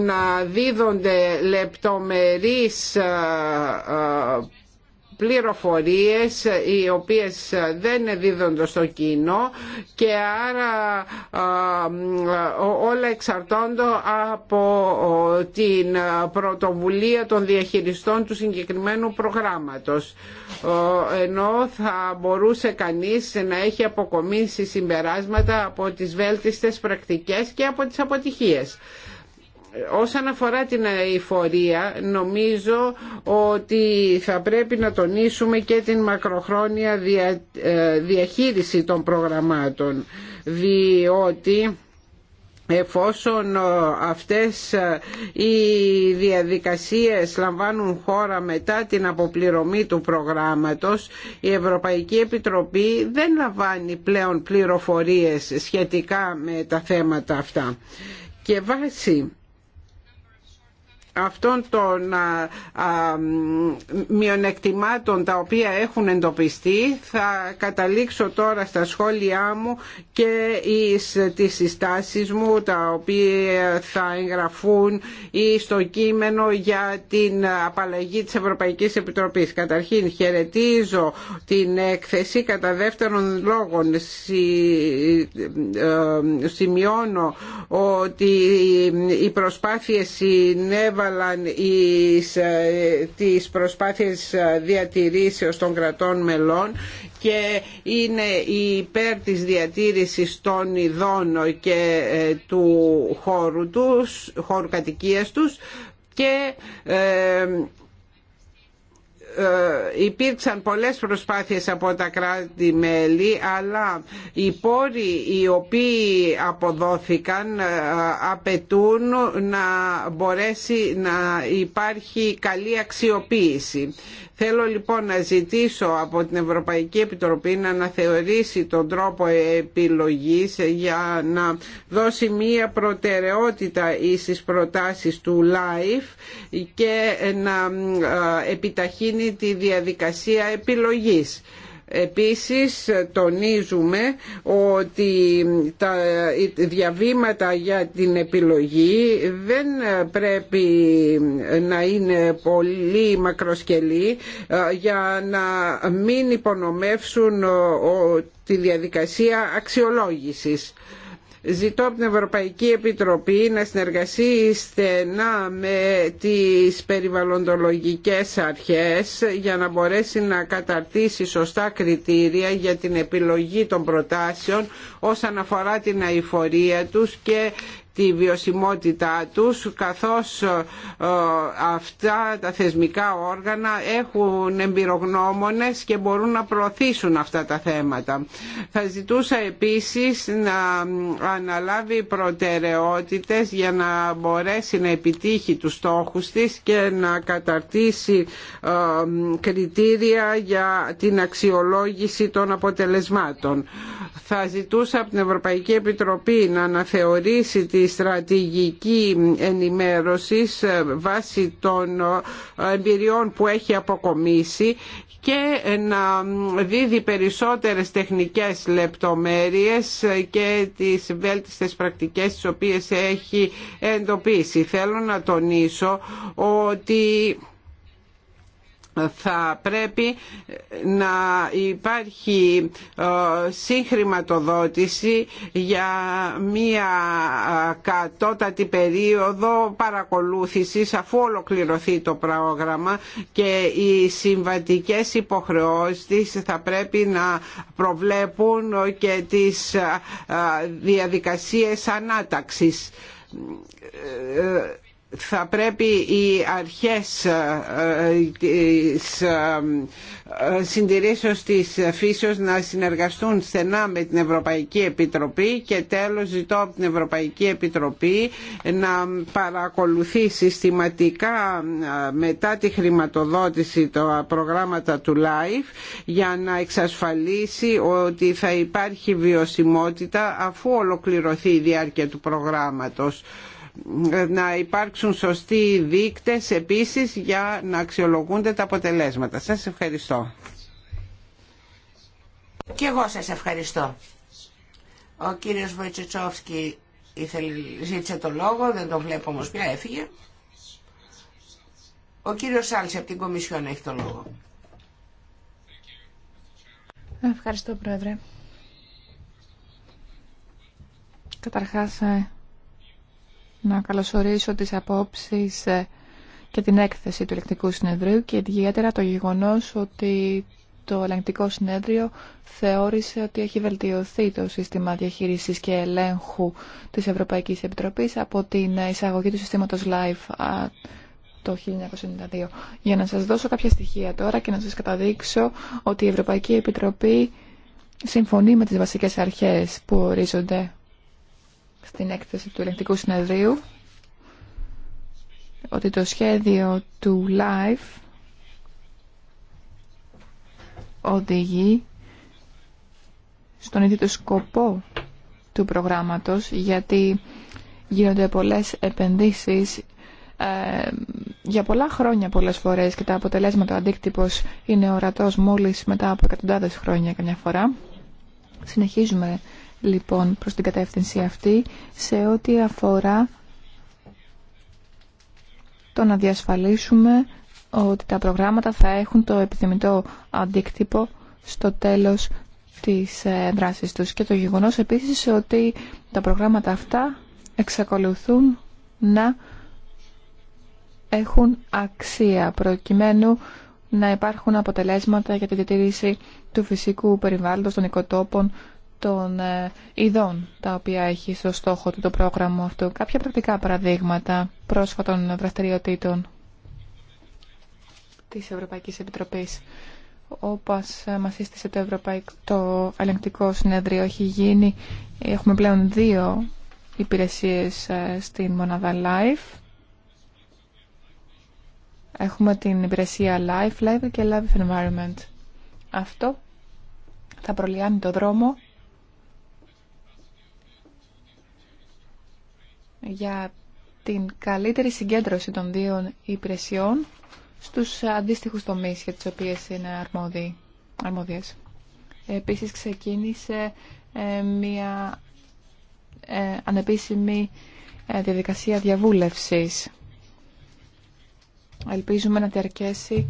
να δίδονται λεπτομερείς ε, πληροφορίες οι οποίες δεν δίδονται στο κοινό και άρα όλα εξαρτώνται από την πρωτοβουλία των διαχειριστών του συγκεκριμένου προγράμματος ενώ θα μπορούσε κανείς να έχει αποκομίσει συμπεράσματα από τις βέλτιστες πρακτικές και από τις αποτυχίες όσον αφορά την αηφορία νομίζω ότι θα πρέπει να τονίσουμε και την μακροχρόνια ε, διαχείριση των προγραμμάτων διότι εφόσον ε, αυτές ε, οι διαδικασίες λαμβάνουν χώρα μετά την αποπληρωμή του προγράμματος η Ευρωπαϊκή Επιτροπή δεν λαμβάνει πλέον πληροφορίες σχετικά με τα θέματα αυτά και βάσει αυτών των μειονεκτημάτων τα οποία έχουν εντοπιστεί θα καταλήξω τώρα στα σχόλιά μου και εις τις συστάσεις μου τα οποία θα εγγραφούν ή στο κείμενο για την απαλλαγή της Ευρωπαϊκής Επιτροπής. Καταρχήν χαιρετίζω την έκθεση κατά δεύτερον λόγον ε, ε, σημειώνω ότι οι προσπάθειες συνέβαλαν τι ε, τις προσπάθειες διατηρήσεως των κρατών μελών και είναι υπέρ της διατήρησης των ειδών και ε, του χώρου τους, χώρου κατοικίας τους και ε, ε, υπήρξαν πολλές προσπάθειες από τα κράτη-μέλη αλλά οι πόροι οι οποίοι αποδόθηκαν ε, απαιτούν να μπορέσει να υπάρχει καλή αξιοποίηση. Θέλω λοιπόν να ζητήσω από την Ευρωπαϊκή Επιτροπή να αναθεωρήσει τον τρόπο επιλογής για να δώσει μία προτεραιότητα στις προτάσεις του LIFE και να ε, επιταχύνει τη διαδικασία επιλογής. Επίσης τονίζουμε ότι τα διαβήματα για την επιλογή δεν πρέπει να είναι πολύ μακροσκελή ε, για να μην υπονομεύσουν ε, τη διαδικασία αξιολόγησης. Ζητώ από την Ευρωπαϊκή Επιτροπή να συνεργαστεί στενά με τις περιβαλλοντολογικές αρχές για να μπορέσει να καταρτήσει σωστά κριτήρια για την επιλογή των προτάσεων όσον αφορά την αηφορία τους και τη βιωσιμότητά τους καθώς ε, αυτά τα θεσμικά όργανα έχουν εμπειρογνώμονες και μπορούν να προωθήσουν αυτά τα θέματα. Θα ζητούσα επίσης να αναλάβει προτεραιότητες για να μπορέσει να επιτύχει τους στόχους της και να καταρτήσει ε, κριτήρια για την αξιολόγηση των αποτελεσμάτων. Θα ζητούσα από την Ευρωπαϊκή Επιτροπή να αναθεωρήσει τη τη στρατηγική ενημέρωση ε, βάσει των ε, εμπειριών που έχει αποκομίσει και να δίδει περισσότερες τεχνικές λεπτομέρειες και τις βέλτιστες πρακτικές τις οποίες έχει εντοπίσει. Θέλω να τονίσω ότι θα πρέπει να υπάρχει ε, συγχρηματοδότηση για μία ε, κατώτατη περίοδο παρακολούθησης αφού ολοκληρωθεί το πρόγραμμα και οι συμβατικές υποχρεώσεις θα πρέπει να προβλέπουν και τις ε, διαδικασίες ανάταξης θα πρέπει οι αρχές ε, της ε, συντηρήσεως της φύσεως να συνεργαστούν στενά με την Ευρωπαϊκή Επιτροπή και τέλος ζητώ από την Ευρωπαϊκή Επιτροπή να παρακολουθεί συστηματικά ε, μετά τη χρηματοδότηση τα προγράμματα του LIFE για να εξασφαλίσει ότι θα υπάρχει βιωσιμότητα αφού ολοκληρωθεί η διάρκεια του προγράμματος να υπάρξουν σωστοί δείκτες επίσης για να αξιολογούνται τα αποτελέσματα. Σας ευχαριστώ. Και εγώ σας ευχαριστώ. Ο κύριος ήθελε ζήτησε το λόγο, δεν το βλέπω όμως πια έφυγε. Ο κύριος Σάλση από την Κομισιόν έχει το λόγο. Ευχαριστώ Πρόεδρε. Καταρχάς ε, να καλωσορίσω τις απόψεις ε, και την έκθεση του ελεκτικού συνεδρίου και ιδιαίτερα το γεγονός ότι το ελεκτικό συνέδριο θεώρησε ότι έχει βελτιωθεί το σύστημα διαχείρισης και ελέγχου της Ευρωπαϊκής Επιτροπής από την εισαγωγή του συστήματος LIFE το 1992. Για να σας δώσω κάποια στοιχεία τώρα και να σας καταδείξω ότι η Ευρωπαϊκή Επιτροπή συμφωνεί με τις βασικές αρχές που ορίζονται στην έκθεση του Ελεκτικού συνεδρίου ότι το σχέδιο του LIFE οδηγεί στον ίδιο το σκοπό του προγράμματος γιατί γίνονται πολλές επενδύσεις ε, για πολλά χρόνια πολλές φορές και τα αποτελέσματα ο αντίκτυπος είναι ορατός μόλις μετά από εκατοντάδες χρόνια καμιά φορά. Συνεχίζουμε λοιπόν προς την κατεύθυνση αυτή σε ό,τι αφορά το να διασφαλίσουμε ότι τα προγράμματα θα έχουν το επιθυμητό αντίκτυπο στο τέλος της ε, δράσης τους και το γεγονός επίσης ότι τα προγράμματα αυτά εξακολουθούν να έχουν αξία προκειμένου να υπάρχουν αποτελέσματα για τη διατήρηση του φυσικού περιβάλλοντος των οικοτόπων των ε, ειδών τα οποία έχει στο στόχο του το πρόγραμμα αυτό. Κάποια πρακτικά παραδείγματα πρόσφατων δραστηριοτήτων της Ευρωπαϊκής Επιτροπής. Όπως ε, μας σύστησε το, Ευρωπαϊκό, το ελεγκτικό συνέδριο έχει γίνει, έχουμε πλέον δύο υπηρεσίες ε, στην μονάδα Life. Έχουμε την υπηρεσία Life, Life και Life Environment. Αυτό θα προλυάνει το δρόμο για την καλύτερη συγκέντρωση των δύο υπηρεσιών στους αντίστοιχους τομείς για τις οποίες είναι αρμόδιοι, αρμόδιες. Επίσης ξεκίνησε ε, μια ε, ανεπίσημη ε, διαδικασία διαβούλευσης. Ελπίζουμε να διαρκέσει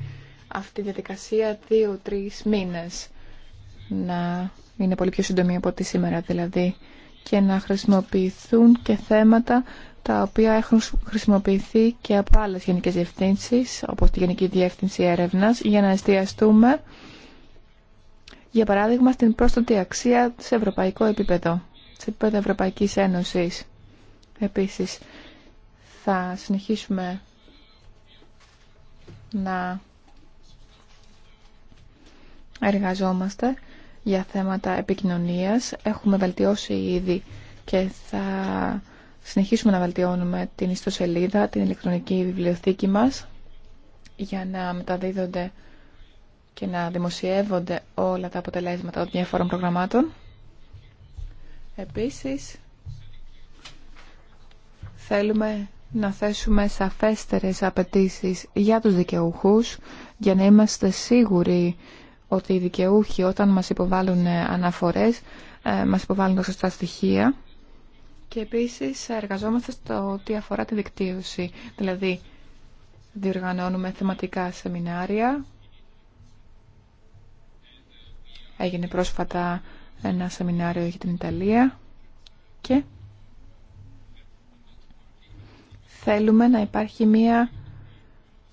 αυτή η διαδικασία δύο-τρεις μήνες. Να είναι πολύ πιο σύντομη από ό,τι σήμερα δηλαδή και να χρησιμοποιηθούν και θέματα τα οποία έχουν χρησιμοποιηθεί και από άλλες γενικές διευθύνσει, όπως τη Γενική Διεύθυνση Έρευνας, για να εστιαστούμε, για παράδειγμα, στην πρόσθετη αξία σε ευρωπαϊκό επίπεδο, σε επίπεδο Ευρωπαϊκής Ένωσης. Επίσης, θα συνεχίσουμε να εργαζόμαστε για θέματα επικοινωνίας. Έχουμε βελτιώσει ήδη και θα συνεχίσουμε να βελτιώνουμε την ιστοσελίδα, την ηλεκτρονική βιβλιοθήκη μας για να μεταδίδονται και να δημοσιεύονται όλα τα αποτελέσματα των διαφόρων προγραμμάτων. Επίσης, θέλουμε να θέσουμε σαφέστερες απαιτήσεις για τους δικαιούχους για να είμαστε σίγουροι ότι οι δικαιούχοι όταν μας υποβάλλουν ε, αναφορές ε, μας υποβάλλουν τα σωστά στοιχεία και επίσης εργαζόμαστε στο ότι αφορά τη δικτύωση. Δηλαδή διοργανώνουμε θεματικά σεμινάρια. Έγινε πρόσφατα ένα σεμινάριο για την Ιταλία και θέλουμε να υπάρχει μία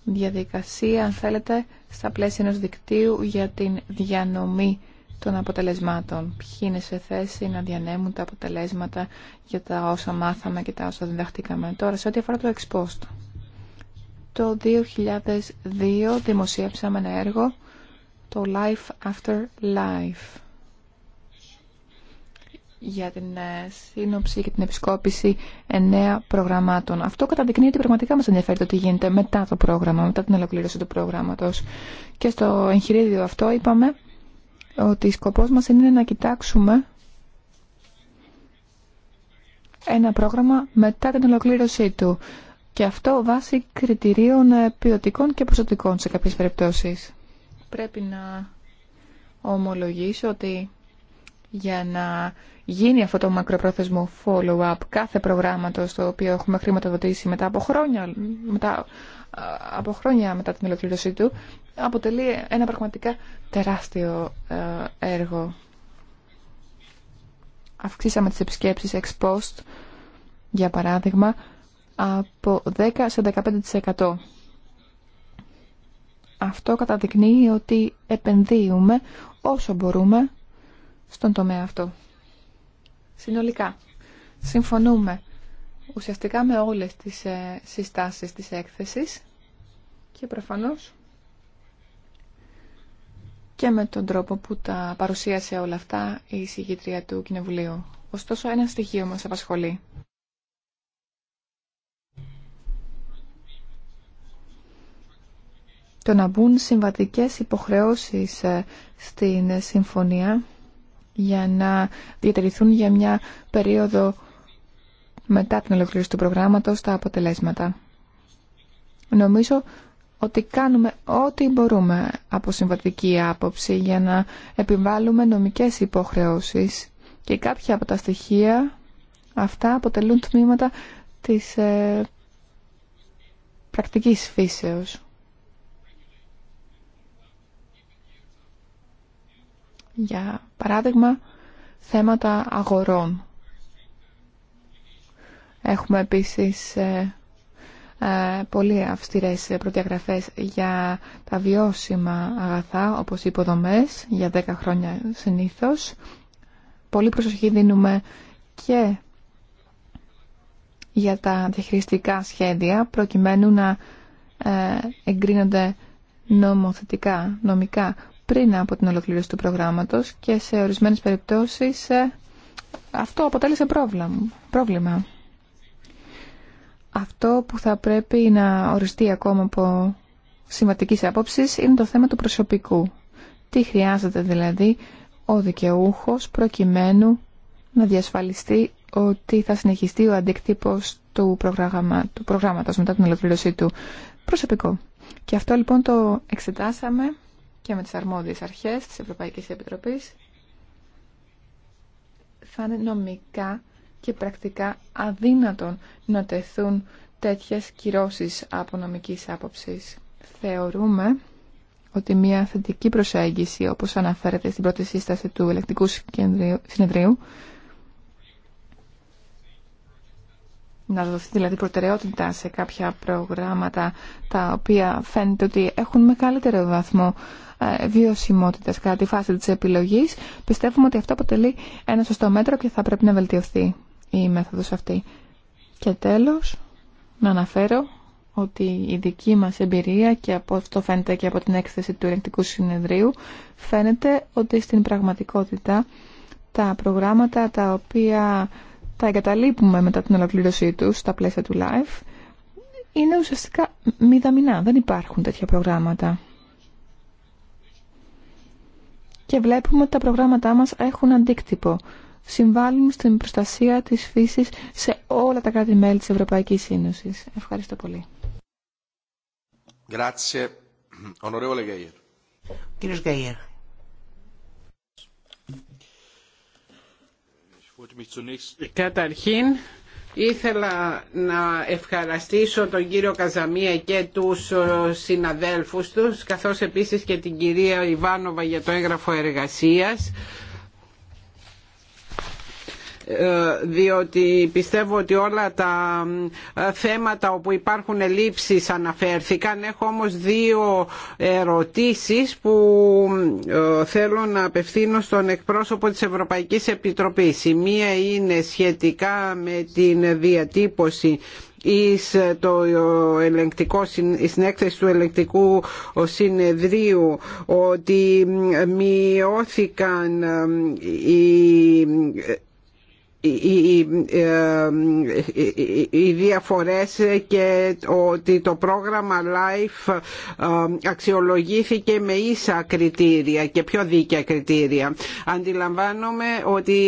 διαδικασία, αν θέλετε, στα πλαίσια ενός δικτύου για την διανομή των αποτελεσμάτων. Ποιοι είναι σε θέση να διανέμουν τα αποτελέσματα για τα όσα μάθαμε και τα όσα διδαχτήκαμε. Τώρα, σε ό,τι αφορά το εξπόστο. Το 2002 δημοσίευσαμε ένα έργο, το Life After Life για την ε, σύνοψη και την επισκόπηση εννέα προγραμμάτων. Αυτό καταδεικνύει ότι πραγματικά μας ενδιαφέρει το τι γίνεται μετά το πρόγραμμα, μετά την ολοκλήρωση του προγράμματος. Και στο εγχειρίδιο αυτό είπαμε ότι σκοπός μας είναι να κοιτάξουμε ένα πρόγραμμα μετά την ολοκλήρωσή του. Και αυτό βάσει κριτηρίων ε, ποιοτικών και ποσοτικών σε κάποιες περιπτώσεις. Πρέπει να ομολογήσω ότι για να γίνει αυτό το μακροπρόθεσμο follow-up κάθε προγράμματος το οποίο έχουμε χρηματοδοτήσει μετά από χρόνια, μετά, από χρόνια μετά την ολοκλήρωσή του αποτελεί ένα πραγματικά τεράστιο ε, έργο. Αυξήσαμε τις επισκέψεις ex post, για παράδειγμα, από 10 σε 15%. Αυτό καταδεικνύει ότι επενδύουμε όσο μπορούμε στον τομέα αυτό. Συνολικά, συμφωνούμε ουσιαστικά με όλες τις ε, συστάσεις της έκθεσης και προφανώς και με τον τρόπο που τα παρουσίασε όλα αυτά η συγκήτρια του Κοινοβουλίου. Ωστόσο, ένα στοιχείο μας απασχολεί. Το να μπουν συμβατικές υποχρεώσεις ε, στην συμφωνία για να διατηρηθούν για μια περίοδο μετά την ολοκλήρωση του προγράμματος τα αποτελέσματα. Νομίζω ότι κάνουμε ό,τι μπορούμε από συμβατική άποψη για να επιβάλλουμε νομικές υποχρεώσεις και κάποια από τα στοιχεία αυτά αποτελούν τμήματα της ε, πρακτικής φύσεως. για παράδειγμα θέματα αγορών. Έχουμε επίσης ε, ε, πολύ αυστηρές προδιαγραφές για τα βιώσιμα αγαθά, όπως οι υποδομές, για 10 χρόνια συνήθως. Πολύ προσοχή δίνουμε και για τα διαχειριστικά σχέδια, προκειμένου να ε, εγκρίνονται νομοθετικά, νομικά πριν από την ολοκλήρωση του προγράμματος και σε ορισμένες περιπτώσεις ε, αυτό αποτέλεσε πρόβλημα. Αυτό που θα πρέπει να οριστεί ακόμα από σημαντική άποψη είναι το θέμα του προσωπικού. Τι χρειάζεται δηλαδή ο δικαιούχος προκειμένου να διασφαλιστεί ότι θα συνεχιστεί ο αντικτύπος του, προγράμμα, του προγράμματος μετά την ολοκλήρωσή του προσωπικό. Και αυτό λοιπόν το εξετάσαμε και με τις αρμόδιες αρχές της Ευρωπαϊκής Επιτροπής θα είναι νομικά και πρακτικά αδύνατον να τεθούν τέτοιες κυρώσεις από νομικής άποψης. Θεωρούμε ότι μια θετική προσέγγιση, όπως αναφέρεται στην πρώτη σύσταση του Ελεκτικού Συνεδρίου, να δοθεί δηλαδή προτεραιότητα σε κάποια προγράμματα τα οποία φαίνεται ότι έχουν μεγαλύτερο βαθμό ε, βιωσιμότητα κατά τη φάση της επιλογής, πιστεύουμε ότι αυτό αποτελεί ένα σωστό μέτρο και θα πρέπει να βελτιωθεί η μέθοδος αυτή. Και τέλος, να αναφέρω ότι η δική μας εμπειρία και από αυτό φαίνεται και από την έκθεση του ελεκτικού συνεδρίου φαίνεται ότι στην πραγματικότητα τα προγράμματα τα οποία τα εγκαταλείπουμε μετά την ολοκλήρωσή του στα πλαίσια του LIFE, είναι ουσιαστικά μηδαμινά. Δεν υπάρχουν τέτοια προγράμματα. Και βλέπουμε ότι τα προγράμματά μας έχουν αντίκτυπο. Συμβάλλουν στην προστασία της φύσης σε όλα τα κράτη-μέλη της Ευρωπαϊκής Ένωσης. Ευχαριστώ πολύ. Κύριος Γκαϊέρ. Καταρχήν, ήθελα να ευχαριστήσω τον κύριο Καζαμία και τους ε, συναδέλφους τους, καθώς επίσης και την κυρία Ιβάνοβα για το έγγραφο εργασίας διότι πιστεύω ότι όλα τα θέματα όπου υπάρχουν ελλείψεις αναφέρθηκαν. Έχω όμως δύο ερωτήσεις που ε, θέλω να απευθύνω στον εκπρόσωπο της Ευρωπαϊκής Επιτροπής. Η μία είναι σχετικά με την διατύπωση εις το ελεγκτικό, έκθεση του ελεγκτικού συνεδρίου ότι μειώθηκαν ε, οι ε, οι διαφορές και ότι το πρόγραμμα LIFE ε, αξιολογήθηκε με ίσα κριτήρια και πιο δίκαια κριτήρια. Αντιλαμβάνομαι ότι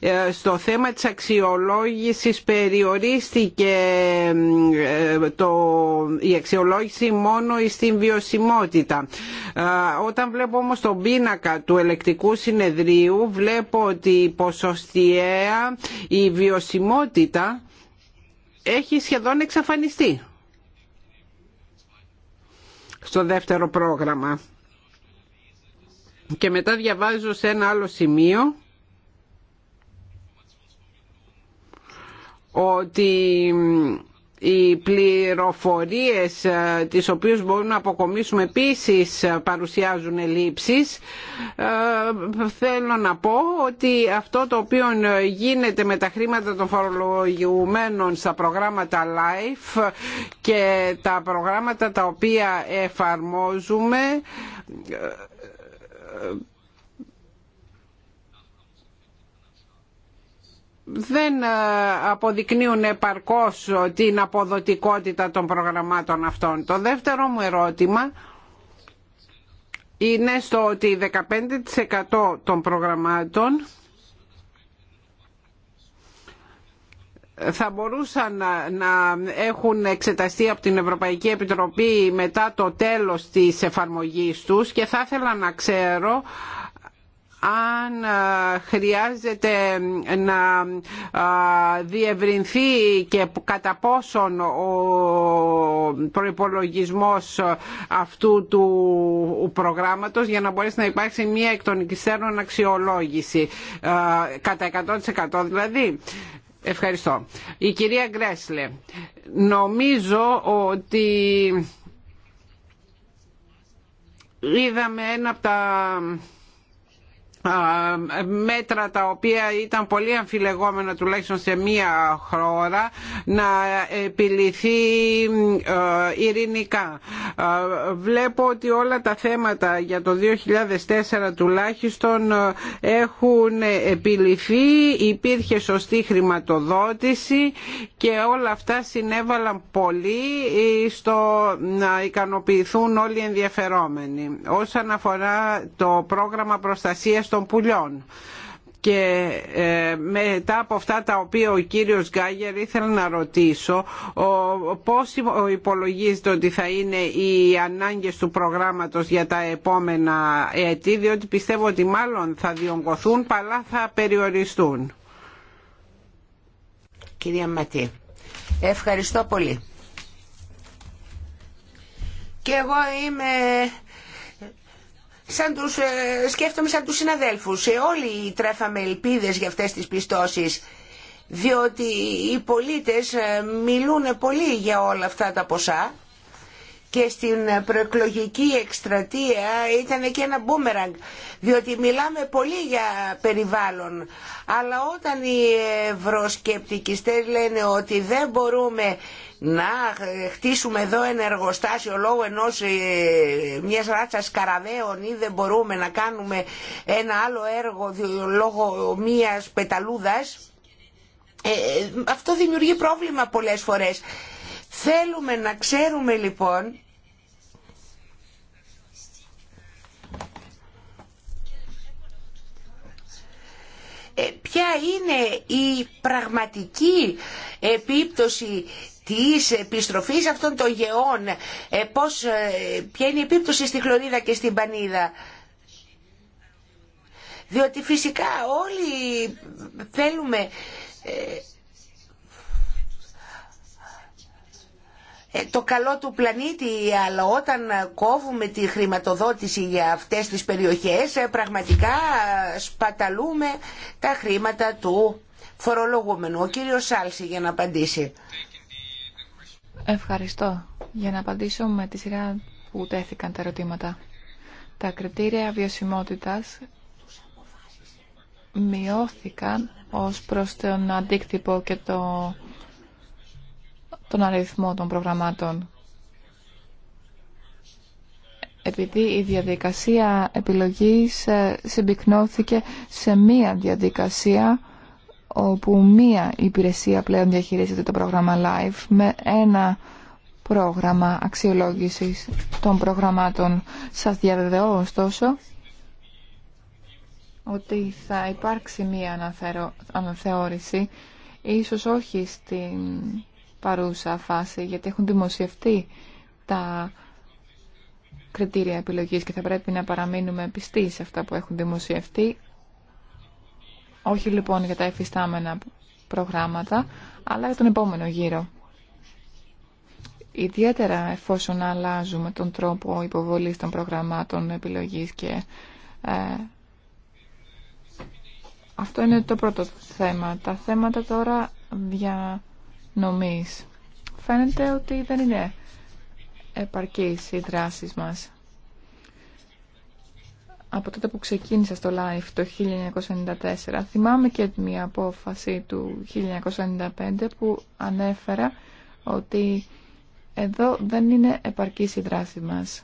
ε, στο θέμα της αξιολόγησης περιορίστηκε το, η αξιολόγηση μόνο στην βιωσιμότητα. Όταν βλέπω όμως τον πίνακα του ελεκτικού συνεδρίου βλέπω ότι ποσοστιαία η βιωσιμότητα έχει σχεδόν εξαφανιστεί στο δεύτερο πρόγραμμα. Και μετά διαβάζω σε ένα άλλο σημείο ότι οι πληροφορίες ε, τις οποίες μπορούμε να αποκομίσουμε επίσης ε, παρουσιάζουν ελλείψεις ε, θέλω να πω ότι αυτό το οποίο γίνεται με τα χρήματα των φορολογιουμένων στα προγράμματα LIFE και τα προγράμματα τα οποία εφαρμόζουμε δεν ε, αποδεικνύουν επαρκώς την αποδοτικότητα των προγραμμάτων αυτών. Το δεύτερο μου ερώτημα είναι στο ότι 15% των προγραμμάτων θα μπορούσαν να έχουν εξεταστεί από την Ευρωπαϊκή Επιτροπή μετά το τέλος της εφαρμογής τους και θα ήθελα να ξέρω αν χρειάζεται να διευρυνθεί και κατά πόσον ο προϋπολογισμός αυτού του προγράμματος για να μπορέσει να υπάρξει μια εκ των υστέρων αξιολόγηση κατά 100% δηλαδή. Ευχαριστώ. Η κυρία Γκρέσλε, νομίζω ότι είδαμε ένα από τα μέτρα τα οποία ήταν πολύ αμφιλεγόμενα τουλάχιστον σε μία χώρα να επιληθεί ε, ειρηνικά. Βλέπω ότι όλα τα θέματα για το 2004 τουλάχιστον ε, έχουν επιληθεί, υπήρχε σωστή χρηματοδότηση και όλα αυτά συνέβαλαν πολύ ε, στο να ικανοποιηθούν όλοι οι ενδιαφερόμενοι. Όσον αφορά το πρόγραμμα προστασίας των πουλιών και ε, μετά από αυτά τα οποία ο κύριος Γκάγερ ήθελα να ρωτήσω πώς υπολογίζεται ότι θα είναι οι ανάγκες του προγράμματος για τα επόμενα έτη διότι πιστεύω ότι μάλλον θα διονγκωθούν παλά θα περιοριστούν. Κυρία Ματή, ευχαριστώ πολύ. Και εγώ είμαι σαν τους, ε, σκέφτομαι σαν τους συναδέλφους. όλοι τρέφαμε ελπίδες για αυτές τις πιστώσεις, διότι οι πολίτες ε, μιλούν πολύ για όλα αυτά τα ποσά και στην προεκλογική εκστρατεία ήταν και ένα μπούμεραγκ διότι μιλάμε πολύ για περιβάλλον αλλά όταν οι ευρωσκεπτικιστές λένε ότι δεν μπορούμε να χτίσουμε εδώ ένα εργοστάσιο λόγω ενός ε, μιας ράτσας καραβαίων ή δεν μπορούμε να κάνουμε ένα άλλο έργο λόγω μιας πεταλούδας ε, ε, αυτό δημιουργεί πρόβλημα πολλές φορές. Θέλουμε να ξέρουμε λοιπόν Ε, ποια είναι η πραγματική επίπτωση της επιστροφής αυτών των γεών, ε, πώς, ε, ποια είναι η επίπτωση στη χλωρίδα και στην πανίδα. Διότι φυσικά όλοι θέλουμε Ε, το καλό του πλανήτη αλλά όταν κόβουμε τη χρηματοδότηση για αυτές τις περιοχές ε, πραγματικά ε, σπαταλούμε τα χρήματα του φορολογούμενου. Ο κύριος Σάλση για να απαντήσει. Ευχαριστώ. Για να απαντήσω με τη σειρά που τέθηκαν τα ερωτήματα. Τα κριτήρια βιωσιμότητας μειώθηκαν ως προς τον αντίκτυπο και το τον αριθμό των προγραμμάτων. Επειδή η διαδικασία επιλογής ε, συμπυκνώθηκε σε μία διαδικασία όπου μία υπηρεσία πλέον διαχειρίζεται το πρόγραμμα live με ένα πρόγραμμα αξιολόγησης των προγραμμάτων. Σας διαβεβαιώ ωστόσο ότι θα υπάρξει μία αναθεώρηση, ίσως όχι στην παρούσα φάση, γιατί έχουν δημοσιευτεί τα κριτήρια επιλογής και θα πρέπει να παραμείνουμε πιστοί σε αυτά που έχουν δημοσιευτεί. Όχι λοιπόν για τα εφιστάμενα προγράμματα, αλλά για τον επόμενο γύρο. Ιδιαίτερα εφόσον αλλάζουμε τον τρόπο υποβολής των προγραμμάτων επιλογής και ε, αυτό είναι το πρώτο θέμα. Τα θέματα τώρα για νομής. Φαίνεται ότι δεν είναι επαρκής οι δράσεις μας. Από τότε που ξεκίνησα στο live το 1994, θυμάμαι και μια απόφαση του 1995 που ανέφερα ότι εδώ δεν είναι επαρκής η δράση μας.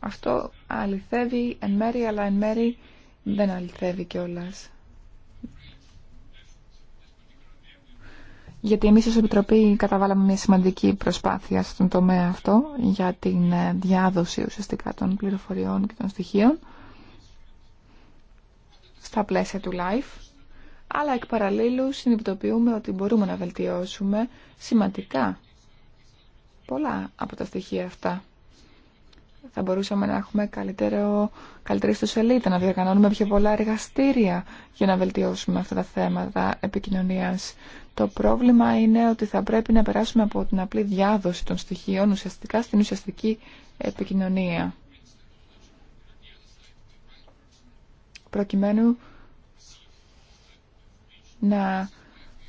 Αυτό αληθεύει εν μέρη, αλλά εν μέρη δεν αληθεύει κιόλα. Γιατί εμείς ως Επιτροπή καταβάλαμε μια σημαντική προσπάθεια στον τομέα αυτό για την ε, διάδοση ουσιαστικά των πληροφοριών και των στοιχείων στα πλαίσια του LIFE. Αλλά εκ παραλλήλου συνειδητοποιούμε ότι μπορούμε να βελτιώσουμε σημαντικά πολλά από τα στοιχεία αυτά. Θα μπορούσαμε να έχουμε καλύτερο, καλύτερη ιστοσελίδα, να διοργανώνουμε πιο πολλά εργαστήρια για να βελτιώσουμε αυτά τα θέματα επικοινωνίας. Το πρόβλημα είναι ότι θα πρέπει να περάσουμε από την απλή διάδοση των στοιχείων ουσιαστικά στην ουσιαστική επικοινωνία. Προκειμένου να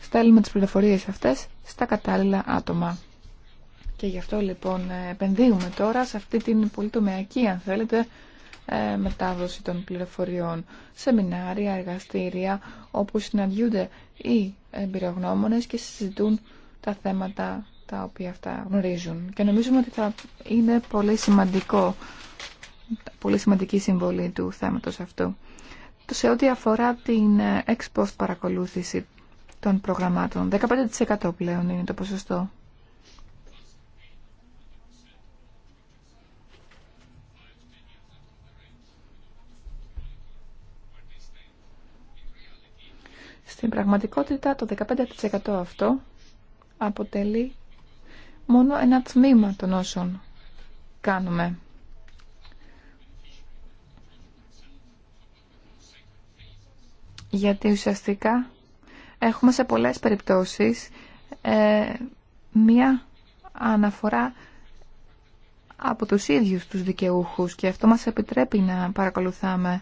στέλνουμε τις πληροφορίες αυτές στα κατάλληλα άτομα. Και γι' αυτό λοιπόν ε, επενδύουμε τώρα σε αυτή την πολυτομιακή, αν θέλετε, ε, μετάδοση των πληροφοριών, σεμινάρια, εργαστήρια, όπου συναντιούνται οι εμπειρογνώμονες και συζητούν τα θέματα τα οποία αυτά γνωρίζουν. Και νομίζουμε ότι θα είναι πολύ σημαντικό, πολύ σημαντική συμβολή του θέματος αυτού. Σε ό,τι αφορά την ε, ex post παρακολούθηση των προγραμμάτων, 15% πλέον είναι το ποσοστό Στην πραγματικότητα το 15% αυτό αποτελεί μόνο ένα τμήμα των όσων κάνουμε. Γιατί ουσιαστικά έχουμε σε πολλές περιπτώσεις ε, μία αναφορά από τους ίδιους τους δικαιούχους και αυτό μας επιτρέπει να παρακολουθάμε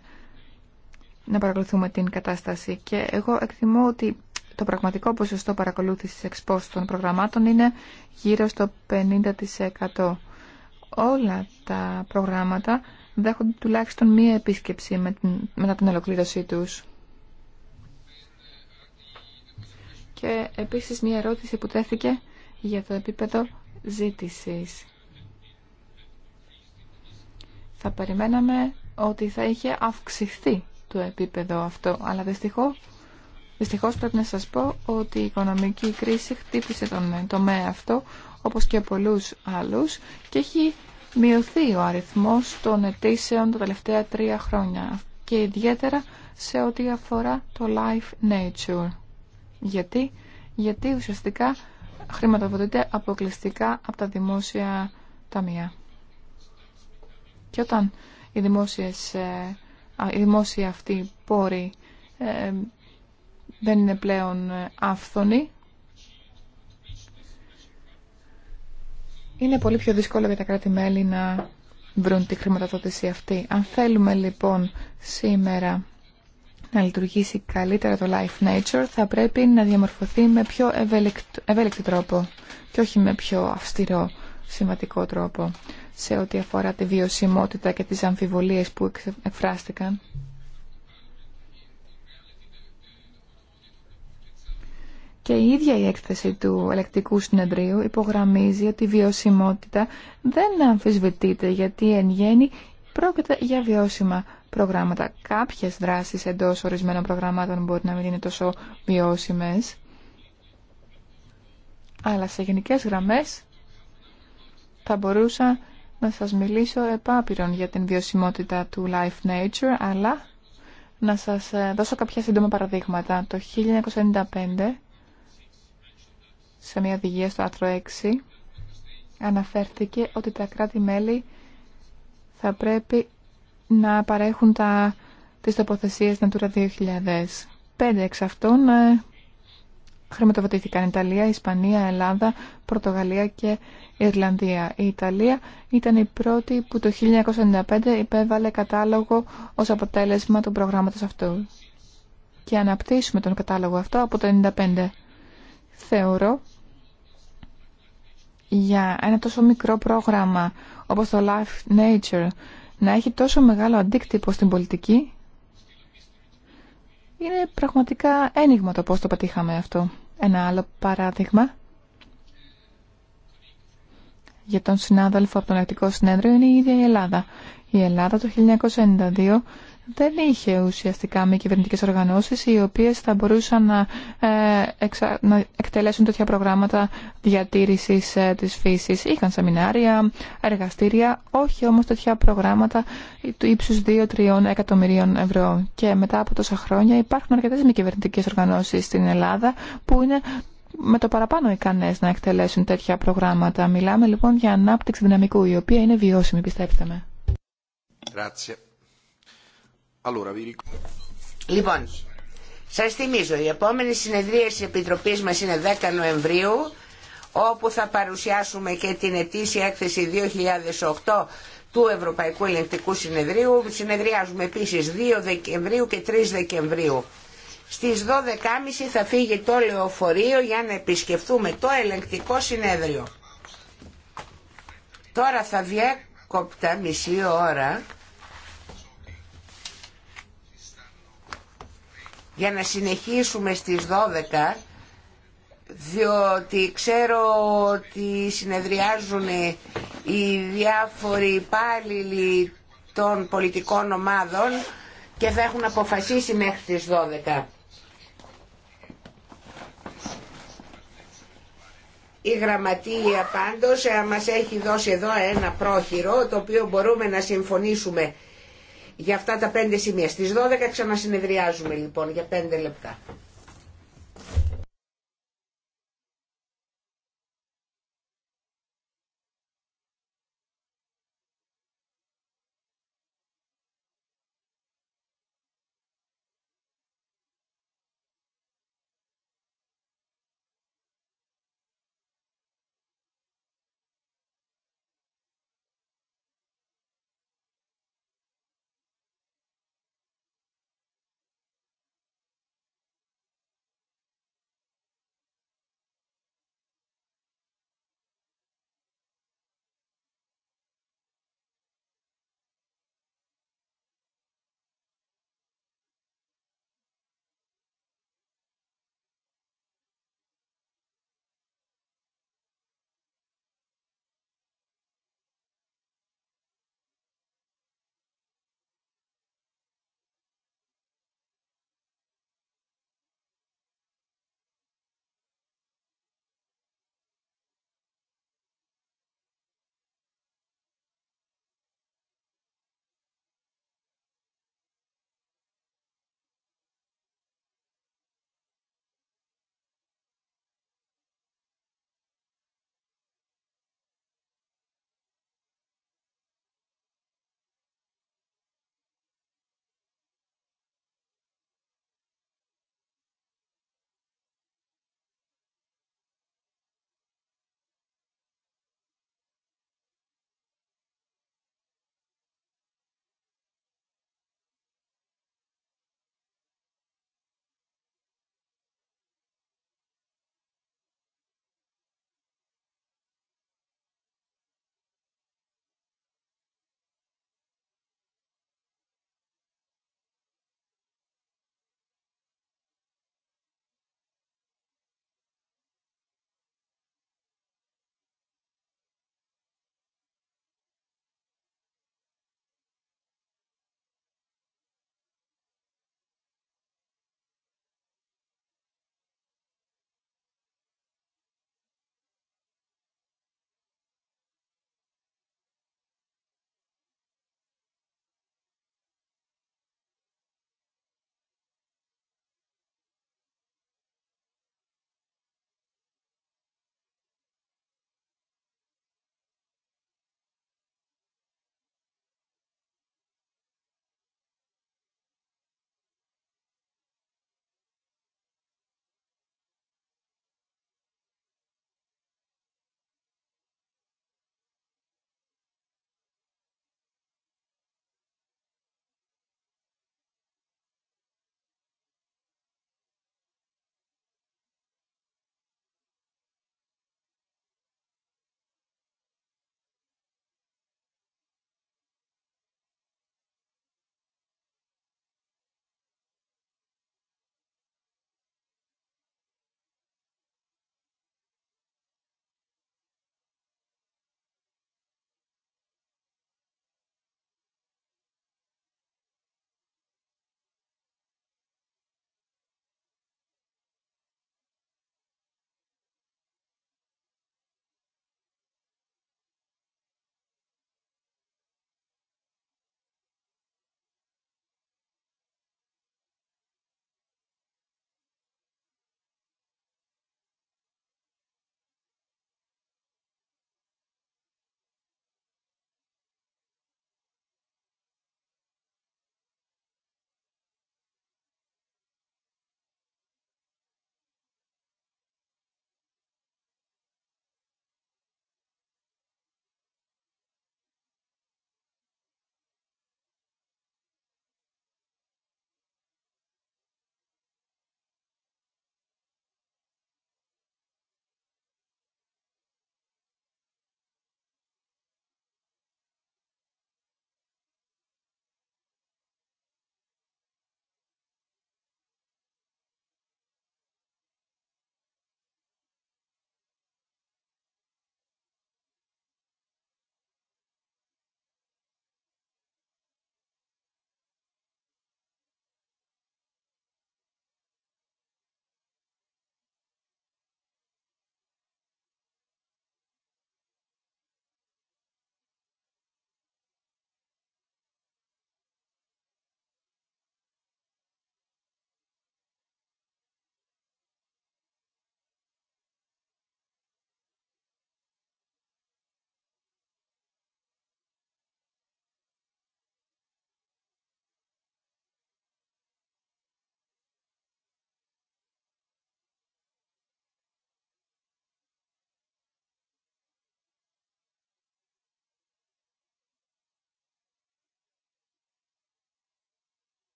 να παρακολουθούμε την κατάσταση. Και εγώ εκτιμώ ότι το πραγματικό ποσοστό παρακολούθησης εξπόστων των προγραμμάτων είναι γύρω στο 50%. Όλα τα προγράμματα δέχονται τουλάχιστον μία επίσκεψη με την, μετά την ολοκλήρωσή τους. Και επίσης μία ερώτηση που τέθηκε για το επίπεδο ζήτησης. Θα περιμέναμε ότι θα είχε αυξηθεί το επίπεδο αυτό. Αλλά δυστυχώς, δυστυχώς πρέπει να σας πω ότι η οικονομική κρίση χτύπησε τον τομέα αυτό όπως και πολλούς άλλους και έχει μειωθεί ο αριθμός των αιτήσεων τα τελευταία τρία χρόνια και ιδιαίτερα σε ό,τι αφορά το life nature. Γιατί, Γιατί ουσιαστικά χρηματοδοτείται αποκλειστικά από τα δημόσια ταμεία. Και όταν οι δημόσιες ε, οι δημόσιοι αυτοί πόροι ε, δεν είναι πλέον ε, άφθονοι. Είναι πολύ πιο δύσκολο για τα κράτη-μέλη να βρουν τη χρηματοδότηση αυτή. Αν θέλουμε λοιπόν σήμερα να λειτουργήσει καλύτερα το Life Nature, θα πρέπει να διαμορφωθεί με πιο ευέλικτο τρόπο και όχι με πιο αυστηρό σημαντικό τρόπο σε ό,τι αφορά τη βιωσιμότητα και τις αμφιβολίες που εκφράστηκαν. Και η ίδια η έκθεση του ελεκτικού συνεδρίου υπογραμμίζει ότι η βιωσιμότητα δεν αμφισβητείται γιατί εν γέννη πρόκειται για βιώσιμα προγράμματα. Κάποιες δράσεις εντός ορισμένων προγραμμάτων μπορεί να μην είναι τόσο βιώσιμες, αλλά σε γενικές γραμμές θα μπορούσα να σας μιλήσω επάπειρον για την βιωσιμότητα του Life Nature, αλλά να σας ε, δώσω κάποια σύντομα παραδείγματα. Το 1995, σε μια οδηγία στο άρθρο 6, αναφέρθηκε ότι τα κράτη-μέλη θα πρέπει να παρέχουν τα, τις τοποθεσίες Natura 2000. Πέντε εξ αυτών ε, χρηματοδοτήθηκαν Ιταλία, Ισπανία, Ελλάδα, Πορτογαλία και Ιρλανδία. Η Ιταλία ήταν η πρώτη που το 1995 υπέβαλε κατάλογο ως αποτέλεσμα του προγράμματος αυτού. Και αναπτύσσουμε τον κατάλογο αυτό από το 1995. Θεωρώ για ένα τόσο μικρό πρόγραμμα όπως το Life Nature να έχει τόσο μεγάλο αντίκτυπο στην πολιτική είναι πραγματικά ένιγμα το πώς το πετύχαμε αυτό. Ένα άλλο παράδειγμα για τον συνάδελφο από τον Ακτικό Συνέδριο είναι η ίδια η Ελλάδα. Η Ελλάδα το 1992 δεν είχε ουσιαστικά μη κυβερνητικέ οργανώσεις οι οποίε θα μπορούσαν να, ε, να εκτελέσουν τέτοια προγράμματα διατήρησης ε, τη φυση Είχαν σεμινάρια, εργαστήρια, όχι όχι τέτοια προγράμματα του ύψους 2-3 εκατομμυρίων ευρώ. Και μετά από τόσα χρόνια υπάρχουν αρκετέ μη κυβερνητικέ οργανώσει στην Ελλάδα που είναι με το παραπάνω ικανέ να εκτελέσουν τέτοια προγράμματα. Μιλάμε λοιπόν για ανάπτυξη δυναμικού, η οποία είναι βιώσιμη, πιστέψτε με. Grazie. Λοιπόν, σα θυμίζω, η επόμενη συνεδρία τη Επιτροπή μα είναι 10 Νοεμβρίου, όπου θα παρουσιάσουμε και την ετήσια έκθεση 2008 του Ευρωπαϊκού Ελεγκτικού Συνεδρίου. Συνεδριάζουμε επίση 2 Δεκεμβρίου και 3 Δεκεμβρίου. Στι 12.30 θα φύγει το λεωφορείο για να επισκεφθούμε το ελεγκτικό συνέδριο. Τώρα θα διέκοπτα μισή ώρα για να συνεχίσουμε στις 12 διότι ξέρω ότι συνεδριάζουν οι διάφοροι υπάλληλοι των πολιτικών ομάδων και θα έχουν αποφασίσει μέχρι τις 12. Η γραμματεία πάντως μας έχει δώσει εδώ ένα πρόχειρο το οποίο μπορούμε να συμφωνήσουμε για αυτά τα πέντε σημεία. Στις 12 ξανασυνεδριάζουμε λοιπόν για πέντε λεπτά.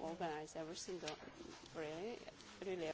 organize every single, really, really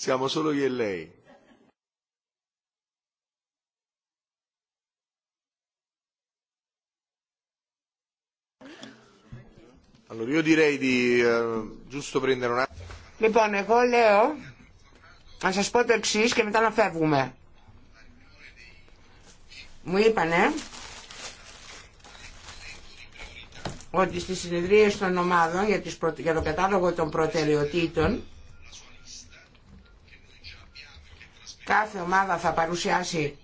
Siamo solo io e lei. Allora io direi di eh, giusto prendere un attimo. Λοιπόν, εγώ λέω να σας πω το εξή και μετά να φεύγουμε. Μου είπανε ότι στις συνεδρίες των ομάδων για, τις, για το κατάλογο των προτεραιοτήτων Κάθε ομάδα θα παρουσιάσει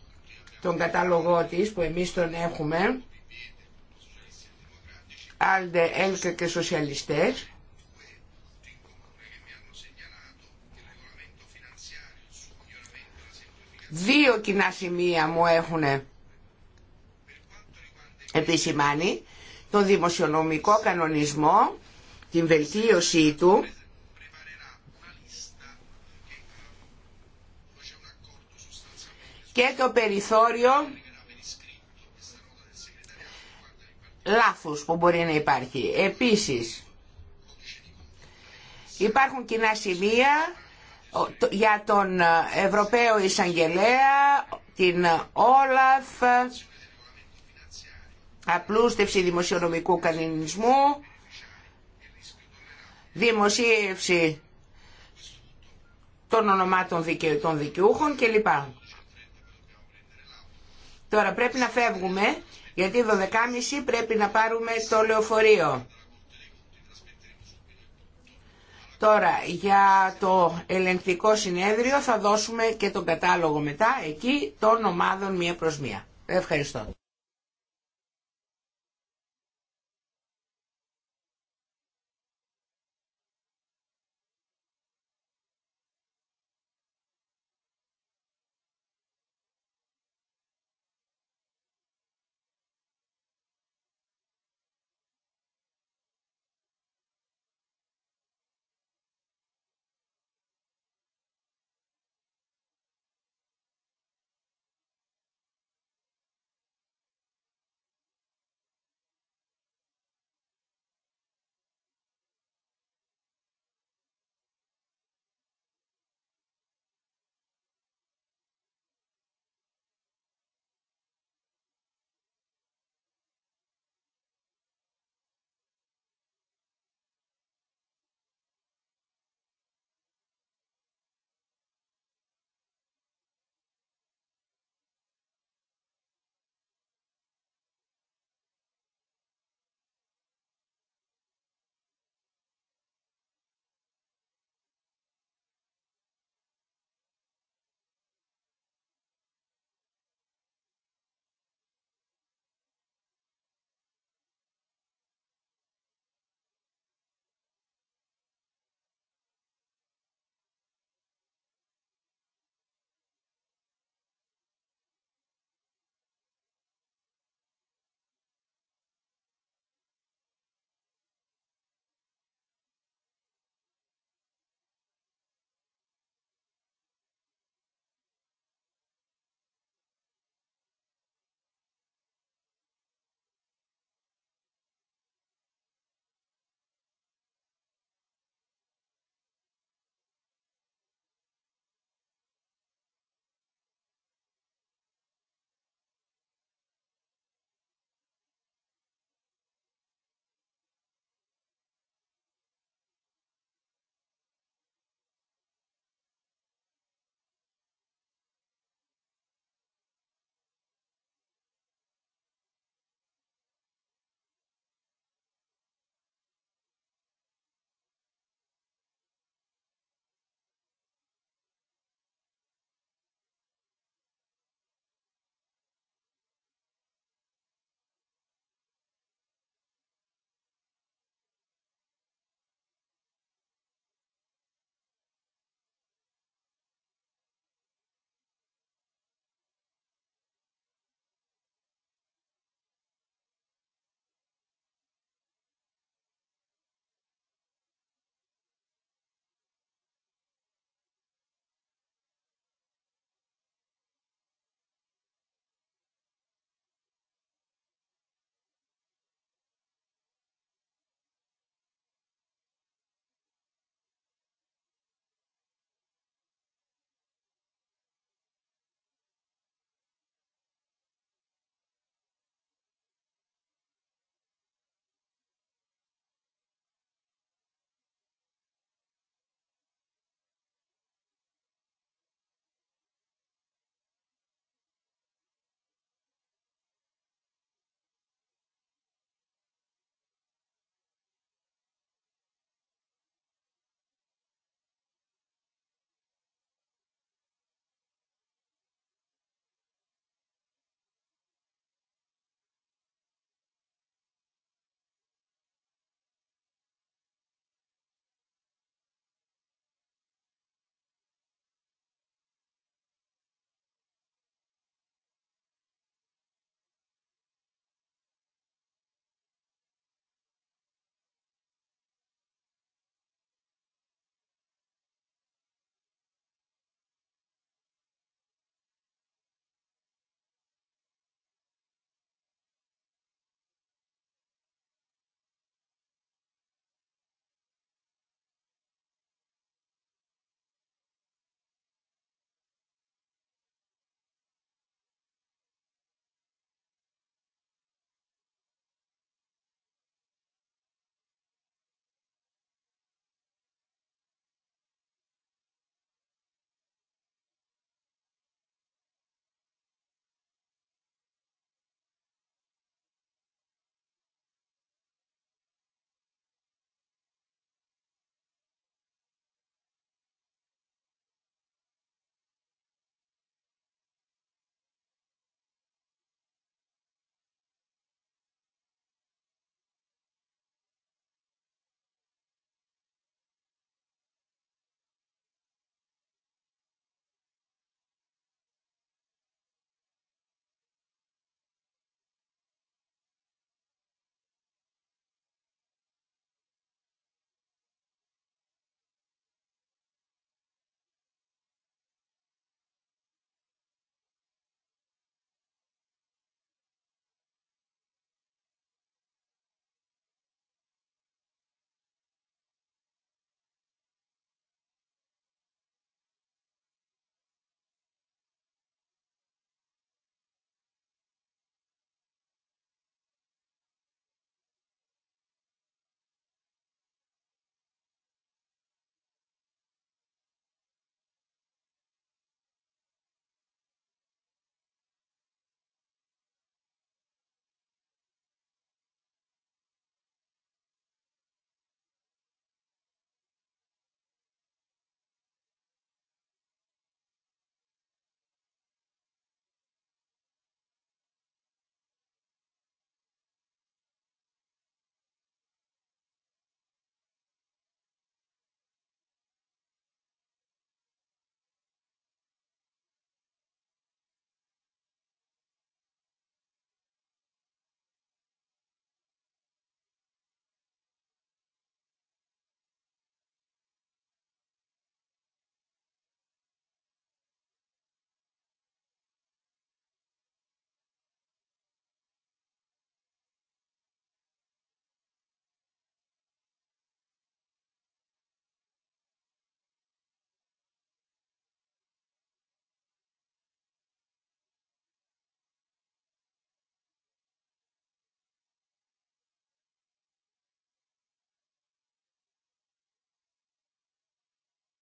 τον κατάλογό της που εμείς τον έχουμε. Άλντε, Έλκε και Σοσιαλιστές. Δύο κοινά σημεία μου έχουν επισημάνει. τον δημοσιονομικό κανονισμό, την βελτίωσή του και το περιθώριο λάθους που μπορεί να υπάρχει. Επίσης, υπάρχουν κοινά σημεία για τον Ευρωπαίο Εισαγγελέα, την Όλαφ, απλούστευση δημοσιονομικού κανονισμού, δημοσίευση των ονομάτων των δικαιούχων κλπ. Τώρα πρέπει να φεύγουμε γιατί 12.30 πρέπει να πάρουμε το λεωφορείο. Τώρα για το ελεγκτικό συνέδριο θα δώσουμε και τον κατάλογο μετά εκεί των ομάδων μία προς μία. Ευχαριστώ.